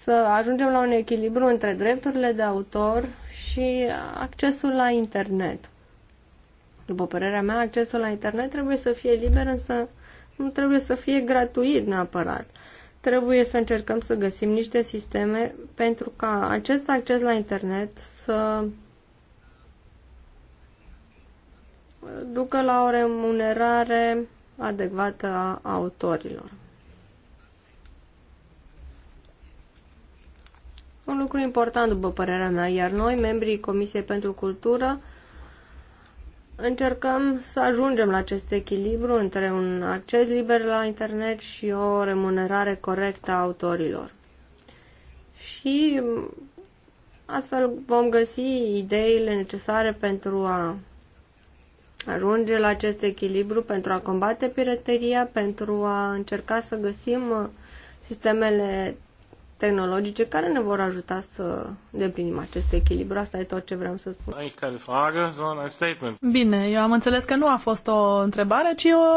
să ajungem la un echilibru între drepturile de autor și accesul la internet. După părerea mea, accesul la internet trebuie să fie liber, însă nu trebuie să fie gratuit neapărat. Trebuie să încercăm să găsim niște sisteme pentru ca acest acces la internet să ducă la o remunerare adecvată a autorilor. un lucru important, după părerea mea, iar noi, membrii Comisiei pentru Cultură, încercăm să ajungem la acest echilibru între un acces liber la internet și o remunerare corectă a autorilor. Și astfel vom găsi ideile necesare pentru a ajunge la acest echilibru, pentru a combate pirateria, pentru a încerca să găsim sistemele tehnologice care ne vor ajuta să deplinim acest echilibru. Asta e tot ce vreau să spun. Bine, eu am înțeles că nu a fost o întrebare, ci o,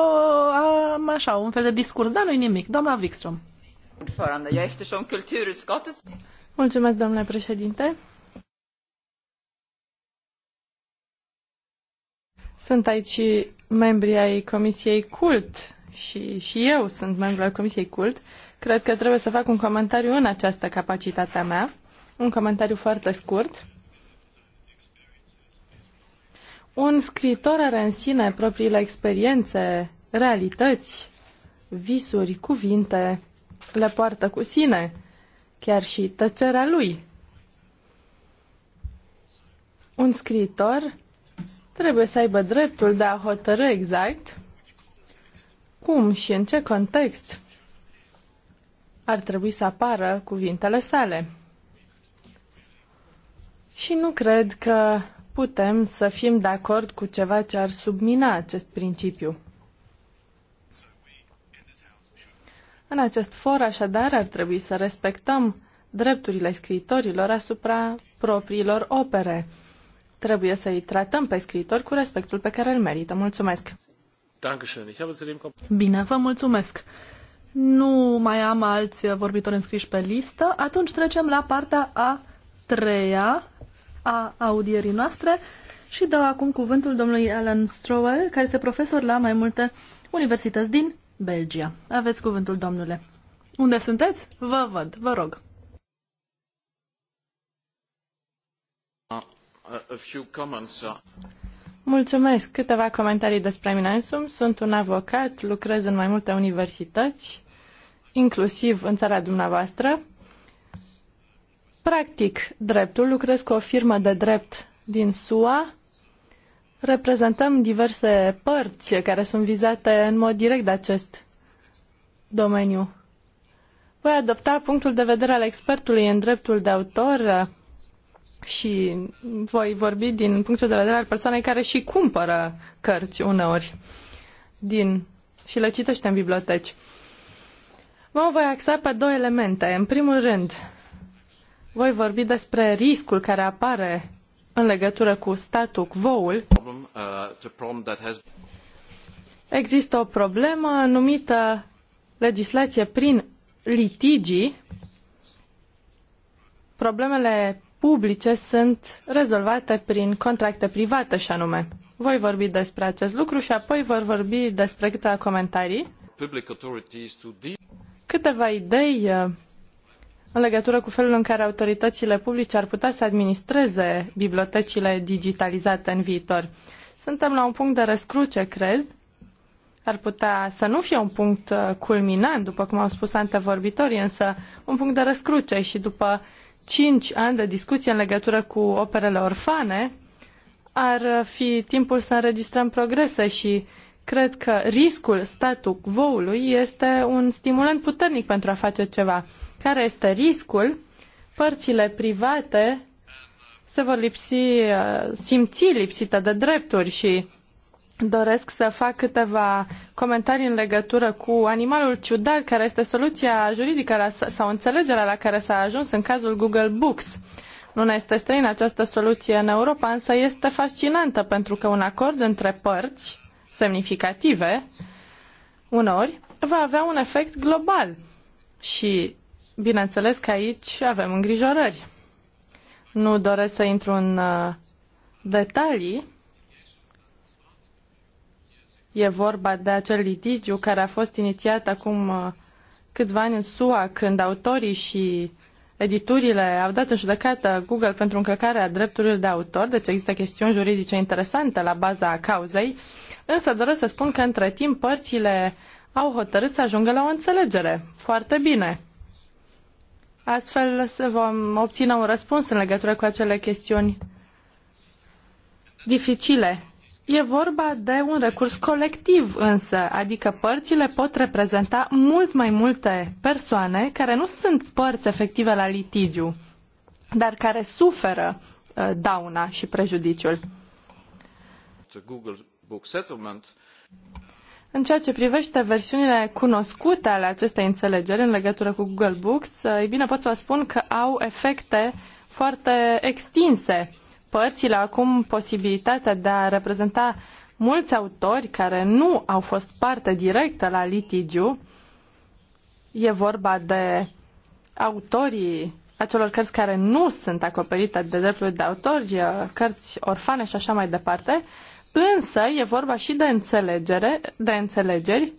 am așa, un fel de discurs, dar nu-i nimic. Doamna Wikström. Mulțumesc, domnule președinte. Sunt aici membrii ai Comisiei Cult și, și eu sunt membru al Comisiei Cult Cred că trebuie să fac un comentariu în această capacitate a mea, un comentariu foarte scurt. Un scriitor are în sine propriile experiențe, realități, visuri, cuvinte, le poartă cu sine, chiar și tăcerea lui. Un scriitor trebuie să aibă dreptul de a hotărâ exact cum și în ce context ar trebui să apară cuvintele sale. Și nu cred că putem să fim de acord cu ceva ce ar submina acest principiu. În acest for, așadar, ar trebui să respectăm drepturile scriitorilor asupra propriilor opere. Trebuie să îi tratăm pe scriitori cu respectul pe care îl merită. Mulțumesc! Bine, vă mulțumesc! Nu mai am alți vorbitori înscriși pe listă. Atunci trecem la partea a treia a audierii noastre și dau acum cuvântul domnului Alan Strowell, care este profesor la mai multe universități din Belgia. Aveți cuvântul, domnule. Unde sunteți? Vă văd, vă rog. A few comments. Uh. Mulțumesc. Câteva comentarii despre mine însumi. Sunt un avocat, lucrez în mai multe universități inclusiv în țara dumneavoastră, practic dreptul, lucrez cu o firmă de drept din SUA, reprezentăm diverse părți care sunt vizate în mod direct de acest domeniu. Voi adopta punctul de vedere al expertului în dreptul de autor și voi vorbi din punctul de vedere al persoanei care și cumpără cărți uneori din, și le citește în biblioteci. Mă voi axa pe două elemente. În primul rând, voi vorbi despre riscul care apare în legătură cu statul quo-ul. Uh, Există o problemă numită legislație prin litigii. Problemele publice sunt rezolvate prin contracte private, și anume. Voi vorbi despre acest lucru și apoi vor vorbi despre câteva comentarii câteva idei uh, în legătură cu felul în care autoritățile publice ar putea să administreze bibliotecile digitalizate în viitor. Suntem la un punct de răscruce, cred. Ar putea să nu fie un punct uh, culminant, după cum au spus antevorbitorii, însă un punct de răscruce și după cinci ani de discuție în legătură cu operele orfane, ar uh, fi timpul să înregistrăm progrese și Cred că riscul statu quo-ului este un stimulant puternic pentru a face ceva. Care este riscul? Părțile private se vor lipsi, uh, simți lipsite de drepturi și doresc să fac câteva comentarii în legătură cu animalul ciudat, care este soluția juridică sau înțelegerea la care s-a ajuns în cazul Google Books. Nu ne este străină această soluție în Europa, însă este fascinantă pentru că un acord între părți semnificative, uneori, va avea un efect global. Și, bineînțeles că aici avem îngrijorări. Nu doresc să intru în uh, detalii. E vorba de acel litigiu care a fost inițiat acum uh, câțiva ani în SUA, când autorii și editurile au dat în judecată Google pentru încălcarea drepturilor de autor, deci există chestiuni juridice interesante la baza cauzei Însă doresc să spun că între timp părțile au hotărât să ajungă la o înțelegere. Foarte bine. Astfel vom obține un răspuns în legătură cu acele chestiuni dificile. E vorba de un recurs colectiv însă, adică părțile pot reprezenta mult mai multe persoane care nu sunt părți efective la litigiu, dar care suferă uh, dauna și prejudiciul. Google book settlement. În ceea ce privește versiunile cunoscute ale acestei înțelegeri în legătură cu Google Books, eh, ei bine pot să vă spun că au efecte foarte extinse. Părțile acum posibilitatea de a reprezenta mulți autori care nu au fost parte directă la litigiu. E vorba de autorii acelor cărți care nu sunt acoperite de dreptul de autor, eh, cărți orfane și așa mai departe. Însă e vorba și de înțelegere, de înțelegeri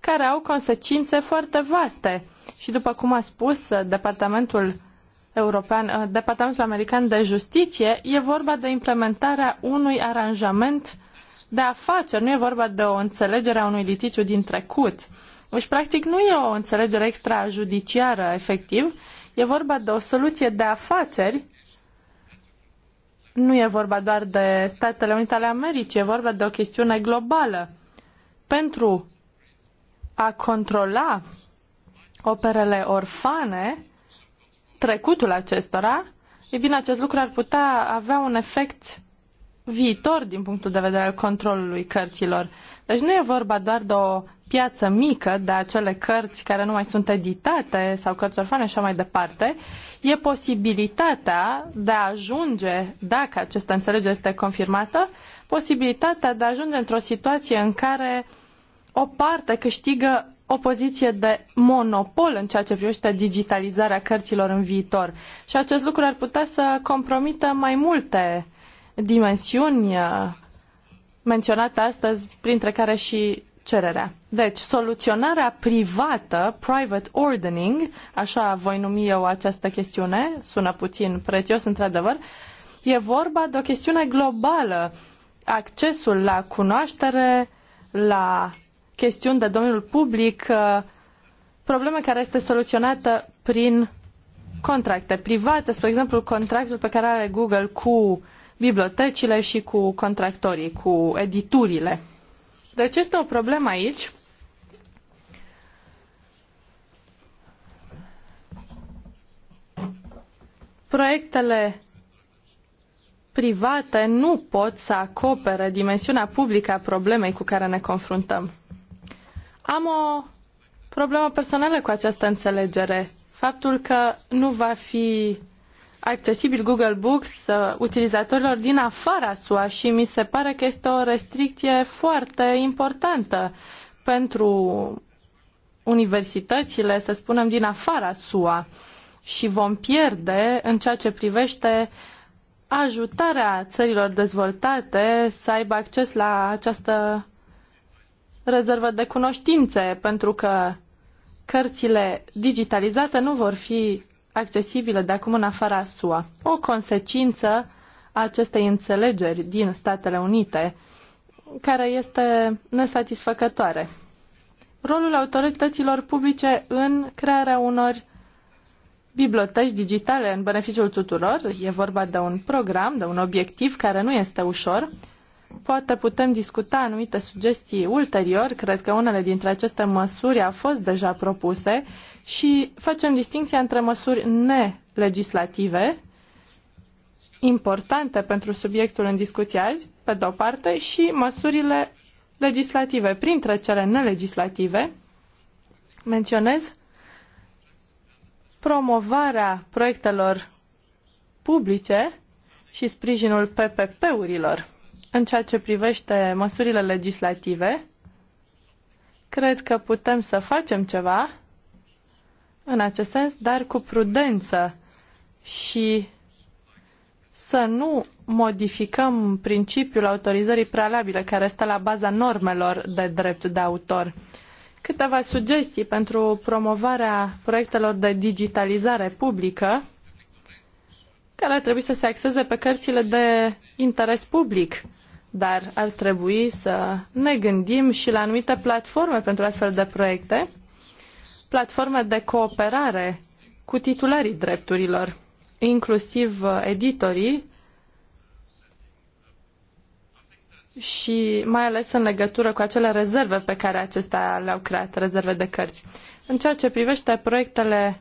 care au consecințe foarte vaste. Și după cum a spus uh, Departamentul European, uh, Departamentul American de Justiție, e vorba de implementarea unui aranjament de afaceri, nu e vorba de o înțelegere a unui litigiu din trecut. Deci, practic, nu e o înțelegere extrajudiciară, efectiv, e vorba de o soluție de afaceri nu e vorba doar de Statele Unite ale Americii, e vorba de o chestiune globală. Pentru a controla operele orfane, trecutul acestora, e bine, acest lucru ar putea avea un efect viitor din punctul de vedere al controlului cărților. Deci nu e vorba doar de o piață mică, de acele cărți care nu mai sunt editate sau cărți orfane și așa mai departe, e posibilitatea de a ajunge, dacă această înțelegere este confirmată, posibilitatea de a ajunge într-o situație în care o parte câștigă o poziție de monopol în ceea ce privește digitalizarea cărților în viitor. Și acest lucru ar putea să compromită mai multe uh, dimensiuni uh, menționate astăzi, printre care și cererea. Deci, soluționarea privată, private ordering, așa voi numi eu această chestiune, sună puțin prețios într-adevăr, e vorba de o chestiune globală. Accesul la cunoaștere, la chestiuni de domeniul public, uh, problemă care este soluționată prin contracte private, spre exemplu contractul pe care are Google cu bibliotecile și cu contractorii, cu editurile. Deci este o problemă aici proiectele private nu pot să acopere dimensiunea publică a problemei cu care ne confruntăm. Am o problemă personală cu această înțelegere. Faptul că nu va fi accesibil Google Books uh, utilizatorilor din afara SUA și mi se pare că este o restricție foarte importantă pentru universitățile, să spunem, din afara SUA și vom pierde în ceea ce privește ajutarea țărilor dezvoltate să aibă acces la această rezervă de cunoștințe, pentru că cărțile digitalizate nu vor fi accesibilă de acum în afara SUA. O consecință a acestei înțelegeri din Statele Unite, care este nesatisfăcătoare. Rolul autorităților publice în crearea unor biblioteci digitale în beneficiul tuturor, e vorba de un program, de un obiectiv care nu este ușor, Poate putem discuta anumite sugestii ulterior. Cred că unele dintre aceste măsuri au fost deja propuse și facem distinția între măsuri nelegislative, importante pentru subiectul în discuție azi, pe de-o parte, și măsurile legislative. Printre cele nelegislative, menționez promovarea proiectelor publice și sprijinul PPP-urilor. În ceea ce privește măsurile legislative, cred că putem să facem ceva în acest sens, dar cu prudență și să nu modificăm principiul autorizării prealabile care stă la baza normelor de drept de autor. Câteva sugestii pentru promovarea proiectelor de digitalizare publică care ar trebui să se axeze pe cărțile de interes public, dar ar trebui să ne gândim și la anumite platforme pentru astfel de proiecte platforme de cooperare cu titularii drepturilor, inclusiv uh, editorii și mai ales în legătură cu acele rezerve pe care acestea le-au creat, rezerve de cărți. În ceea ce privește proiectele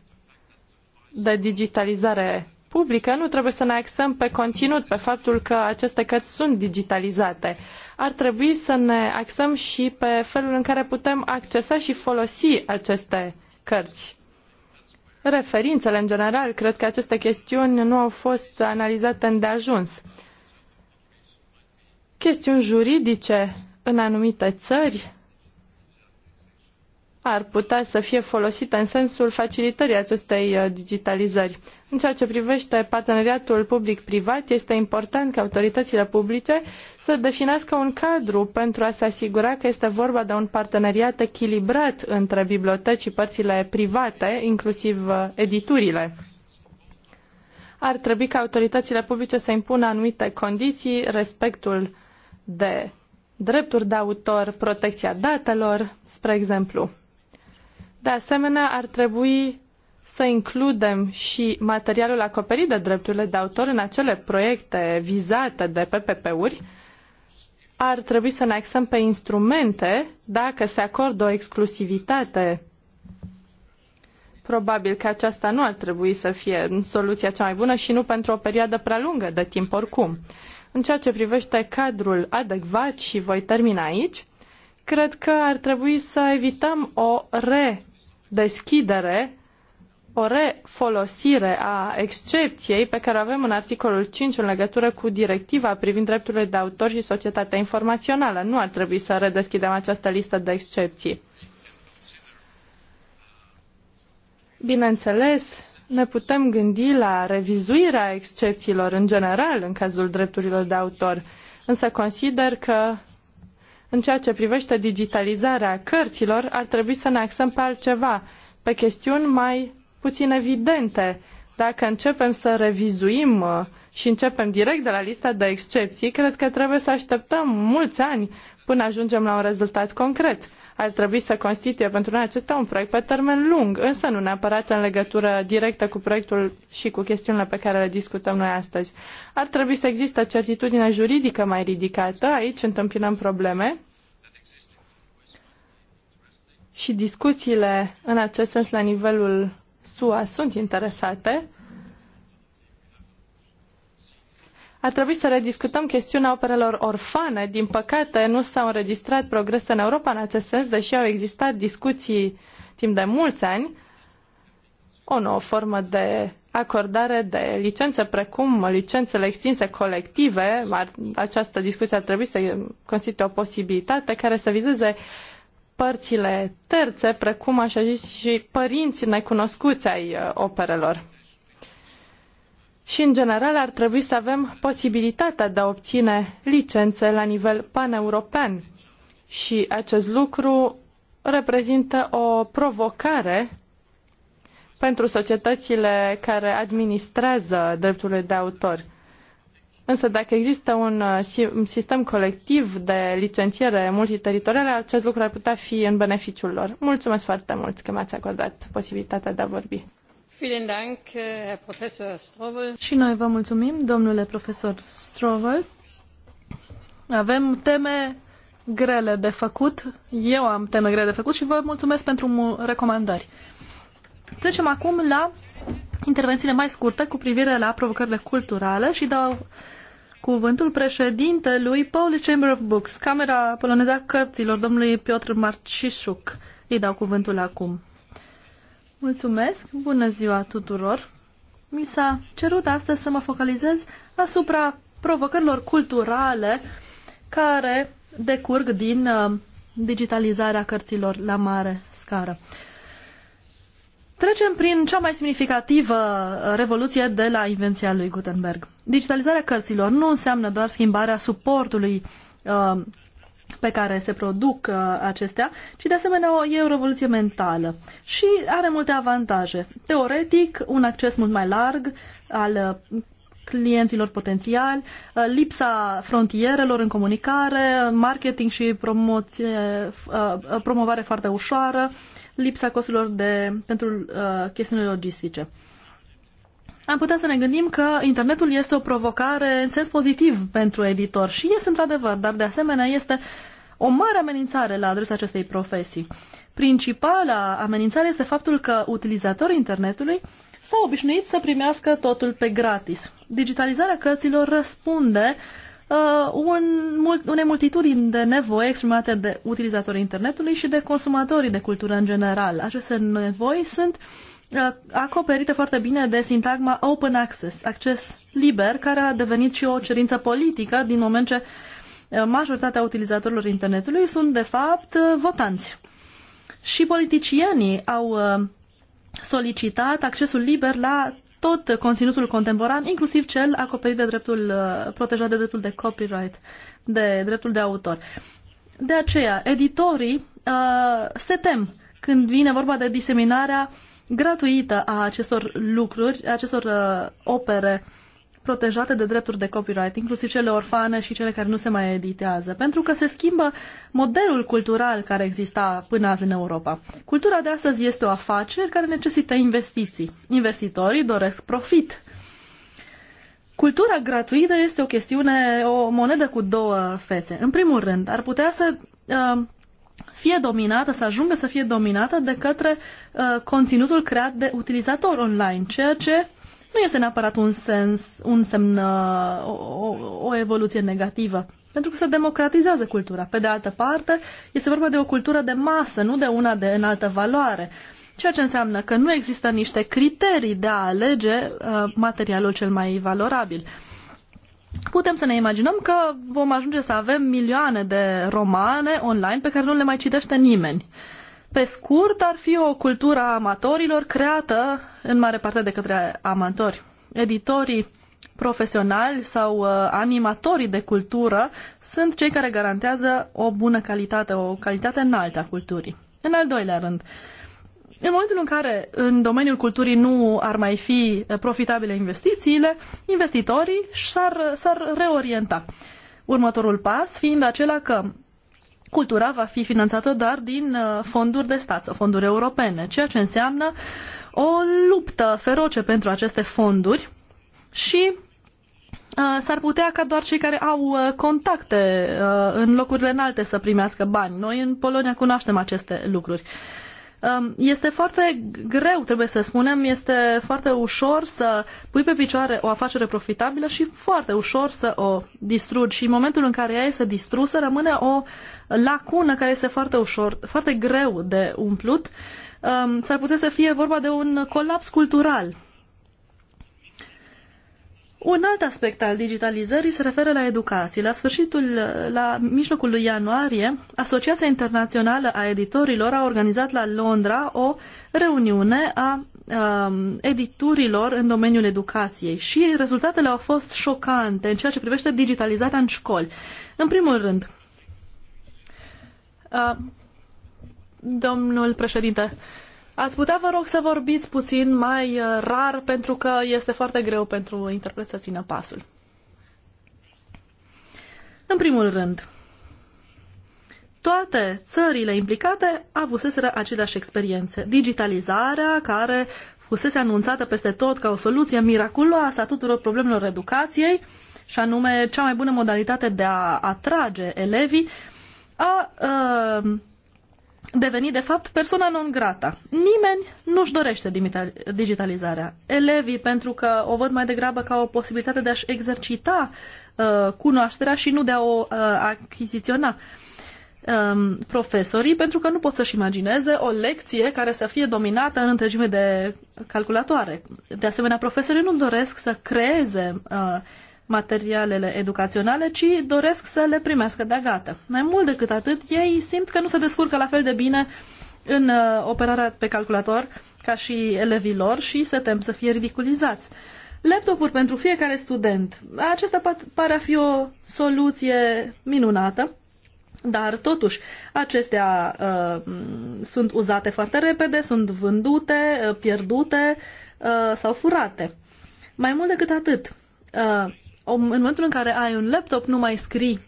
de digitalizare publică, nu trebuie să ne axăm pe conținut, pe faptul că aceste cărți sunt digitalizate. Ar trebui să ne axăm și pe felul în care putem accesa și folosi aceste cărți. Referințele, în general, cred că aceste chestiuni nu au fost analizate îndeajuns. Chestiuni juridice în anumite țări ar putea să fie folosită în sensul facilitării acestei uh, digitalizări. În ceea ce privește parteneriatul public-privat, este important ca autoritățile publice să definească un cadru pentru a se asigura că este vorba de un parteneriat echilibrat între biblioteci și părțile private, inclusiv uh, editurile. Ar trebui ca autoritățile publice să impună anumite condiții, respectul de drepturi de autor, protecția datelor, spre exemplu. De asemenea, ar trebui să includem și materialul acoperit de drepturile de autor în acele proiecte vizate de PPP-uri. Ar trebui să ne axăm pe instrumente dacă se acordă o exclusivitate. Probabil că aceasta nu ar trebui să fie soluția cea mai bună și nu pentru o perioadă prea lungă de timp oricum. În ceea ce privește cadrul adecvat și voi termina aici, cred că ar trebui să evităm o re deschidere, o refolosire a excepției pe care o avem în articolul 5 în legătură cu directiva privind drepturile de autor și societatea informațională. Nu ar trebui să redeschidem această listă de excepții. Bineînțeles, ne putem gândi la revizuirea excepțiilor în general în cazul drepturilor de autor, însă consider că în ceea ce privește digitalizarea cărților, ar trebui să ne axăm pe altceva, pe chestiuni mai puțin evidente. Dacă începem să revizuim uh, și începem direct de la lista de excepții, cred că trebuie să așteptăm mulți ani până ajungem la un rezultat concret ar trebui să constituie pentru noi acesta un proiect pe termen lung, însă nu neapărat în legătură directă cu proiectul și cu chestiunile pe care le discutăm noi astăzi. Ar trebui să existe certitudine juridică mai ridicată, aici întâmpinăm probleme și discuțiile în acest sens la nivelul SUA sunt interesate, Ar trebui să rediscutăm chestiunea operelor orfane. Din păcate, nu s-au înregistrat progrese în Europa în acest sens, deși au existat discuții timp de mulți ani. O nouă formă de acordare de licențe, precum licențele extinse colective, această discuție ar trebui să constituie o posibilitate care să vizeze părțile terțe, precum așa zis și părinți necunoscuți ai uh, operelor și, în general, ar trebui să avem posibilitatea de a obține licențe la nivel paneuropean. Și acest lucru reprezintă o provocare pentru societățile care administrează drepturile de autor. Însă dacă există un uh, sistem colectiv de licențiere multiteritoriale, acest lucru ar putea fi în beneficiul lor. Mulțumesc foarte mult că mi-ați acordat posibilitatea de a vorbi. Äh, și noi vă mulțumim, domnule profesor Strovel. Avem teme grele de făcut. Eu am teme grele de făcut și vă mulțumesc pentru recomandări. Trecem acum la intervențiile mai scurte cu privire la provocările culturale și dau cuvântul președintelui Polish Chamber of Books, Camera Poloneză a Cărților, domnului Piotr Marcișuc. Îi dau cuvântul acum. Mulțumesc, bună ziua tuturor! Mi s-a cerut astăzi să mă focalizez asupra provocărilor culturale care decurg din uh, digitalizarea cărților la mare scară. Trecem prin cea mai semnificativă uh, revoluție de la invenția lui Gutenberg. Digitalizarea cărților nu înseamnă doar schimbarea suportului uh, pe care se produc uh, acestea, ci de asemenea o, e o revoluție mentală și are multe avantaje. Teoretic, un acces mult mai larg al uh, clienților potențiali, uh, lipsa frontierelor în comunicare, marketing și promoție, uh, promovare foarte ușoară, lipsa costurilor de, pentru uh, chestiuni logistice am putea să ne gândim că internetul este o provocare în sens pozitiv pentru editor și este într-adevăr, dar de asemenea este o mare amenințare la adresa acestei profesii. Principala amenințare este faptul că utilizatorii internetului s-au obișnuit să primească totul pe gratis. Digitalizarea cărților răspunde uh, un, unei multitudini de nevoi exprimate de utilizatorii internetului și de consumatorii de cultură în general. Aceste nevoi sunt uh, Uh, acoperită foarte bine de sintagma open access, acces liber, care a devenit și o cerință politică din moment ce uh, majoritatea utilizatorilor internetului sunt, de fapt, uh, votanți. Și politicienii au solicitat accesul liber la tot conținutul contemporan, inclusiv cel acoperit de dreptul, protejat de dreptul de copyright, de dreptul de autor. De aceea, editorii uh, se tem când vine vorba de diseminarea uh, gratuită a acestor lucruri, a acestor uh, opere protejate de drepturi de copyright, inclusiv cele orfane și cele care nu se mai editează, pentru că se schimbă modelul cultural care exista până azi în Europa. Cultura de astăzi este o afacere care necesită investiții. Investitorii doresc profit. Cultura gratuită este o chestiune, o monedă cu două fețe. În primul rând, ar putea să uh, fie dominată, să ajungă să fie dominată de către uh, conținutul creat de utilizator online, ceea ce nu este neapărat un, sens, un semn, uh, o, o evoluție negativă, pentru că se democratizează cultura. Pe de altă parte, este vorba de o cultură de masă, nu de una de înaltă valoare, ceea ce înseamnă că nu există niște criterii de a alege uh, materialul cel mai valorabil. Uh, putem să ne imaginăm că vom ajunge să avem milioane de romane online pe care nu le mai citește nimeni. Pe scurt, ar fi o cultură a amatorilor creată în mare parte de către amatori. Editorii profesionali sau uh, animatorii de cultură sunt cei care garantează o bună calitate, o calitate înaltă a culturii. În al doilea rând, uh, în momentul în care în domeniul culturii nu ar mai fi profitabile investițiile, investitorii s-ar, s-ar reorienta. Următorul pas fiind acela că cultura va fi finanțată doar din uh, fonduri de stat sau fonduri europene, ceea ce înseamnă o luptă feroce pentru aceste fonduri și uh, s-ar putea ca doar cei care au uh, contacte în locurile înalte să primească bani. Noi în Polonia cunoaștem aceste lucruri. Um, este foarte greu, trebuie să spunem, este foarte ușor să pui pe picioare o afacere profitabilă și foarte ușor să o distrugi. Și în momentul în care ea este distrusă, rămâne o lacună care este foarte ușor, foarte greu de umplut. Um, s-ar putea să fie vorba de un colaps cultural un alt aspect al digitalizării se referă la educație. La sfârșitul, la mijlocul lui ianuarie, Asociația Internațională a Editorilor a organizat la Londra o reuniune a um, editurilor în domeniul educației și rezultatele au fost șocante în ceea ce privește digitalizarea în școli. În primul rând, uh, domnul președinte, uh, Ați putea, vă rog, să vorbiți puțin mai uh, rar, pentru că este foarte greu pentru interpret să țină pasul. În primul rând, toate țările implicate avuseseră aceleași experiențe. Digitalizarea, care fusese anunțată peste tot ca o soluție miraculoasă a tuturor problemelor educației, și anume cea mai bună modalitate de a atrage elevii, a, a uh, deveni, de fapt, persoana non grata. Nimeni nu-și dorește digitalizarea. Elevii, pentru că o văd mai degrabă ca o posibilitate de a-și exercita uh, cunoașterea și nu de a o uh, achiziționa. Um, profesorii, pentru că nu pot să-și imagineze o lecție care să fie dominată în întregime de calculatoare. De asemenea, profesorii nu doresc să creeze uh, materialele educaționale, ci doresc să le primească de gata. Mai mult decât atât, ei simt că nu se descurcă la fel de bine în uh, operarea pe calculator ca și elevii lor și se tem să fie ridiculizați. Laptopuri pentru fiecare student. Acesta pare a fi o soluție minunată, dar totuși acestea uh, sunt uzate foarte repede, sunt vândute, uh, pierdute uh, sau furate. Mai mult decât atât, uh, în momentul în care ai un laptop, nu mai scrii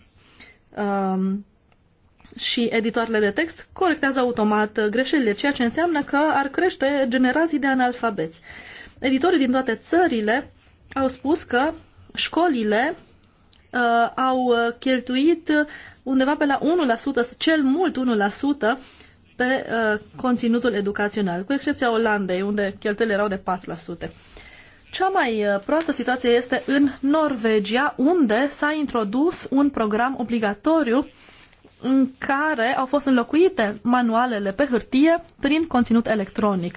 um, și editoarele de text corectează automat uh, greșelile, ceea ce înseamnă că ar crește generații de analfabeți. Editorii din toate țările au spus că școlile uh, au uh, cheltuit uh, undeva pe la 1%, cel mult 1%, pe uh, conținutul educațional, cu excepția Olandei, unde cheltuielile erau de 4%. Cea mai uh, proastă situație este în Norvegia, unde s-a introdus un program obligatoriu în care au fost înlocuite manualele pe hârtie prin conținut electronic,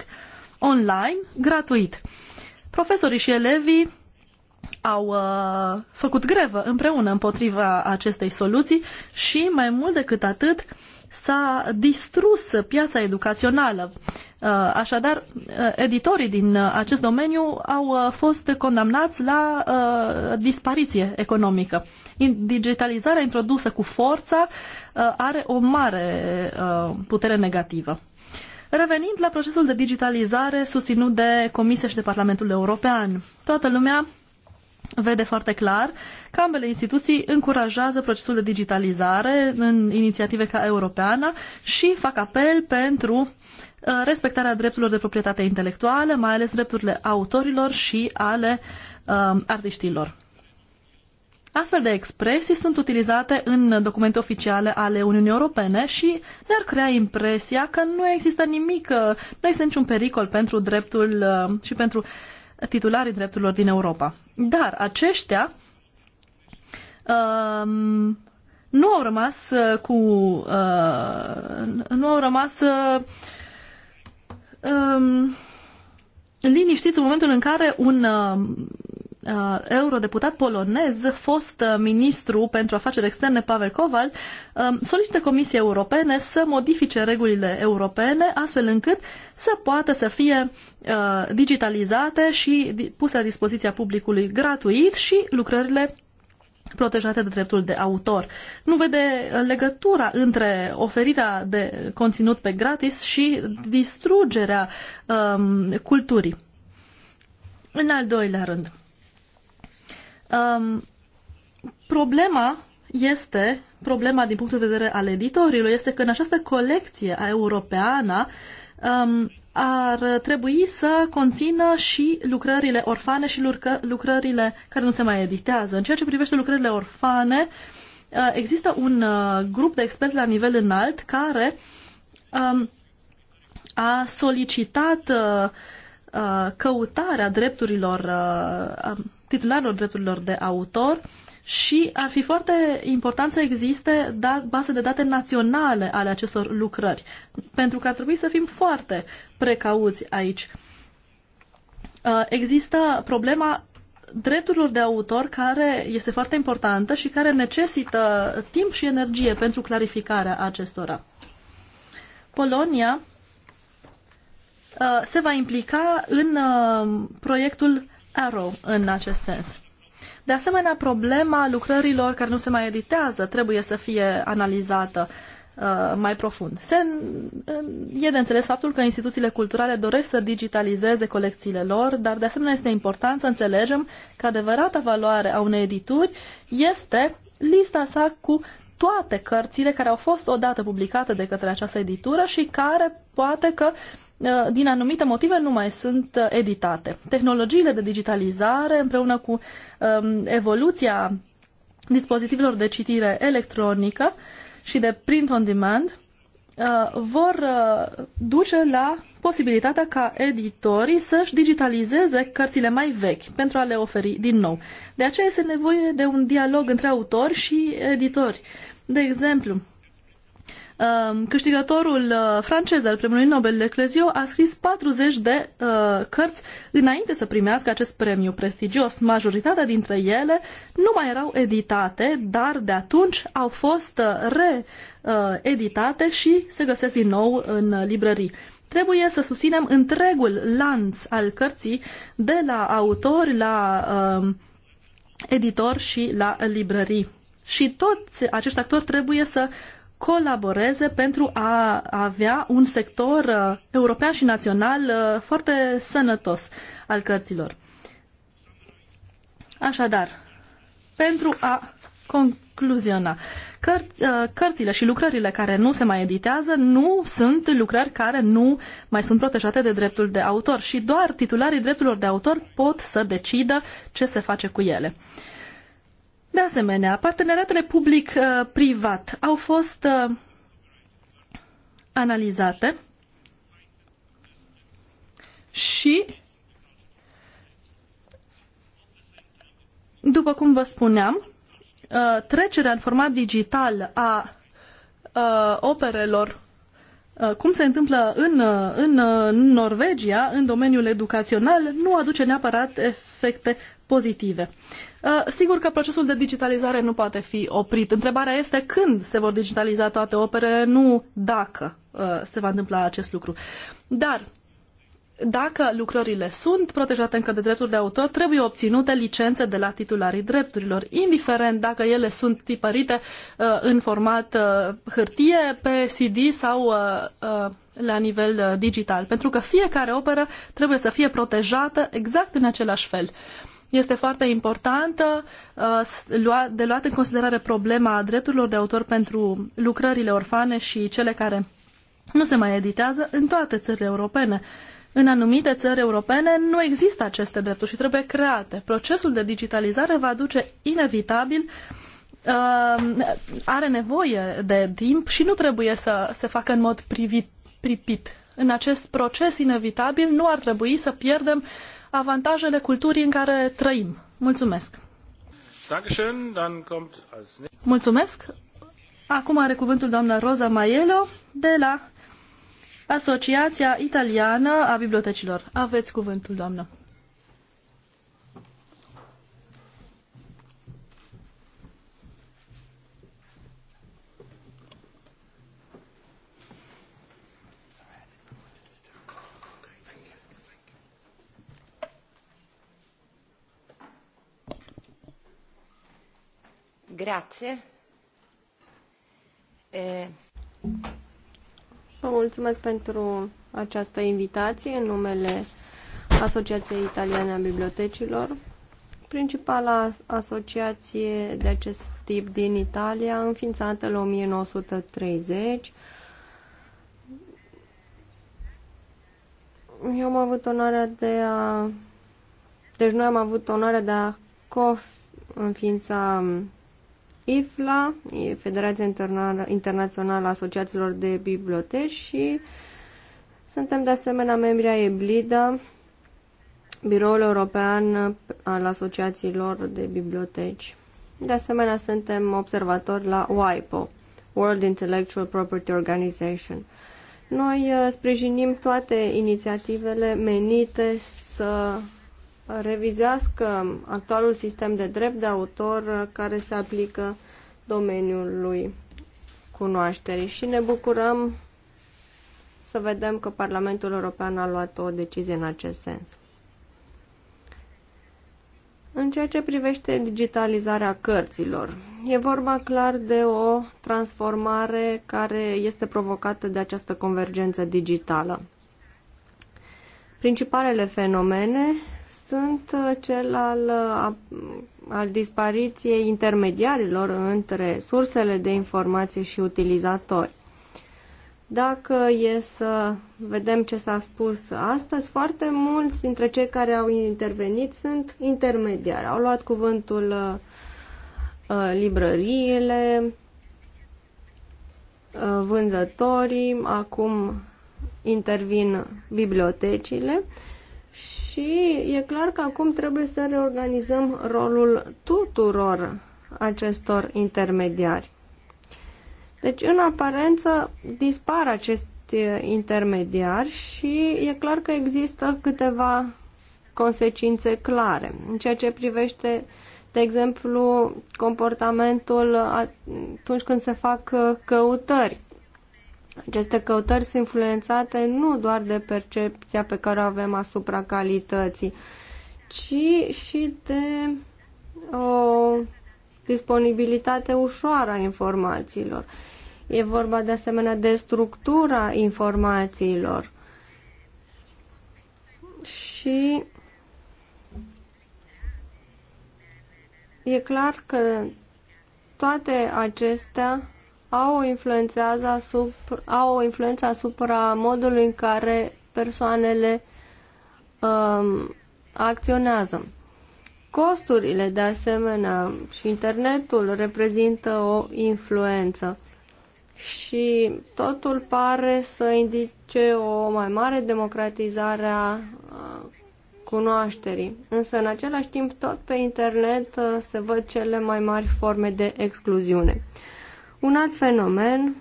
online, gratuit. Profesorii și elevii au uh, făcut grevă împreună împotriva acestei soluții și, mai mult decât atât, uh, s-a distrus piața educațională. Uh, așadar, uh, editorii din uh, acest domeniu au fost condamnați la dispariție economică. Digitalizarea introdusă cu forța are o mare putere negativă. Revenind la procesul de digitalizare susținut de Comisie și de Parlamentul European, toată lumea vede foarte clar că ambele instituții încurajează procesul de digitalizare în inițiative ca europeană și fac apel pentru uh, respectarea drepturilor de proprietate intelectuală, mai ales drepturile autorilor și ale um, artiștilor. Astfel de expresii sunt utilizate în documente oficiale ale Uniunii Europene și ne-ar crea impresia că nu există nimic, uh, nu există niciun pericol pentru dreptul uh, și pentru titularii drepturilor din Europa. Dar aceștia um, nu au rămas uh, cu uh, nu au rămas uh, um, liniștiți în momentul în care un uh, uh, eurodeputat polonez, fost uh, ministru pentru afaceri externe Pavel Koval, uh, um, solicită Comisiei Europene să modifice regulile europene astfel încât să poată să fie uh, digitalizate și puse la dispoziția publicului gratuit și lucrările protejate de dreptul de autor. Nu vede uh, legătura între oferirea de conținut pe gratis și distrugerea um, culturii. În al doilea rând, um, problema este, problema din punctul de vedere al editorilor, este că în această colecție europeană um, ar trebui să conțină și lucrările orfane și lucrările care nu se mai editează. În ceea ce privește lucrările orfane, uh, există un uh, grup de experți la nivel înalt care um, a solicitat uh, căutarea drepturilor, titularilor drepturilor de autor și ar fi foarte important să existe da, baze de date naționale ale acestor lucrări, pentru că ar trebui să fim foarte precauți aici. Uh, există problema drepturilor de autor care este foarte importantă și care necesită timp și energie pentru clarificarea acestora. Polonia uh, se va implica în uh, proiectul Arrow în acest sens. De asemenea, problema lucrărilor care nu se mai editează trebuie să fie analizată uh, mai profund. Se, e de înțeles faptul că instituțiile culturale doresc să digitalizeze colecțiile lor, dar de asemenea este important să înțelegem că adevărata valoare a unei edituri este lista sa cu toate cărțile care au fost odată publicate de către această editură și care poate că uh, Eh, din anumite motive nu mai sunt eh, editate. Tehnologiile de digitalizare împreună cu ehm, evoluția dispozitivelor de citire electronică și de print on demand eh, vor duce la posibilitatea ca editorii să-și digitalizeze cărțile mai vechi pentru a le oferi din nou. De aceea este nevoie de un dialog între autori și editori. De exemplu, Um, câștigătorul uh, francez al premiului Nobel de Clezio a scris 40 de uh, cărți înainte să primească acest premiu prestigios. Majoritatea dintre ele nu mai erau editate, dar de atunci au fost uh, reeditate și se găsesc din nou în librării. Trebuie să susținem întregul lanț al cărții de la autori la uh, um, editor și la librării. Și toți acești actori trebuie să colaboreze pentru a avea un sector uh, european și național uh, foarte sănătos al cărților. Așadar, pentru a concluziona, căr- uh, cărțile și lucrările care nu se mai editează nu sunt lucrări care nu mai sunt protejate de dreptul de autor și doar titularii drepturilor de autor pot să decidă ce se face cu ele. Uh, de asemenea, parteneriatele public-privat au fost uh, analizate și, după cum vă spuneam, uh, trecerea în format digital a uh, operelor cum se întâmplă în, în Norvegia, în domeniul educațional, nu aduce neapărat efecte pozitive. Uh, sigur că procesul de digitalizare nu poate fi oprit. Întrebarea este când se vor digitaliza toate operele, nu dacă uh, se va întâmpla acest lucru. Dar dacă lucrările sunt protejate încă de drepturi de autor, trebuie obținute licențe de la titularii drepturilor, indiferent dacă ele sunt tipărite uh, în format hârtie, pe CD sau la nivel digital, pentru că fiecare operă trebuie să fie protejată exact în același fel. Uh, este foarte importantă uh, de luat în considerare problema drepturilor de autor pentru lucrările orfane și cele care nu se mai editează în toate țările europene. În anumite țări europene nu există aceste drepturi și trebuie create. Procesul de digitalizare va duce inevitabil uh, are nevoie de timp și nu trebuie să se facă în mod privit, pripit. În acest proces inevitabil nu ar trebui să pierdem avantajele culturii în care trăim. Mulțumesc! Mulțumesc! Acum are cuvântul doamna Rosa Maiello de la Asociația Italiană a Bibliotecilor. Aveți cuvântul, doamnă. Vă mulțumesc pentru această invitație în numele Asociației Italiane a Bibliotecilor, principala asociație de acest tip din Italia, înființată la 1930. Eu am avut onoarea de a... Deci noi am avut onoarea de a co-înființa IFLA, Federația Internațională a Asociațiilor de Biblioteci și suntem de asemenea membri a EBLIDA, Biroul European al Asociațiilor de Biblioteci. De asemenea, suntem observatori la WIPO, World Intellectual Property Organization. Noi uh, sprijinim toate inițiativele menite să revizească actualul sistem de drept de autor care se aplică domeniului cunoașterii și ne bucurăm să vedem că Parlamentul European a luat o decizie în acest sens. În ceea ce privește digitalizarea cărților, e vorba clar de o transformare care este provocată de această convergență digitală. Principalele fenomene sunt uh, cel al, uh, al dispariției intermediarilor între sursele de informație și utilizatori. Dacă e să vedem ce s-a spus astăzi, foarte mulți dintre cei care au intervenit sunt intermediari. Au luat cuvântul uh, uh librăriile, uh, vânzătorii, acum intervin bibliotecile. Uh, și e clar că acum trebuie să reorganizăm rolul tuturor acestor intermediari. Deci, în aparență, dispar aceste intermediari și e clar că există câteva consecințe clare în ceea ce privește, de exemplu, comportamentul atunci când se fac uh, căutări. Aceste căutări sunt influențate nu doar de percepția pe care o avem asupra calității, ci și de o disponibilitate ușoară a informațiilor. E vorba de asemenea de structura informațiilor și e clar că toate acestea au o, influențează asupra, au o influență asupra modului în care persoanele um, acționează. Costurile, de asemenea, și internetul reprezintă o influență și totul pare să indice o mai mare democratizare a cunoașterii. Însă, în același timp, tot pe internet uh, se văd cele mai mari forme de excluziune. Un alt fenomen,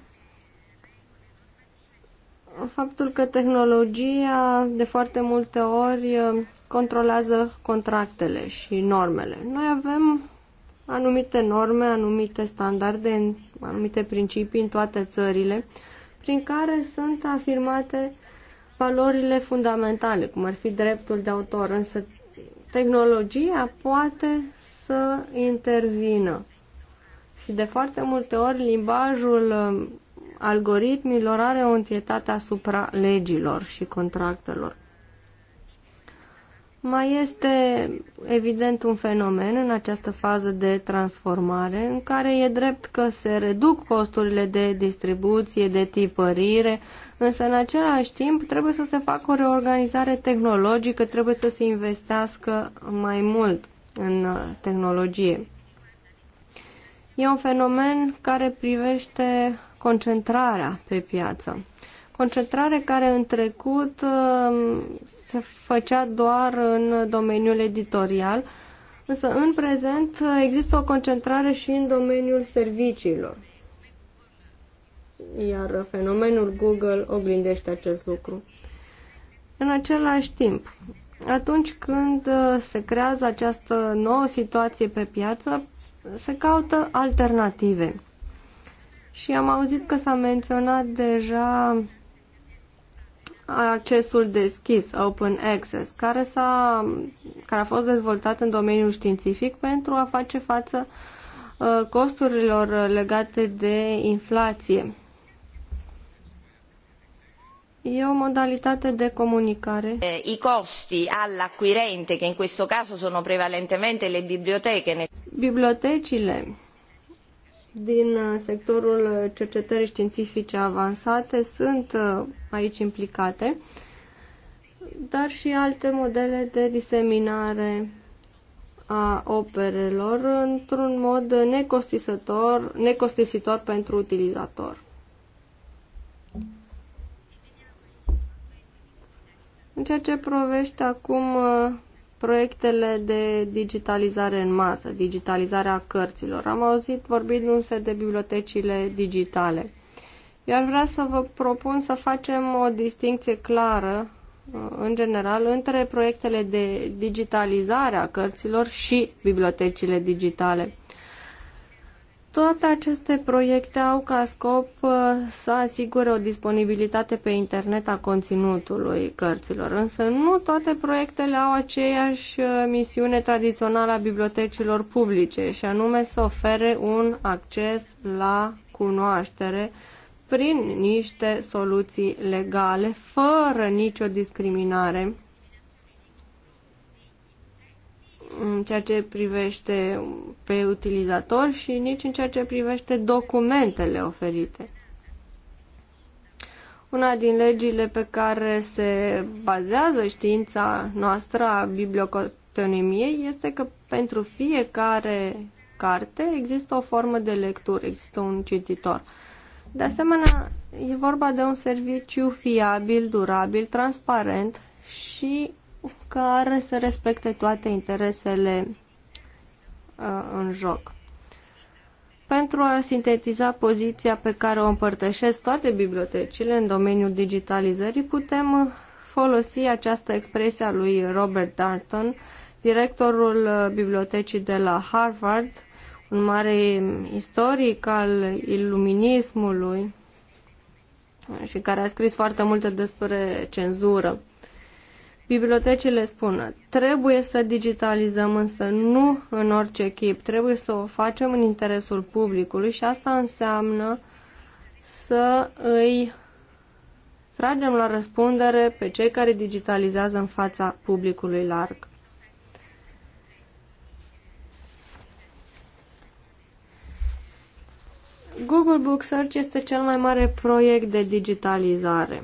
faptul că tehnologia de foarte multe ori uh, controlează contractele și normele. Noi avem anumite norme, anumite standarde, anumite principii în toate țările, prin care sunt afirmate valorile fundamentale, cum ar fi dreptul de autor, însă tehnologia poate să intervină. Și de foarte multe ori limbajul um, algoritmilor are o întietate asupra legilor și contractelor. Mai este evident un fenomen în această fază de transformare în care e drept că se reduc costurile de distribuție, de tipărire, însă în același timp trebuie să se facă o reorganizare tehnologică, trebuie să se investească mai mult în uh, tehnologie. E un fenomen care privește concentrarea pe piață. Concentrare care în trecut um, se făcea doar în domeniul editorial, însă în prezent există o concentrare și în domeniul serviciilor. Iar fenomenul Google oglindește acest lucru. În același timp, atunci când uh, se creează această nouă situație pe piață, se caută alternative. Și am auzit că s-a menționat deja accesul deschis, open access, care, s-a, care a fost dezvoltat în domeniul științific pentru a face față uh, costurilor legate de inflație E o modalitate de comunicare. Eh, I costi all'acquirente, che in questo caso sono prevalentemente le biblioteche. Bibliotecile din eh, sectorul cercetării științifice avansate sunt eh, aici implicate, dar și alte modele de diseminare a operelor într-un mod necostisitor, necostisitor pentru utilizator. În ceea ce provește acum uh, proiectele de digitalizare în masă, digitalizarea cărților. Am auzit vorbindu-se de bibliotecile digitale. Eu ar vrea să vă propun să facem o distinție clară, uh, în general, între proiectele de digitalizare a cărților și bibliotecile digitale. Toate aceste proiecte au ca scop uh, să asigure o disponibilitate pe internet a conținutului cărților, însă nu toate proiectele au aceeași uh, misiune tradițională a bibliotecilor publice, și anume să ofere un acces la cunoaștere prin niște soluții legale, fără nicio discriminare în ceea ce privește pe utilizator și nici în ceea ce privește documentele oferite. Una din legile pe care se bazează știința noastră a bibliocotonimiei este că pentru fiecare carte există o formă de lectură, există un cititor. De asemenea, e vorba de un serviciu fiabil, durabil, transparent și care să respecte toate interesele uh, în joc. Pentru a sintetiza poziția pe care o împărtășesc toate bibliotecile în domeniul digitalizării, putem folosi această expresie a lui Robert Darton, directorul uh, bibliotecii de la Harvard, un mare istoric al iluminismului și care a scris foarte multe despre cenzură. Bibliotecile spun, trebuie să digitalizăm, însă nu în orice chip, trebuie să o facem în interesul publicului și asta înseamnă să îi tragem la răspundere pe cei care digitalizează în fața publicului larg. Google Book Search este cel mai mare proiect de digitalizare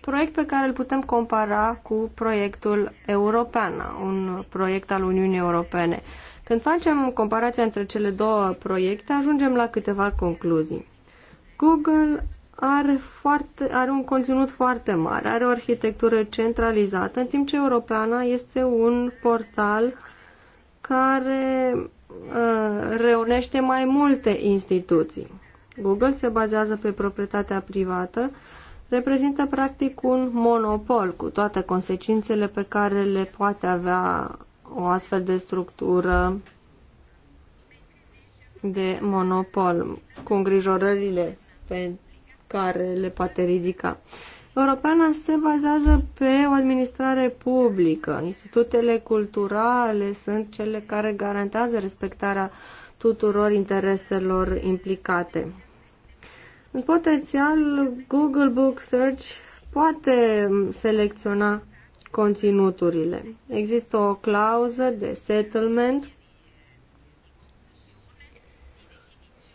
proiect pe care îl putem compara cu proiectul european, un proiect al Uniunii Europene. Când facem comparația între cele două proiecte, ajungem la câteva concluzii. Google are, foarte, are un conținut foarte mare, are o arhitectură centralizată, în timp ce Europeana este un portal care uh, reunește mai multe instituții. Google se bazează pe proprietatea privată, uh, reprezintă practic un monopol cu toate consecințele pe care le poate avea o astfel de structură de monopol, cu îngrijorările pe care le poate ridica. Europeana se bazează pe o administrare publică. Institutele culturale sunt cele care garantează respectarea tuturor intereselor implicate. În potențial, Google Book Search poate selecționa conținuturile. Există o clauză de settlement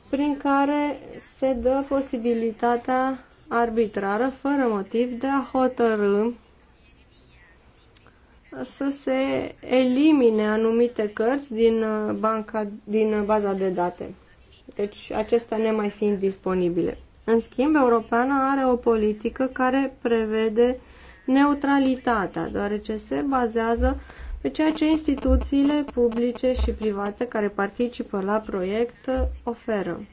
prin care se dă posibilitatea arbitrară, fără motiv, de a hotărâ să se elimine anumite cărți din, uh, banca, din uh, baza de date. Deci acestea nemai fiind disponibile. În schimb, europeană are o politică care prevede neutralitatea, deoarece se bazează pe ceea ce instituțiile publice și private care participă la proiect oferă.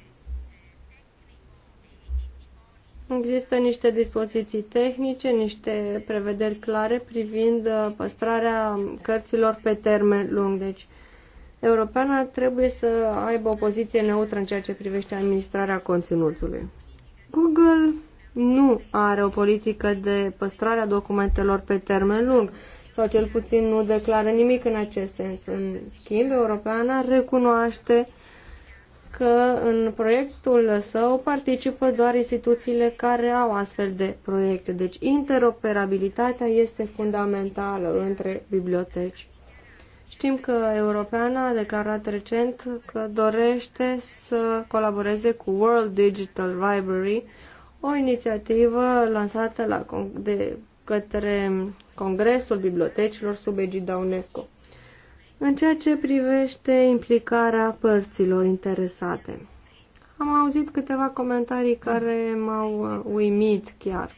Există niște dispoziții tehnice, niște prevederi clare privind păstrarea cărților pe termen lung. Deci, europeana trebuie să aibă o poziție neutră în ceea ce privește administrarea conținutului. Google nu are o politică de păstrare a documentelor pe termen lung sau cel puțin nu declară nimic în acest sens. În schimb, Europeana recunoaște că în proiectul său participă doar instituțiile care au astfel de proiecte. Deci interoperabilitatea este fundamentală între biblioteci. Știm că Europeana a declarat recent că dorește să colaboreze cu World Digital Library, o inițiativă lansată la con- de către Congresul Bibliotecilor sub egida UNESCO. În ceea ce privește implicarea părților interesate, am auzit câteva comentarii care m-au uh, uimit chiar.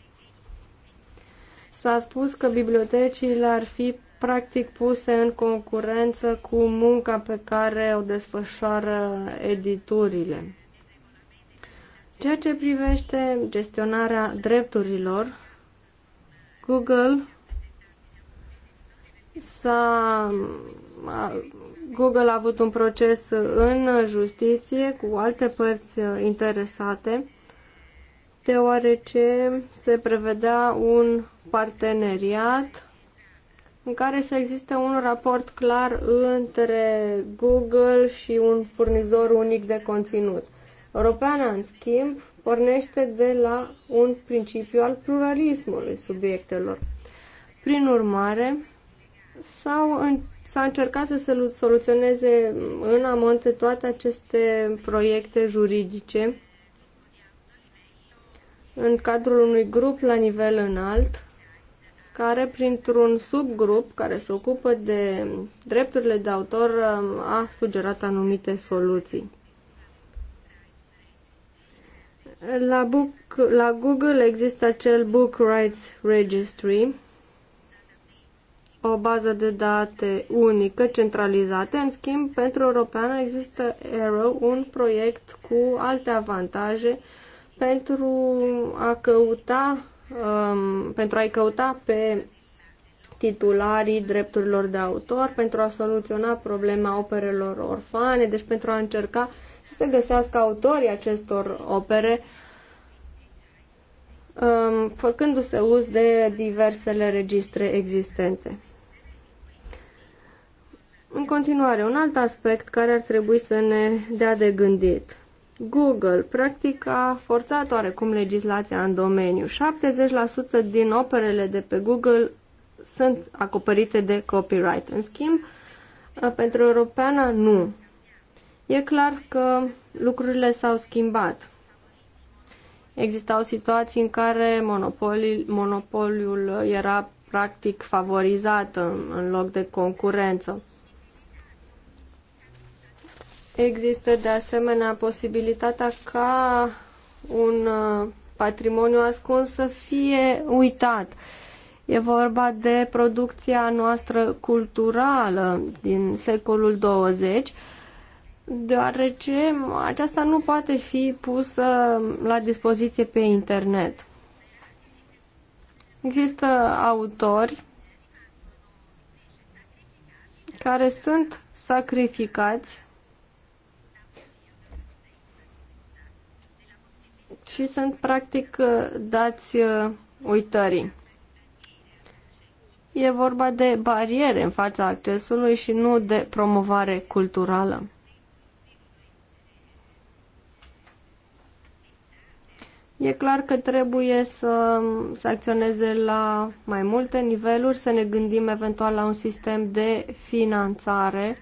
S-a spus că bibliotecile ar fi practic puse în concurență cu munca pe care o desfășoară editurile. Ceea ce privește gestionarea drepturilor, Google s-a Google a avut un proces în justiție cu alte părți interesate, deoarece se prevedea un parteneriat în care să existe un raport clar între Google și un furnizor unic de conținut. Europeana, în schimb, pornește de la un principiu al pluralismului subiectelor. Prin urmare, s-au în, s-a încercat să se soluționeze în amonte toate aceste proiecte juridice în cadrul unui grup la nivel înalt, care printr-un subgrup care se ocupă de drepturile de autor um, a sugerat anumite soluții. La, book, la Google există acel Book Rights Registry, o bază de date unică, centralizată. În schimb, pentru europeană există Arrow, un proiect cu alte avantaje pentru a căuta um, pentru a-i căuta pe titularii drepturilor de autor, pentru a soluționa problema operelor orfane, deci pentru a încerca să se găsească autorii acestor opere, um, făcându-se uz de diversele registre existente. În continuare, un alt aspect care ar trebui să ne dea de gândit – Google, practic, a forțat oarecum legislația în domeniu. 70% din operele de pe Google sunt acoperite de copyright. În schimb, pentru europeana, nu. E clar că lucrurile s-au schimbat. Existau situații în care monopoliul, monopolul era practic favorizat în loc de concurență. Există de asemenea posibilitatea ca un uh, patrimoniu ascuns să fie uitat. E vorba de producția noastră culturală din secolul 20, deoarece aceasta nu poate fi pusă la dispoziție pe internet. Există autori care sunt sacrificați și sunt practic dați uh, uitării. E vorba de bariere în fața accesului și nu de promovare culturală. E clar că trebuie să se acționeze la mai multe niveluri, să ne gândim eventual la un sistem de finanțare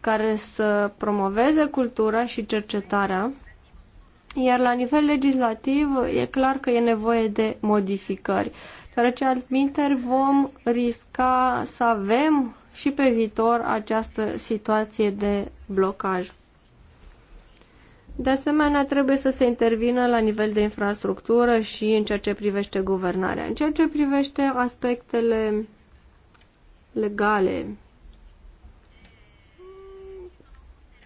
care să promoveze cultura și cercetarea iar la nivel legislativ e clar că e nevoie de modificări, deoarece altminteri vom risca să avem și pe viitor această situație de blocaj. De asemenea, trebuie să se intervină la nivel de infrastructură și în ceea ce privește guvernarea. În ceea ce privește aspectele legale,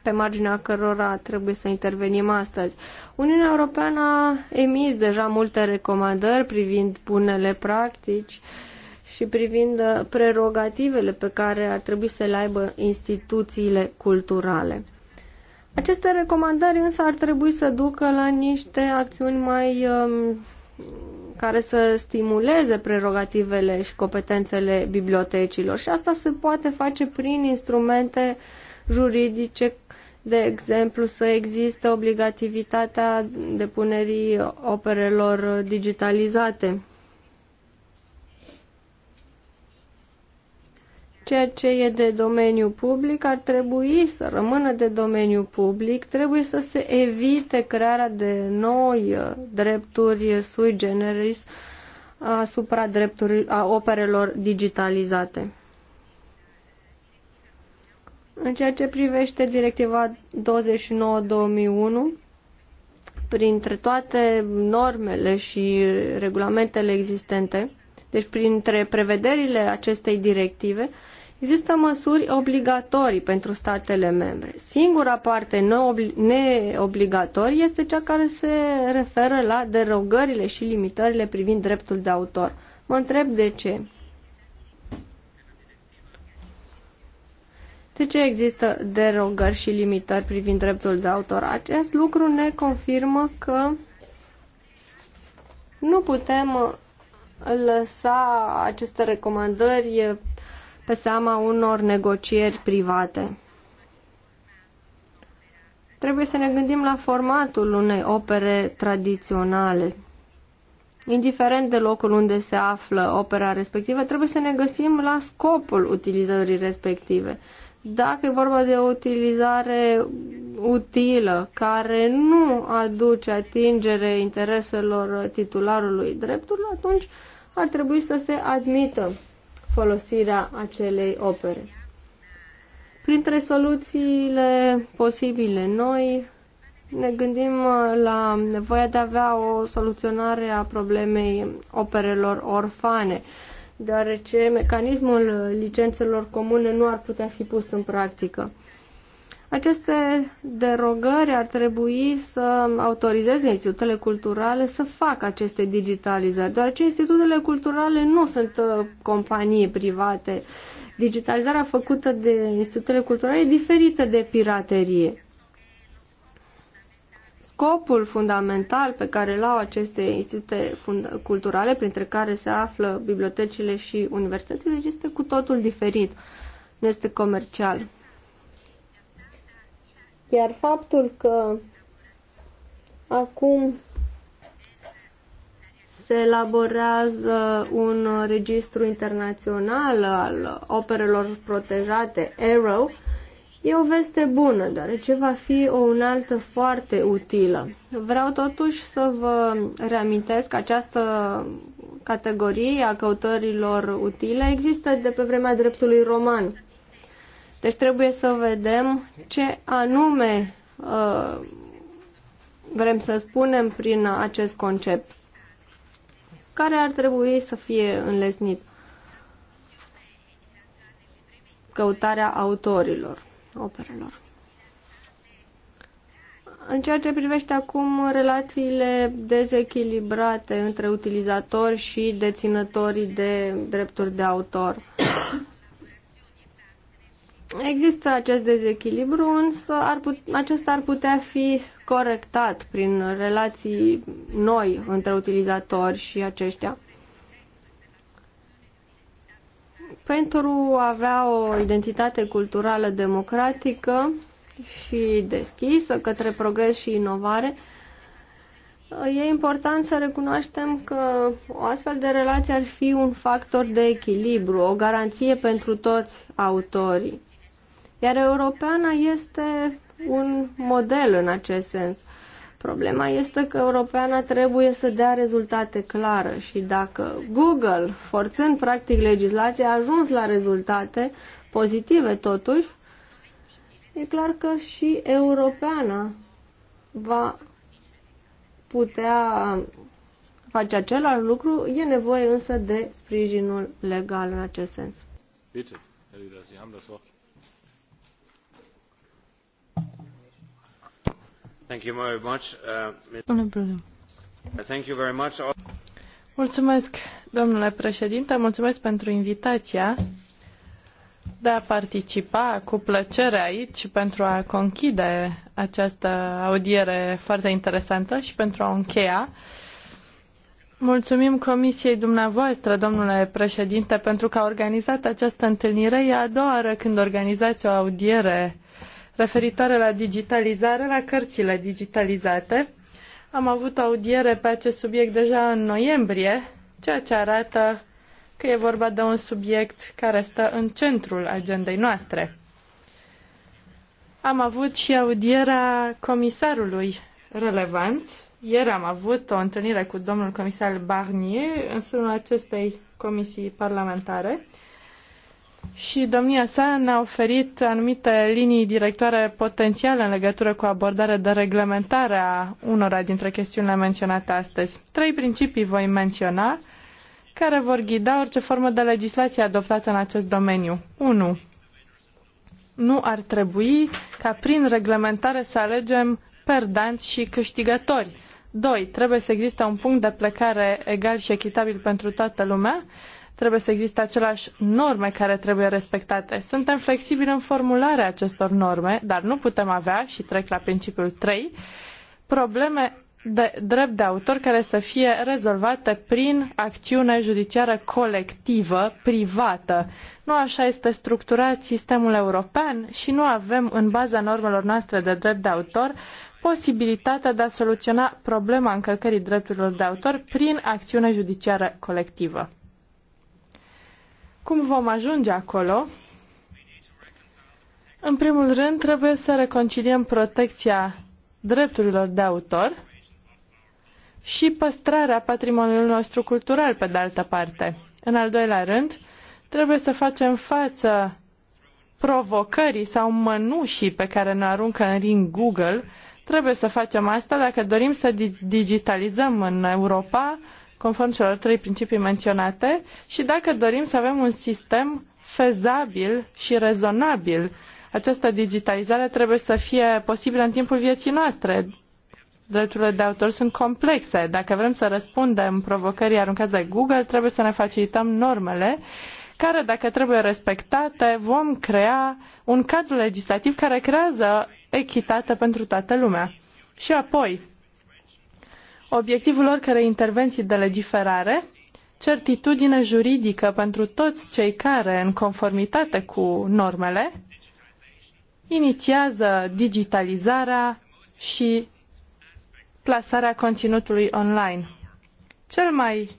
pe marginea cărora trebuie să intervenim astăzi. Uniunea Europeană a emis deja multe recomandări privind bunele practici și privind uh, prerogativele pe care ar trebui să le aibă instituțiile culturale. Aceste recomandări însă ar trebui să ducă la niște acțiuni mai um, care să stimuleze prerogativele și competențele bibliotecilor și asta se poate face prin instrumente juridice de exemplu, să existe obligativitatea depunerii operelor digitalizate. Ceea ce e de domeniu public ar trebui să rămână de domeniu public, trebuie să se evite crearea de noi uh, drepturi sui generis uh, asupra drepturilor a operelor digitalizate. În ceea ce privește directiva 29-2001, printre toate normele și regulamentele existente, deci printre prevederile acestei directive, există măsuri obligatorii pentru statele membre. Singura parte neobligatorie este cea care se referă la derogările și limitările privind dreptul de autor. Mă întreb de ce. De ce există derogări și limitări privind dreptul de autor? Acest lucru ne confirmă că nu putem uh, lăsa aceste recomandări uh, pe seama unor negocieri private. Trebuie să ne gândim la formatul unei opere tradiționale. Indiferent de locul unde se află opera respectivă, trebuie să ne găsim la scopul utilizării respective dacă e vorba de o utilizare utilă, care nu aduce atingere intereselor titularului drepturilor, atunci ar trebui să se admită folosirea acelei opere. Printre soluțiile posibile noi ne gândim uh, la nevoia de a avea o soluționare a problemei operelor orfane deoarece mecanismul licențelor comune nu ar putea fi pus în practică. Aceste derogări ar trebui să autorizeze institutele culturale să facă aceste digitalizări, deoarece institutele culturale nu sunt uh, companii private. Digitalizarea făcută de institutele culturale e diferită de piraterie scopul fundamental pe care îl au aceste institute culturale, printre care se află bibliotecile și universitățile, deci este cu totul diferit. Nu este comercial. Iar faptul că acum se elaborează un registru internațional al operelor protejate, Arrow, E o veste bună, deoarece va fi o unaltă foarte utilă. Vreau totuși să vă reamintesc această categorie a căutărilor utile există de pe vremea dreptului roman. Deci trebuie să vedem ce anume uh, vrem să spunem prin acest concept, care ar trebui să fie înlesnit. Căutarea autorilor operelor. În ceea ce privește acum relațiile dezechilibrate între utilizatori și deținătorii de drepturi de autor. Există acest dezechilibru, însă ar put, acesta ar putea fi corectat prin relații noi între utilizatori și aceștia. Pentru a avea o identitate culturală democratică și deschisă către progres și inovare, e important să recunoaștem că o astfel de relație ar fi un factor de echilibru, o garanție pentru toți autorii. Iar europeana este un model în acest sens. Problema este că europeana trebuie să dea rezultate clare și dacă Google, forțând practic legislația, a ajuns la rezultate pozitive totuși, e clar că și europeana va putea face același lucru, e nevoie însă de sprijinul legal în acest sens. Bitte, Herr Lieder, Sie haben das Wort. Mulțumesc, domnule președinte, mulțumesc pentru invitația de a participa cu plăcere aici pentru a conchide această audiere foarte interesantă și pentru a o încheia. Mulțumim Comisiei dumneavoastră, domnule președinte, pentru că a organizat această întâlnire. E a doua oară când organizați o audiere referitoare la digitalizare, la cărțile digitalizate. Am avut audiere pe acest subiect deja în noiembrie, ceea ce arată că e vorba de un subiect care stă în centrul agendei noastre. Am avut și audierea comisarului relevant. Ieri am avut o întâlnire cu domnul comisar Barnier în sânul acestei comisii parlamentare și domnia sa ne-a oferit anumite linii directoare potențiale în legătură cu abordarea de reglementare a unora dintre chestiunile menționate astăzi. Trei principii voi menționa care vor ghida orice formă de legislație adoptată în acest domeniu. 1. Nu ar trebui ca prin reglementare să alegem perdanți și câștigători. 2. Trebuie să existe un punct de plecare egal și echitabil pentru toată lumea trebuie să existe aceleași norme care trebuie respectate. Suntem flexibili în formularea acestor norme, dar nu putem avea, și trec la principiul 3, probleme de drept de autor care să fie rezolvate prin acțiune judiciară colectivă, privată. Nu așa este structurat sistemul european și nu avem, în baza normelor noastre de drept de autor, posibilitatea de a soluționa problema încălcării drepturilor de autor prin acțiune judiciară colectivă. Cum vom ajunge acolo? În primul rând, trebuie să reconciliem protecția drepturilor de autor și păstrarea patrimoniului nostru cultural, pe de altă parte. În al doilea rând, trebuie să facem față provocării sau mănușii pe care ne aruncă în ring Google. Trebuie să facem asta dacă dorim să digitalizăm în Europa conform celor trei principii menționate și dacă dorim să avem un sistem fezabil și rezonabil. Această digitalizare trebuie să fie posibilă în timpul vieții noastre. Drepturile de autor sunt complexe. Dacă vrem să răspundem provocării aruncate de Google, trebuie să ne facilităm normele care, dacă trebuie respectate, vom crea un cadru legislativ care creează echitate pentru toată lumea. Și apoi, obiectivul oricărei intervenții de legiferare, certitudine juridică pentru toți cei care, în conformitate cu normele, inițiază digitalizarea și plasarea conținutului online. Cel mai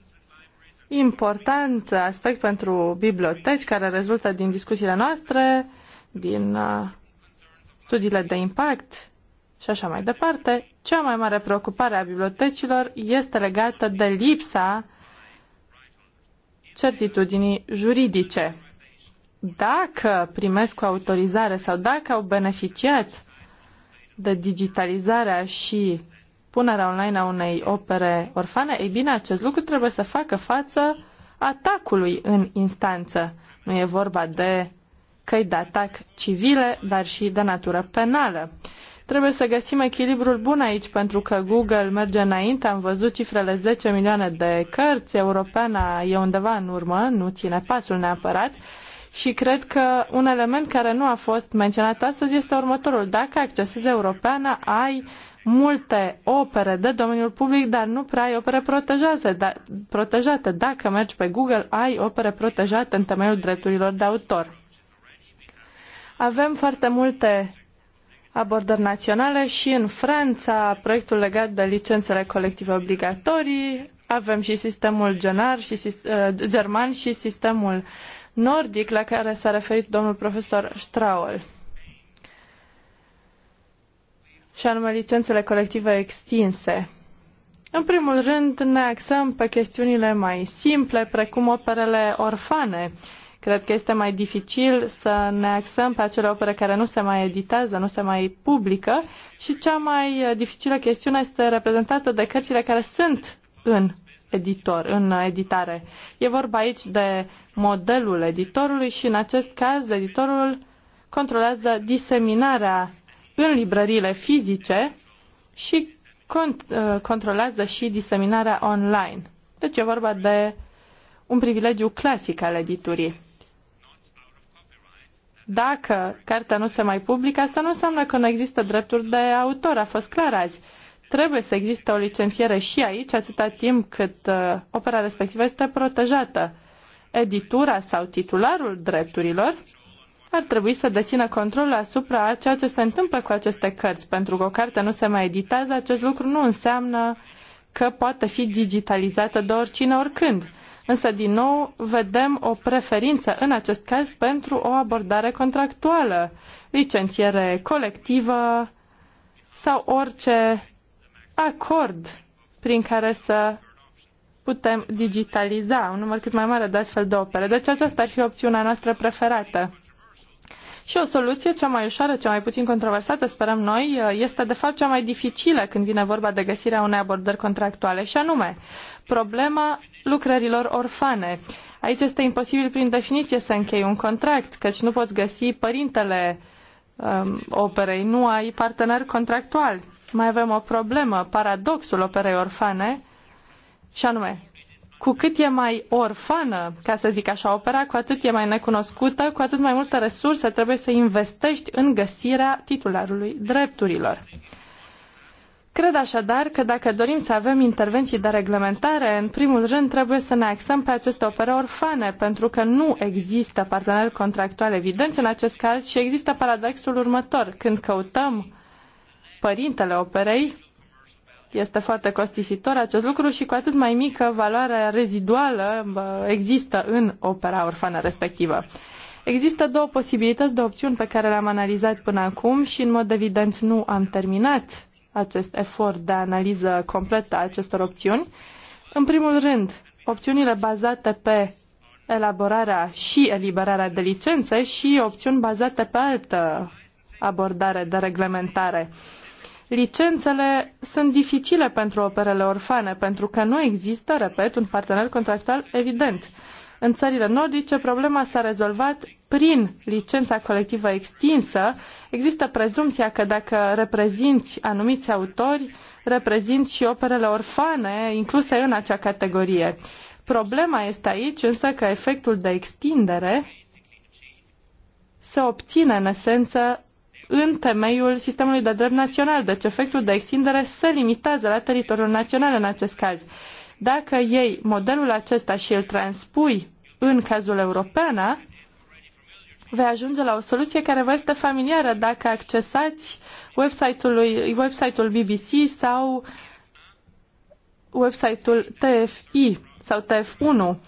important aspect pentru biblioteci care rezultă din discuțiile noastre, din uh, studiile de impact, și așa mai departe, cea mai mare preocupare a bibliotecilor este legată de lipsa certitudinii juridice. Dacă primesc o autorizare sau dacă au beneficiat de digitalizarea și punerea online a unei opere orfane, ei bine, acest lucru trebuie să facă față atacului în instanță. Nu e vorba de căi de atac civile, dar și de natură penală. Trebuie să găsim echilibrul bun aici, pentru că Google merge înainte, am văzut cifrele 10 milioane de cărți, europeana e undeva în urmă, nu ține pasul neapărat, și cred că un element care nu a fost menționat astăzi este următorul. Dacă accesezi europeana, ai multe opere de domeniul public, dar nu prea ai opere protejate. Da, protejate. Dacă mergi pe Google, ai opere protejate în temeiul drepturilor de autor. Avem foarte multe abordări naționale și în Franța proiectul legat de licențele colective obligatorii, avem și sistemul genar și, uh, german și sistemul nordic la care s-a referit domnul profesor Straul. Și anume licențele colective extinse. În primul rând ne axăm pe chestiunile mai simple, precum operele orfane. Uh, Cred că este mai dificil să ne axăm pe acele opere care nu se mai editează, nu se mai publică și cea mai uh, dificilă chestiune este reprezentată de cărțile care sunt în editor, în uh, editare. E vorba aici de modelul editorului și în acest caz editorul controlează diseminarea în librăriile fizice și uh, controlează și diseminarea online. Deci e vorba de un privilegiu clasic al editurii. Dacă cartea nu se mai publică, asta nu înseamnă că nu există drepturi de autor, a fost clar azi. Trebuie să existe o licențiere și aici, atâta timp cât uh, opera respectivă este protejată. Editura sau titularul drepturilor ar trebui să dețină controlul asupra ceea ce se întâmplă cu aceste cărți. Pentru că o carte nu se mai editează, acest lucru nu înseamnă că poate fi digitalizată de oricine oricând. Însă, din nou, vedem o preferință în acest caz pentru o abordare contractuală, licențiere colectivă sau orice acord prin care să putem digitaliza un număr cât mai mare de astfel de opere. Deci aceasta ar fi opțiunea noastră preferată. Și o soluție cea mai ușoară, cea mai puțin controversată, sperăm noi, este de fapt cea mai dificilă când vine vorba de găsirea unei abordări contractuale, și anume problema lucrărilor orfane. Aici este imposibil prin definiție să închei un contract, căci nu poți găsi părintele um, operei, nu ai parteneri contractual. Mai avem o problemă, paradoxul operei orfane, și anume, cu cât e mai orfană, ca să zic așa, opera, cu atât e mai necunoscută, cu atât mai multe resurse trebuie să investești în găsirea titularului drepturilor. Cred așadar că dacă dorim să avem intervenții de reglementare, în primul rând trebuie să ne axăm pe aceste opere orfane, pentru că nu există parteneri contractual evidenți în acest caz și există paradoxul următor. Când căutăm părintele operei, este foarte costisitor acest lucru și cu atât mai mică valoarea reziduală există în opera orfană respectivă. Există două posibilități, două opțiuni pe care le-am analizat până acum și în mod evident nu am terminat acest efort de analiză completă a acestor opțiuni. În primul rând, opțiunile bazate pe elaborarea și eliberarea de licențe și opțiuni bazate pe altă abordare de reglementare. Licențele sunt dificile pentru operele orfane, pentru că nu există, repet, un partener contractual evident. În țările nordice, problema s-a rezolvat prin licența colectivă extinsă, există prezumția că dacă reprezinți anumiți autori, reprezinți și operele orfane incluse în acea categorie. Problema este aici însă că efectul de extindere se obține în esență în temeiul sistemului de drept național, deci efectul de extindere se limitează la teritoriul național în acest caz. Dacă iei modelul acesta și îl transpui în cazul european, vei ajunge la o soluție care vă este familiară dacă accesați website-ul website, BBC sau website-ul TFI sau TF1.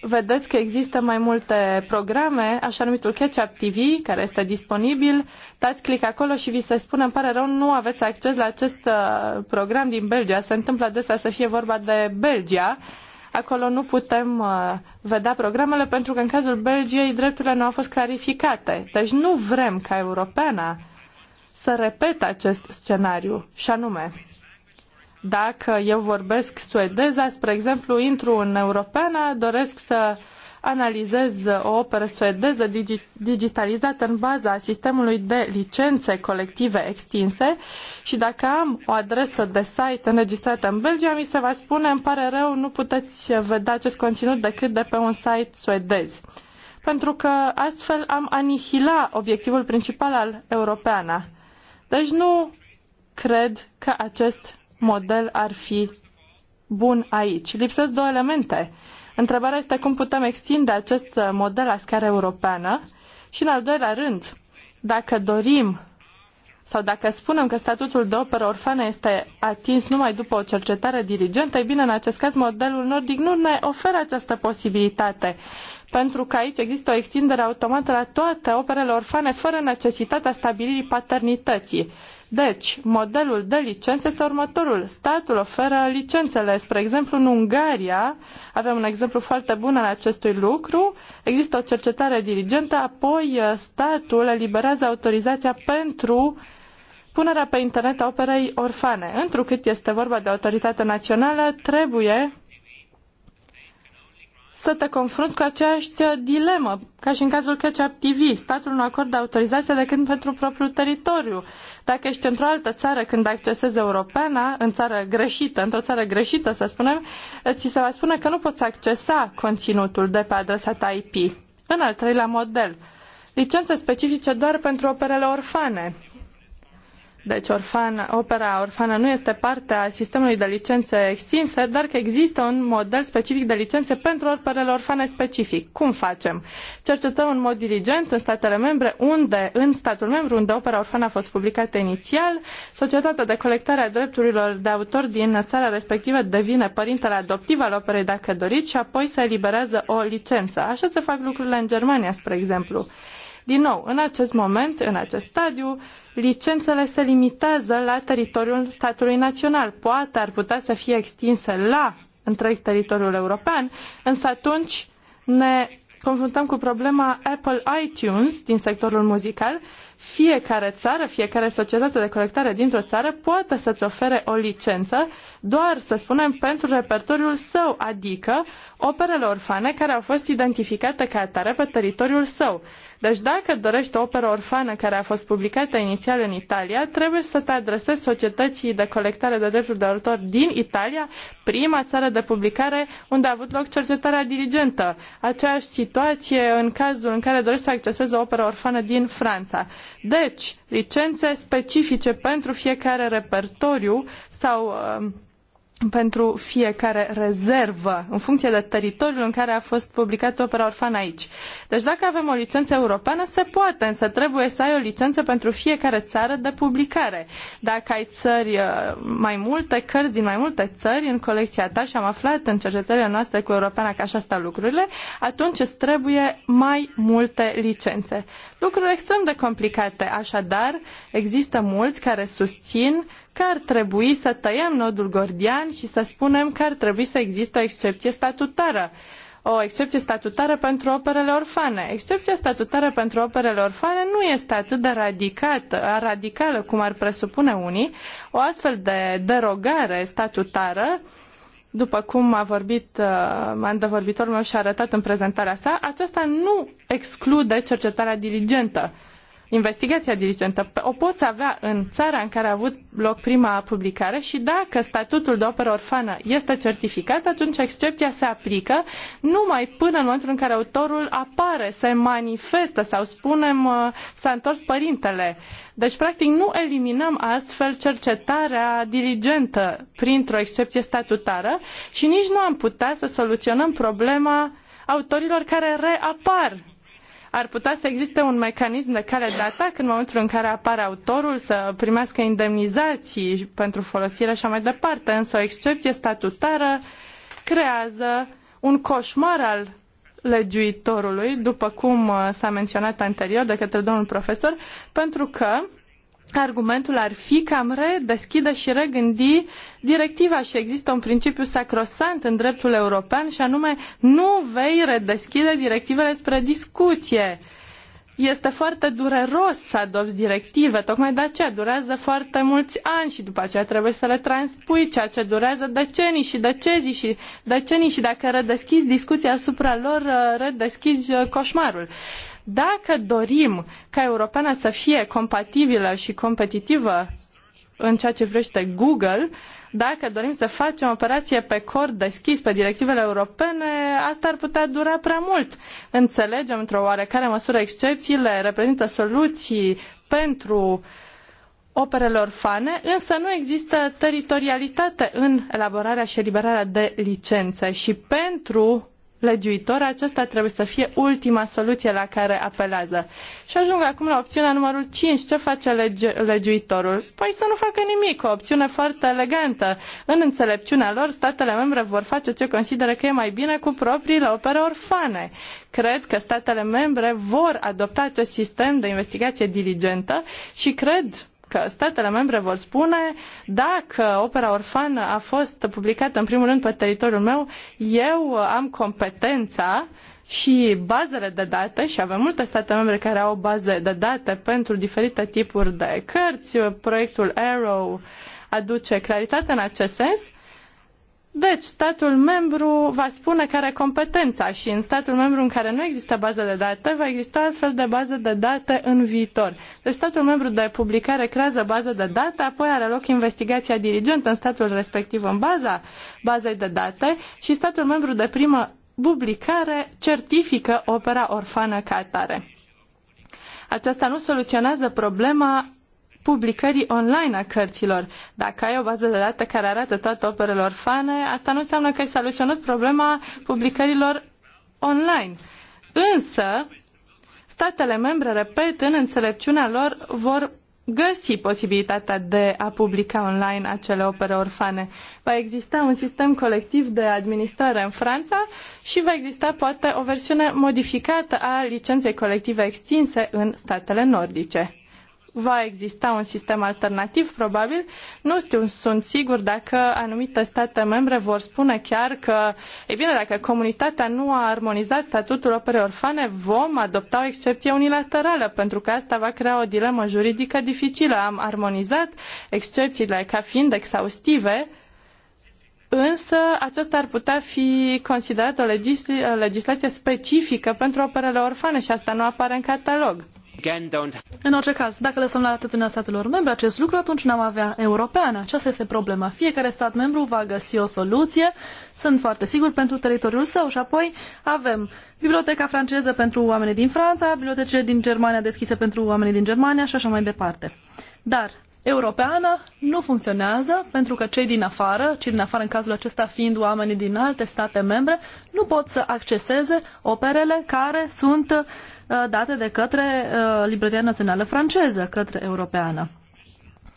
Vedeți că există mai multe programe, așa numitul Catch-up TV, care este disponibil. Dați click acolo și vi se spune, îmi pare rău, nu aveți acces la acest uh, program din Belgia. Se întâmplă adesea să fie vorba de Belgia acolo nu putem uh, vedea programele pentru că în cazul Belgiei drepturile nu au fost clarificate. Deci nu vrem ca europeana să repete acest scenariu și anume dacă eu vorbesc suedeza, spre exemplu, intru în europeană, doresc să analizez o operă suedeză digitalizată în baza sistemului de licențe colective extinse și dacă am o adresă de site înregistrată în Belgia, mi se va spune, îmi pare rău, nu puteți vedea acest conținut decât de pe un site suedez. Pentru că astfel am anihila obiectivul principal al europeana. Deci nu cred că acest model ar fi bun aici. Lipsesc două elemente. Întrebarea este cum putem extinde acest model la scară europeană și, în al doilea rând, dacă dorim sau dacă spunem că statutul de operă orfană este atins numai după o cercetare diligentă, e bine, în acest caz modelul nordic nu ne oferă această posibilitate pentru că aici există o extindere automată la toate operele orfane, fără necesitatea stabilirii paternității. Deci, modelul de licențe este următorul. Statul oferă licențele. Spre exemplu, în Ungaria, avem un exemplu foarte bun al acestui lucru, există o cercetare dirigentă, apoi uh, statul eliberează autorizația pentru punerea pe internet a operei orfane. Întrucât este vorba de autoritate națională, trebuie să te confrunți cu aceeași dilemă, ca și în cazul Ketchup TV. Statul nu acordă autorizația decât pentru propriul teritoriu. Dacă ești într-o altă țară când accesezi europeana, în țară greșită, într-o țară greșită, să spunem, ți se va spune că nu poți accesa conținutul de pe adresa ta IP. În al treilea model, licențe specifice doar pentru operele orfane. Deci orfana, opera orfană nu este parte a sistemului de licențe extinse, dar că există un model specific de licențe pentru operele orfane specific. Cum facem? Cercetăm în mod diligent în statele membre unde, în statul membru unde opera orfană a fost publicată inițial, societatea de colectare a drepturilor de autor din țara respectivă devine părintele adoptiv al operei dacă doriți și apoi se eliberează o licență. Așa se fac lucrurile în Germania, spre exemplu. Din nou, în acest moment, în acest stadiu, licențele se limitează la teritoriul statului național. Poate ar putea să fie extinse la întreg teritoriul european, însă atunci ne confruntăm cu problema Apple iTunes din sectorul muzical, fiecare țară, fiecare societate de colectare dintr-o țară poate să-ți ofere o licență doar, să spunem, pentru repertoriul său, adică operele orfane care au fost identificate ca atare pe teritoriul său. Deci dacă dorești o operă orfană care a fost publicată inițial în Italia, trebuie să te adresezi societății de colectare de drepturi de autor din Italia, prima țară de publicare unde a avut loc cercetarea diligentă. Aceeași situație în cazul în care dorești să accesezi o operă orfană din Franța. Deci, licențe specifice pentru fiecare repertoriu sau um, pentru fiecare rezervă, în funcție de teritoriul în care a fost publicată opera orfană aici. Deci dacă avem o licență europeană, se poate, însă trebuie să ai o licență pentru fiecare țară de publicare. Dacă ai țări uh, mai multe, cărți din mai multe țări în colecția ta și am aflat în cercetările noastre cu europeana că așa stau lucrurile, atunci îți trebuie mai multe licențe. Lucruri extrem de complicate, așadar există mulți care susțin că ar trebui să tăiem nodul gordian și să spunem că ar trebui să existe o excepție statutară o excepție statutară pentru operele orfane. Excepția statutară pentru operele orfane nu este atât de radicată, radicală cum ar presupune unii. O astfel de derogare statutară după cum a vorbit uh, antevorbitorul meu și a arătat în prezentarea sa, aceasta nu exclude cercetarea diligentă investigația diligentă o poți avea în țara în care a avut loc prima publicare și dacă statutul de operă orfană este certificat, atunci excepția se aplică numai până în momentul în care autorul apare, se manifestă sau spunem uh, s-a întors părintele. Deci, practic, nu eliminăm astfel cercetarea diligentă printr-o excepție statutară și nici nu am putea să soluționăm problema autorilor care reapar ar putea să existe un mecanism de care de atac în momentul în care apare autorul să primească indemnizații pentru folosire și așa mai departe, însă o excepție statutară creează un coșmar al legiuitorului, după cum uh, s-a menționat anterior de către domnul profesor, pentru că argumentul ar fi că am redeschide și regândi directiva și există un principiu sacrosant în dreptul european și anume nu vei redeschide directivele spre discuție. Este foarte dureros să adopți directive, tocmai de aceea durează foarte mulți ani și după aceea trebuie să le transpui, ceea ce durează decenii și decenii și decenii și dacă redeschizi discuția asupra lor, redeschizi uh, coșmarul. Dacă dorim ca europeană să fie compatibilă și competitivă în ceea ce privește Google, dacă dorim să facem operație pe cord deschis pe directivele europene, asta ar putea dura prea mult. Înțelegem într-o oarecare măsură excepțiile, reprezintă soluții pentru operelor fane, însă nu există teritorialitate în elaborarea și eliberarea de licențe și pentru legiuitor, aceasta trebuie să fie ultima soluție la care apelează. Și ajung acum la opțiunea numărul 5. Ce face legiuitorul? Păi să nu facă nimic, o opțiune foarte elegantă. În înțelepciunea lor, statele membre vor face ce consideră că e mai bine cu propriile opere orfane. Cred că statele membre vor adopta acest sistem de investigație diligentă și cred că statele membre vor spune dacă opera orfană a fost publicată în primul rând pe teritoriul meu, eu am competența și bazele de date și avem multe state membre care au baze de date pentru diferite tipuri de cărți. Proiectul Arrow aduce claritate în acest sens deci, statul membru va spune care are competența și în statul membru în care nu există bază de date, va exista astfel de bază de date în viitor. Deci, statul membru de publicare creează bază de date, apoi are loc investigația dirigentă în statul respectiv în baza bazei de date și statul membru de primă publicare certifică opera orfană ca atare. Aceasta nu soluționează problema publicării online a cărților. Dacă ai o bază de date care arată toate operele orfane, asta nu înseamnă că ai soluționat problema publicărilor online. Însă, statele membre, repet, în înțelepciunea lor, vor găsi posibilitatea de a publica online acele opere orfane. Va exista un sistem colectiv de administrare în Franța și va exista poate o versiune modificată a licenței colective extinse în statele nordice va exista un sistem alternativ, probabil. Nu știu, sunt sigur dacă anumite state membre vor spune chiar că, e bine, dacă comunitatea nu a armonizat statutul operei orfane, vom adopta o excepție unilaterală, pentru că asta va crea o dilemă juridică dificilă. Am armonizat excepțiile ca fiind exhaustive, Însă aceasta ar putea fi considerată o legisl legislație specifică pentru operele orfane și asta nu apare în catalog. În orice caz, dacă lăsăm la atitudinea statelor membre acest lucru, atunci n-am avea europeană. Aceasta este problema. Fiecare stat membru va găsi o soluție, sunt foarte sigur, pentru teritoriul său și apoi avem biblioteca franceză pentru oamenii din Franța, bibliotecile din Germania deschise pentru oamenii din Germania și așa mai departe. Dar europeană nu funcționează pentru că cei din afară, cei din afară în cazul acesta fiind oamenii din alte state membre, nu pot să acceseze operele care sunt uh, date de către uh, libertatea Națională franceză, către europeană.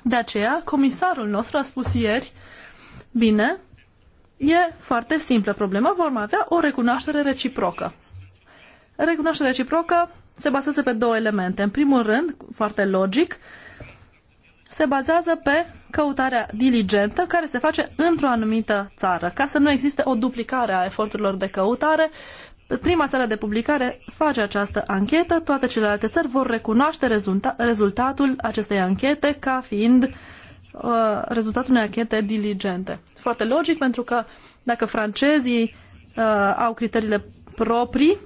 De aceea, comisarul nostru a spus ieri, bine, e foarte simplă problema, vom avea o recunoaștere reciprocă. Recunoașterea reciprocă se bazează pe două elemente. În primul rând, foarte logic, uh, se bazează pe căutarea diligentă care se face într-o anumită țară, ca să nu existe o duplicare a eforturilor de căutare. Prima țară de publicare face această anchetă, toate celelalte țări vor recunoaște rezulta- rezultatul acestei anchete ca fiind uh, rezultatul unei anchete diligente. Foarte logic, pentru că dacă francezii uh, au criteriile proprii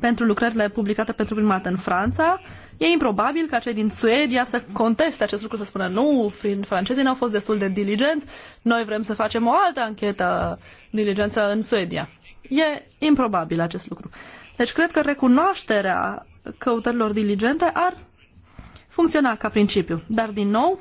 pentru lucrările publicate pentru prima dată în Franța, uh, E improbabil ca cei din Suedia să conteste acest lucru, să spună nu, francezii n-au fost destul de diligenți, noi vrem să facem o altă anchetă diligență în Suedia. E improbabil acest lucru. Deci cred că recunoașterea căutărilor diligente ar funcționa ca principiu. Dar, din nou,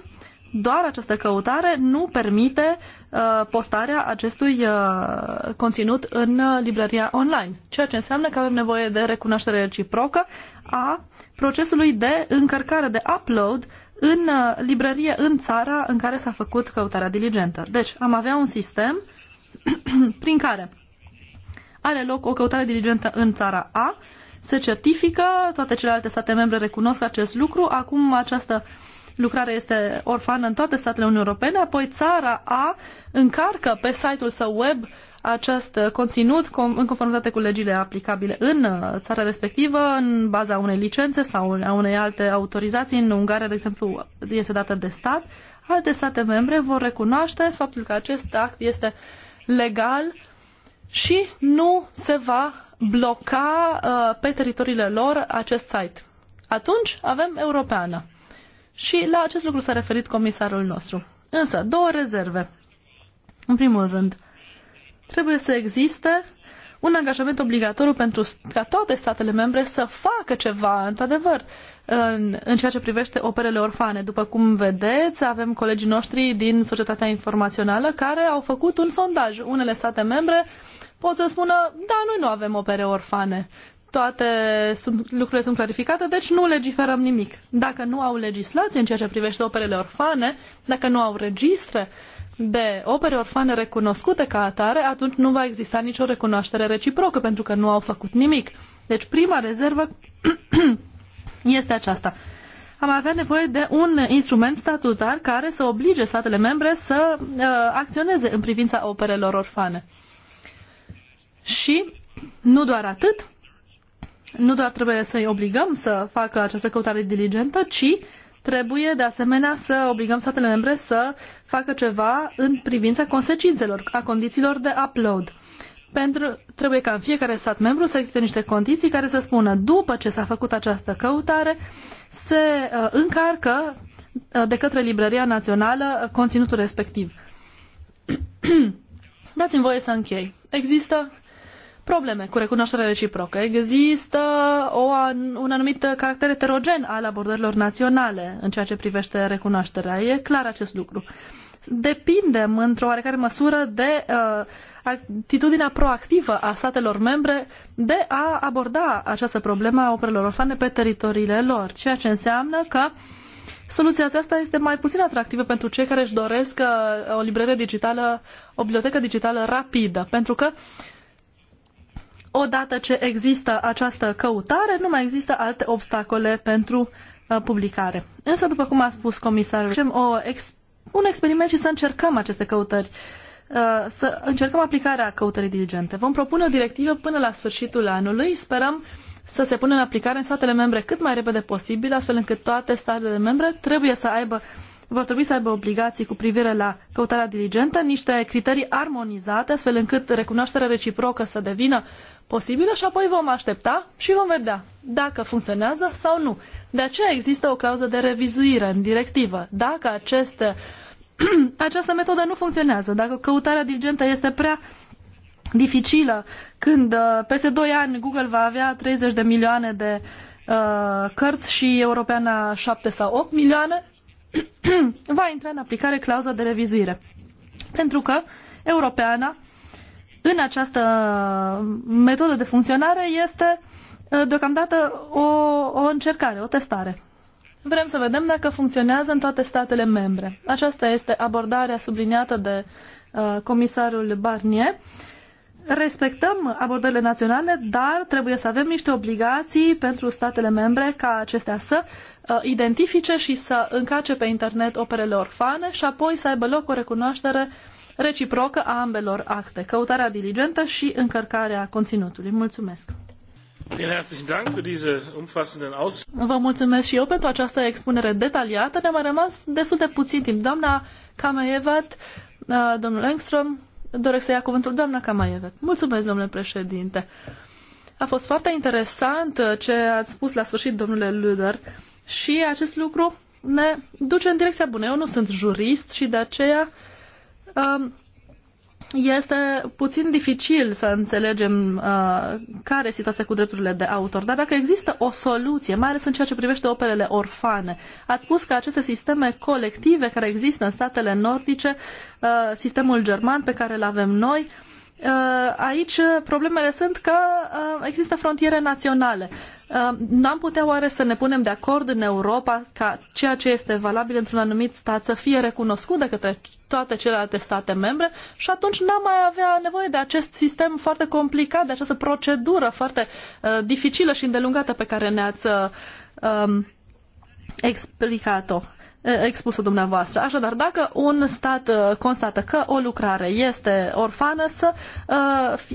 doar această căutare nu permite uh, postarea acestui uh, conținut în uh, librăria online, ceea ce înseamnă că avem nevoie de recunoaștere reciprocă a procesului de încărcare, de upload în uh, librărie în țara în care s-a făcut căutarea diligentă. Deci am avea un sistem [CLEARS THROAT] prin care are loc o căutare diligentă în țara A, se certifică, toate celelalte state membre recunosc acest lucru, acum această lucrare este orfană în toate statele Uniunii Europene, apoi țara A încarcă pe site-ul său web uh, acest conținut în conformitate cu legile aplicabile în uh, țara respectivă, în baza unei licențe sau a unei alte autorizații. În Ungaria, de exemplu, este dată de stat. Alte state membre vor recunoaște faptul că acest act este legal și nu se va bloca uh, pe teritoriile lor acest site. Atunci avem europeană. Și la acest lucru s-a referit comisarul nostru. Însă, două rezerve. În primul rând, uh, trebuie să existe un angajament obligatoriu pentru ca toate statele membre să facă ceva, într-adevăr, în, în ceea ce privește operele orfane. După cum vedeți, avem colegii noștri din societatea informațională care au făcut un sondaj. Unele state membre pot să spună, da, noi nu avem opere orfane. Toate sunt, lucrurile sunt clarificate, deci nu legiferăm nimic. Dacă nu au legislație în ceea ce privește operele orfane, dacă nu au registre, de opere orfane recunoscute ca atare, atunci nu va exista nicio recunoaștere reciprocă, pentru că nu au făcut nimic. Deci prima rezervă [CLEARS THROAT] este aceasta. Am avea nevoie de un instrument statutar care să oblige statele membre să uh, acționeze în privința operelor orfane. Și nu doar atât, nu doar trebuie să-i obligăm să facă această căutare diligentă, ci Trebuie, de asemenea, să obligăm statele membre să facă ceva în privința consecințelor, a condițiilor de upload. Pentru, trebuie ca în fiecare stat membru să existe niște condiții care să spună după ce s-a făcut această căutare, se uh, încarcă uh, de către librăria națională uh, conținutul respectiv. [CLEARS THROAT] Dați-mi voie să închei. Există probleme cu recunoașterea reciprocă. Există o, un anumit caracter heterogen al abordărilor naționale în ceea ce privește recunoașterea. E clar acest lucru. Depindem într-o oarecare măsură de uh, atitudinea proactivă a statelor membre de a aborda această problemă a operelor orfane pe teritoriile lor, ceea ce înseamnă că Soluția aceasta este mai puțin atractivă pentru cei care își doresc uh, o librărie digitală, o bibliotecă digitală rapidă, pentru că odată ce există această căutare, nu mai există alte obstacole pentru uh, publicare. Însă, după cum a spus comisarul, facem o ex- un experiment și să încercăm aceste căutări, uh, să încercăm aplicarea căutării diligente. Vom propune o directivă până la sfârșitul anului, sperăm să se pună în aplicare în statele membre cât mai repede posibil, astfel încât toate statele membre trebuie să aibă vor trebui să aibă obligații cu privire la căutarea diligentă, niște criterii armonizate, astfel încât recunoașterea reciprocă să devină posibilă și apoi vom aștepta și vom vedea dacă funcționează sau nu. De aceea există o clauză de revizuire în directivă. Dacă aceste, [CLEARS THROAT] această metodă nu funcționează, dacă căutarea diligentă este prea dificilă, când uh, peste 2 ani Google va avea 30 de milioane de uh, cărți și Europeana 7 sau 8 milioane, [CLEARS THROAT] va intra în aplicare clauza de revizuire. Pentru că Europeana în această metodă de funcționare este uh, deocamdată o, o încercare, o testare. Vrem să vedem dacă funcționează în toate statele membre. Aceasta este abordarea subliniată de uh, comisarul Barnier. Respectăm abordările naționale, dar trebuie să avem niște obligații pentru statele membre ca acestea să uh, identifice și să încace pe internet operele orfane și apoi să aibă loc o recunoaștere uh, reciprocă a ambelor acte, căutarea diligentă și încărcarea conținutului. Mulțumesc! Vă mulțumesc și eu pentru această expunere detaliată. Ne-a mai rămas destul de puțin timp. Doamna Kamaevat, uh, domnul Engström, doresc să ia cuvântul. Doamna Kamaevat, mulțumesc, domnule președinte. A fost foarte interesant uh, ce ați spus la sfârșit, domnule Luder, și acest lucru ne duce în direcția bună. Eu nu sunt jurist și de aceea uh, Um, este puțin dificil să înțelegem uh, care e situația cu drepturile de autor, dar dacă există o soluție, mai ales în ceea ce privește operele orfane, ați spus că aceste sisteme colective care există în statele nordice, uh, sistemul german pe care îl avem noi, uh, Uh, aici uh, problemele sunt că uh, există frontiere naționale. N-am putea oare să ne punem de acord în Europa ca ceea ce este valabil într-un anumit stat să fie recunoscut de către toate celelalte state membre și atunci n-am mai avea nevoie de acest sistem foarte complicat, de această procedură foarte dificilă și îndelungată pe care ne-ați um, explicat-o expusă dumneavoastră. Așadar, dacă un stat constată că o lucrare este orfană, să,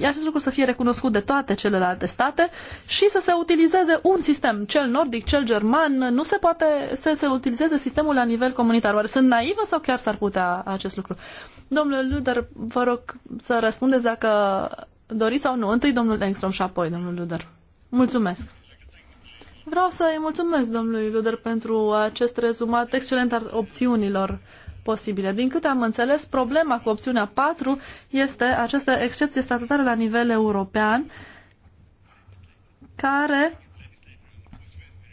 acest lucru să fie recunoscut de toate celelalte state și să se utilizeze un sistem, cel nordic, cel german, nu se poate să se utilizeze sistemul la nivel comunitar. Oare sunt naivă sau chiar s-ar putea acest lucru? Domnule Luder, vă rog să răspundeți dacă doriți sau nu. Întâi domnul Engstrom și apoi domnul Luder. Mulțumesc. Vreau să îi mulțumesc domnului Luder pentru acest rezumat excelent al opțiunilor posibile. Din câte am înțeles, problema cu opțiunea 4 este această excepție statutară la nivel european care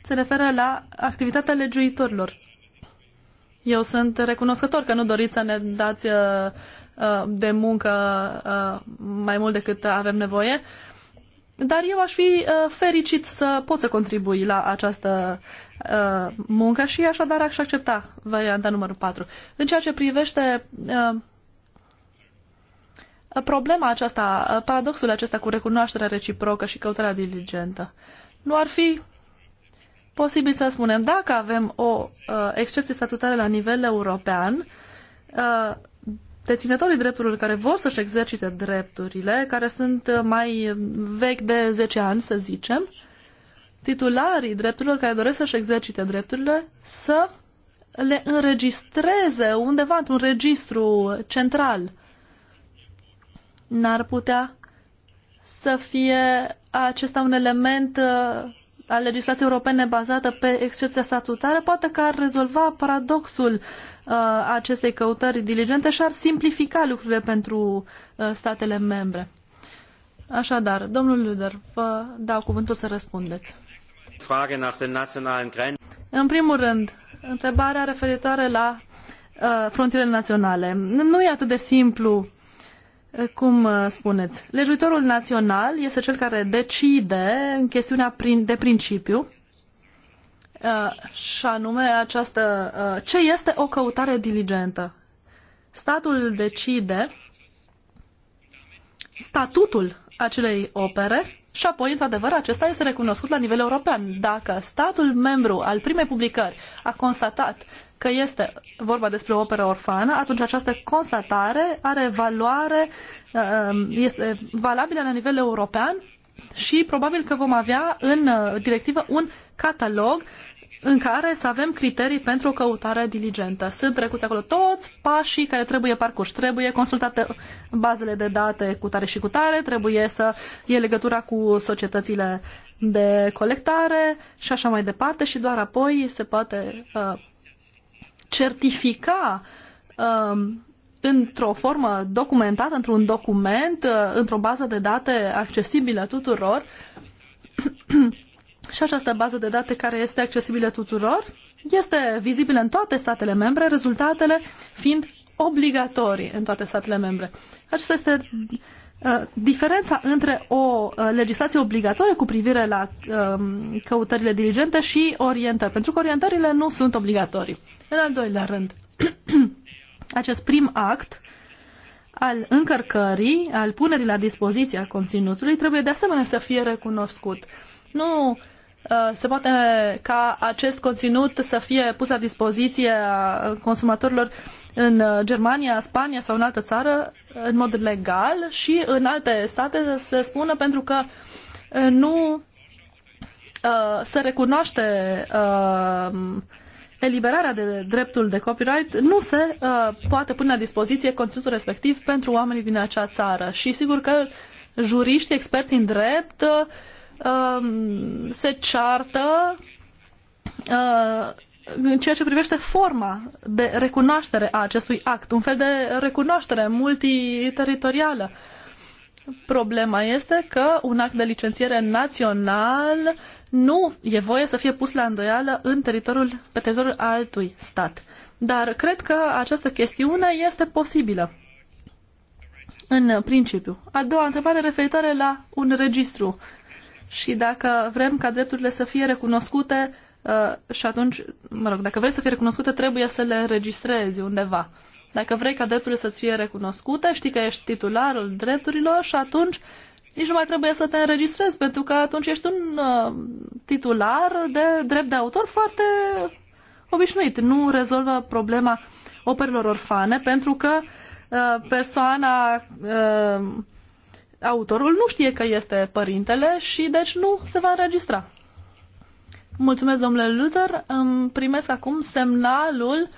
se referă la activitatea legiuitorilor. Eu sunt recunoscător că nu doriți să ne dați uh, uh, de muncă uh, mai mult decât avem nevoie, dar eu aș fi uh, fericit să pot să contribui la această uh, muncă și așadar aș accepta varianta numărul 4. În ceea ce privește uh, problema aceasta, paradoxul acesta cu recunoașterea reciprocă și căutarea diligentă, nu ar fi posibil să spunem, dacă avem o uh, excepție statutară la nivel european, uh, deținătorii drepturilor care vor să-și exercite drepturile, care sunt uh, mai vechi de 10 ani, să zicem, titularii drepturilor care doresc să-și exercite drepturile, să le înregistreze undeva într-un registru central. N-ar putea să fie acesta un element uh, a legislației europene bazată pe excepția statutară, poate că ar rezolva paradoxul uh, acestei căutări diligente și ar simplifica lucrurile pentru uh, statele membre. Așadar, domnul Luder, vă dau cuvântul să răspundeți. În primul rând, întrebarea referitoare la uh, frontierele naționale. Nu e atât de simplu cum uh, spuneți, legiuitorul național este cel care decide în chestiunea de principiu uh, și anume această, uh, ce este o căutare diligentă. Statul decide statutul acelei opere și apoi, într-adevăr, acesta este recunoscut la nivel european. Dacă statul membru al primei publicări a constatat că este vorba despre o operă orfană, atunci această constatare are valoare, um, este valabilă la nivel european și probabil că vom avea în uh, directivă un catalog în care să avem criterii pentru o căutare diligentă. Sunt trecuți acolo toți pașii care trebuie parcurși. Trebuie consultate bazele de date cu tare și cu tare, trebuie să iei legătura cu societățile de colectare și așa mai departe și doar apoi se poate uh, certifica um, într-o formă documentată, într-un document, uh, într-o bază de date accesibilă tuturor. [CLEARS THROAT] și această bază de date care este accesibilă tuturor este vizibilă în toate statele membre, rezultatele fiind obligatorii în toate statele membre. Aceasta este uh, diferența între o uh, legislație obligatorie cu privire la um, căutările diligente și orientări, pentru că orientările nu sunt obligatorii. În al doilea rând, [CLEARS THROAT] acest prim act al încărcării, al punerii la dispoziție a conținutului, trebuie de asemenea să fie recunoscut. Nu uh, se poate ca acest conținut să fie pus la dispoziție a consumatorilor în uh, Germania, Spania sau în altă țară uh, în mod legal și în alte state să se spună pentru că nu se recunoaște eliberarea de dreptul de copyright nu se uh, poate pune la dispoziție conținutul respectiv pentru oamenii din acea țară. Și sigur că juriștii, experți în drept, uh, um, se ceartă uh, în ceea ce privește forma de recunoaștere a acestui act, un fel de recunoaștere multiteritorială. Problema este că un act de licențiere național nu e voie să fie pus la îndoială în teritoriul, pe teritoriul altui stat. Dar cred că această chestiune este posibilă în principiu. A doua întrebare referitoare la un registru și dacă vrem ca drepturile să fie recunoscute uh, și atunci, mă rog, dacă vrei să fie recunoscute, trebuie să le registrezi undeva. Dacă vrei ca drepturile să-ți fie recunoscute, știi că ești titularul drepturilor și atunci nici nu mai trebuie să te înregistrezi, pentru că atunci ești un uh, titular de drept de autor foarte obișnuit. Nu rezolvă problema operelor orfane, pentru că uh, persoana, uh, autorul nu știe că este părintele și deci nu se va înregistra. Mulțumesc, domnule Luther. Îmi primesc acum semnalul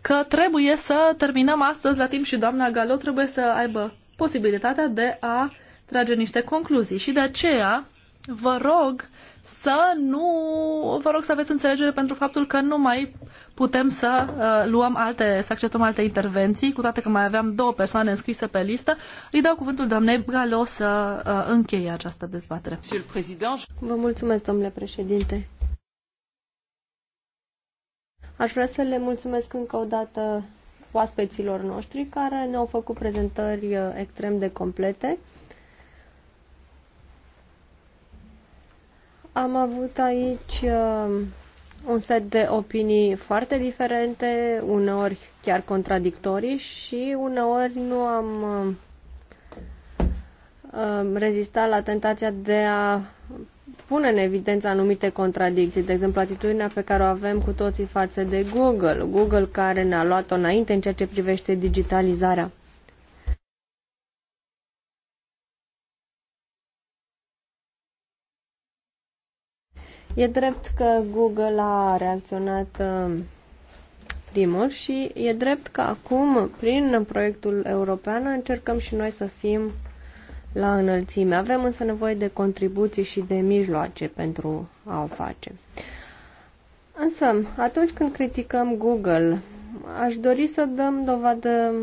că trebuie să terminăm astăzi la timp și doamna Galo trebuie să aibă posibilitatea de a trage niște concluzii și de aceea vă rog să nu, vă rog să aveți înțelegere pentru faptul că nu mai putem să uh, luăm alte, să acceptăm alte intervenții, cu toate că mai aveam două persoane înscrise pe listă. Îi dau cuvântul doamnei Galo să uh, încheie această dezbatere. Vă mulțumesc, domnule președinte. Aș vrea să le mulțumesc încă o dată oaspeților noștri care ne-au făcut prezentări uh, extrem de complete. Am avut aici uh, un set de opinii foarte diferente, uneori chiar contradictorii și uneori nu am uh, uh, rezistat la tentația de a pune în evidență anumite contradicții, de exemplu atitudinea pe care o avem cu toții față de Google, Google care ne-a luat-o înainte în ceea ce privește digitalizarea. E drept că Google a reacționat uh, primul și e drept că acum, prin proiectul european, încercăm și noi să fim la înălțime. Avem însă nevoie de contribuții și de mijloace pentru a o face. Însă, atunci când criticăm Google, aș dori să dăm dovadă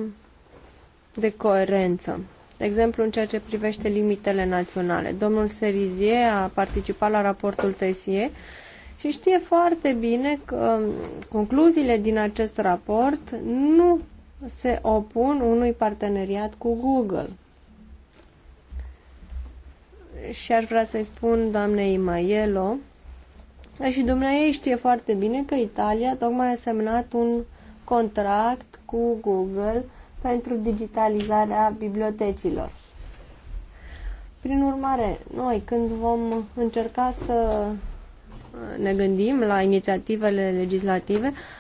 de coerență de exemplu în ceea ce privește limitele naționale. Domnul Serizie a participat la raportul TSE și știe foarte bine că um, concluziile din acest raport nu se opun unui parteneriat cu Google. Și aș vrea să-i spun doamnei Maiello, și dumneavoastră știe foarte bine că Italia tocmai a semnat un contract cu Google pentru digitalizarea bibliotecilor. Prin urmare, noi când vom încerca să ne gândim la inițiativele legislative,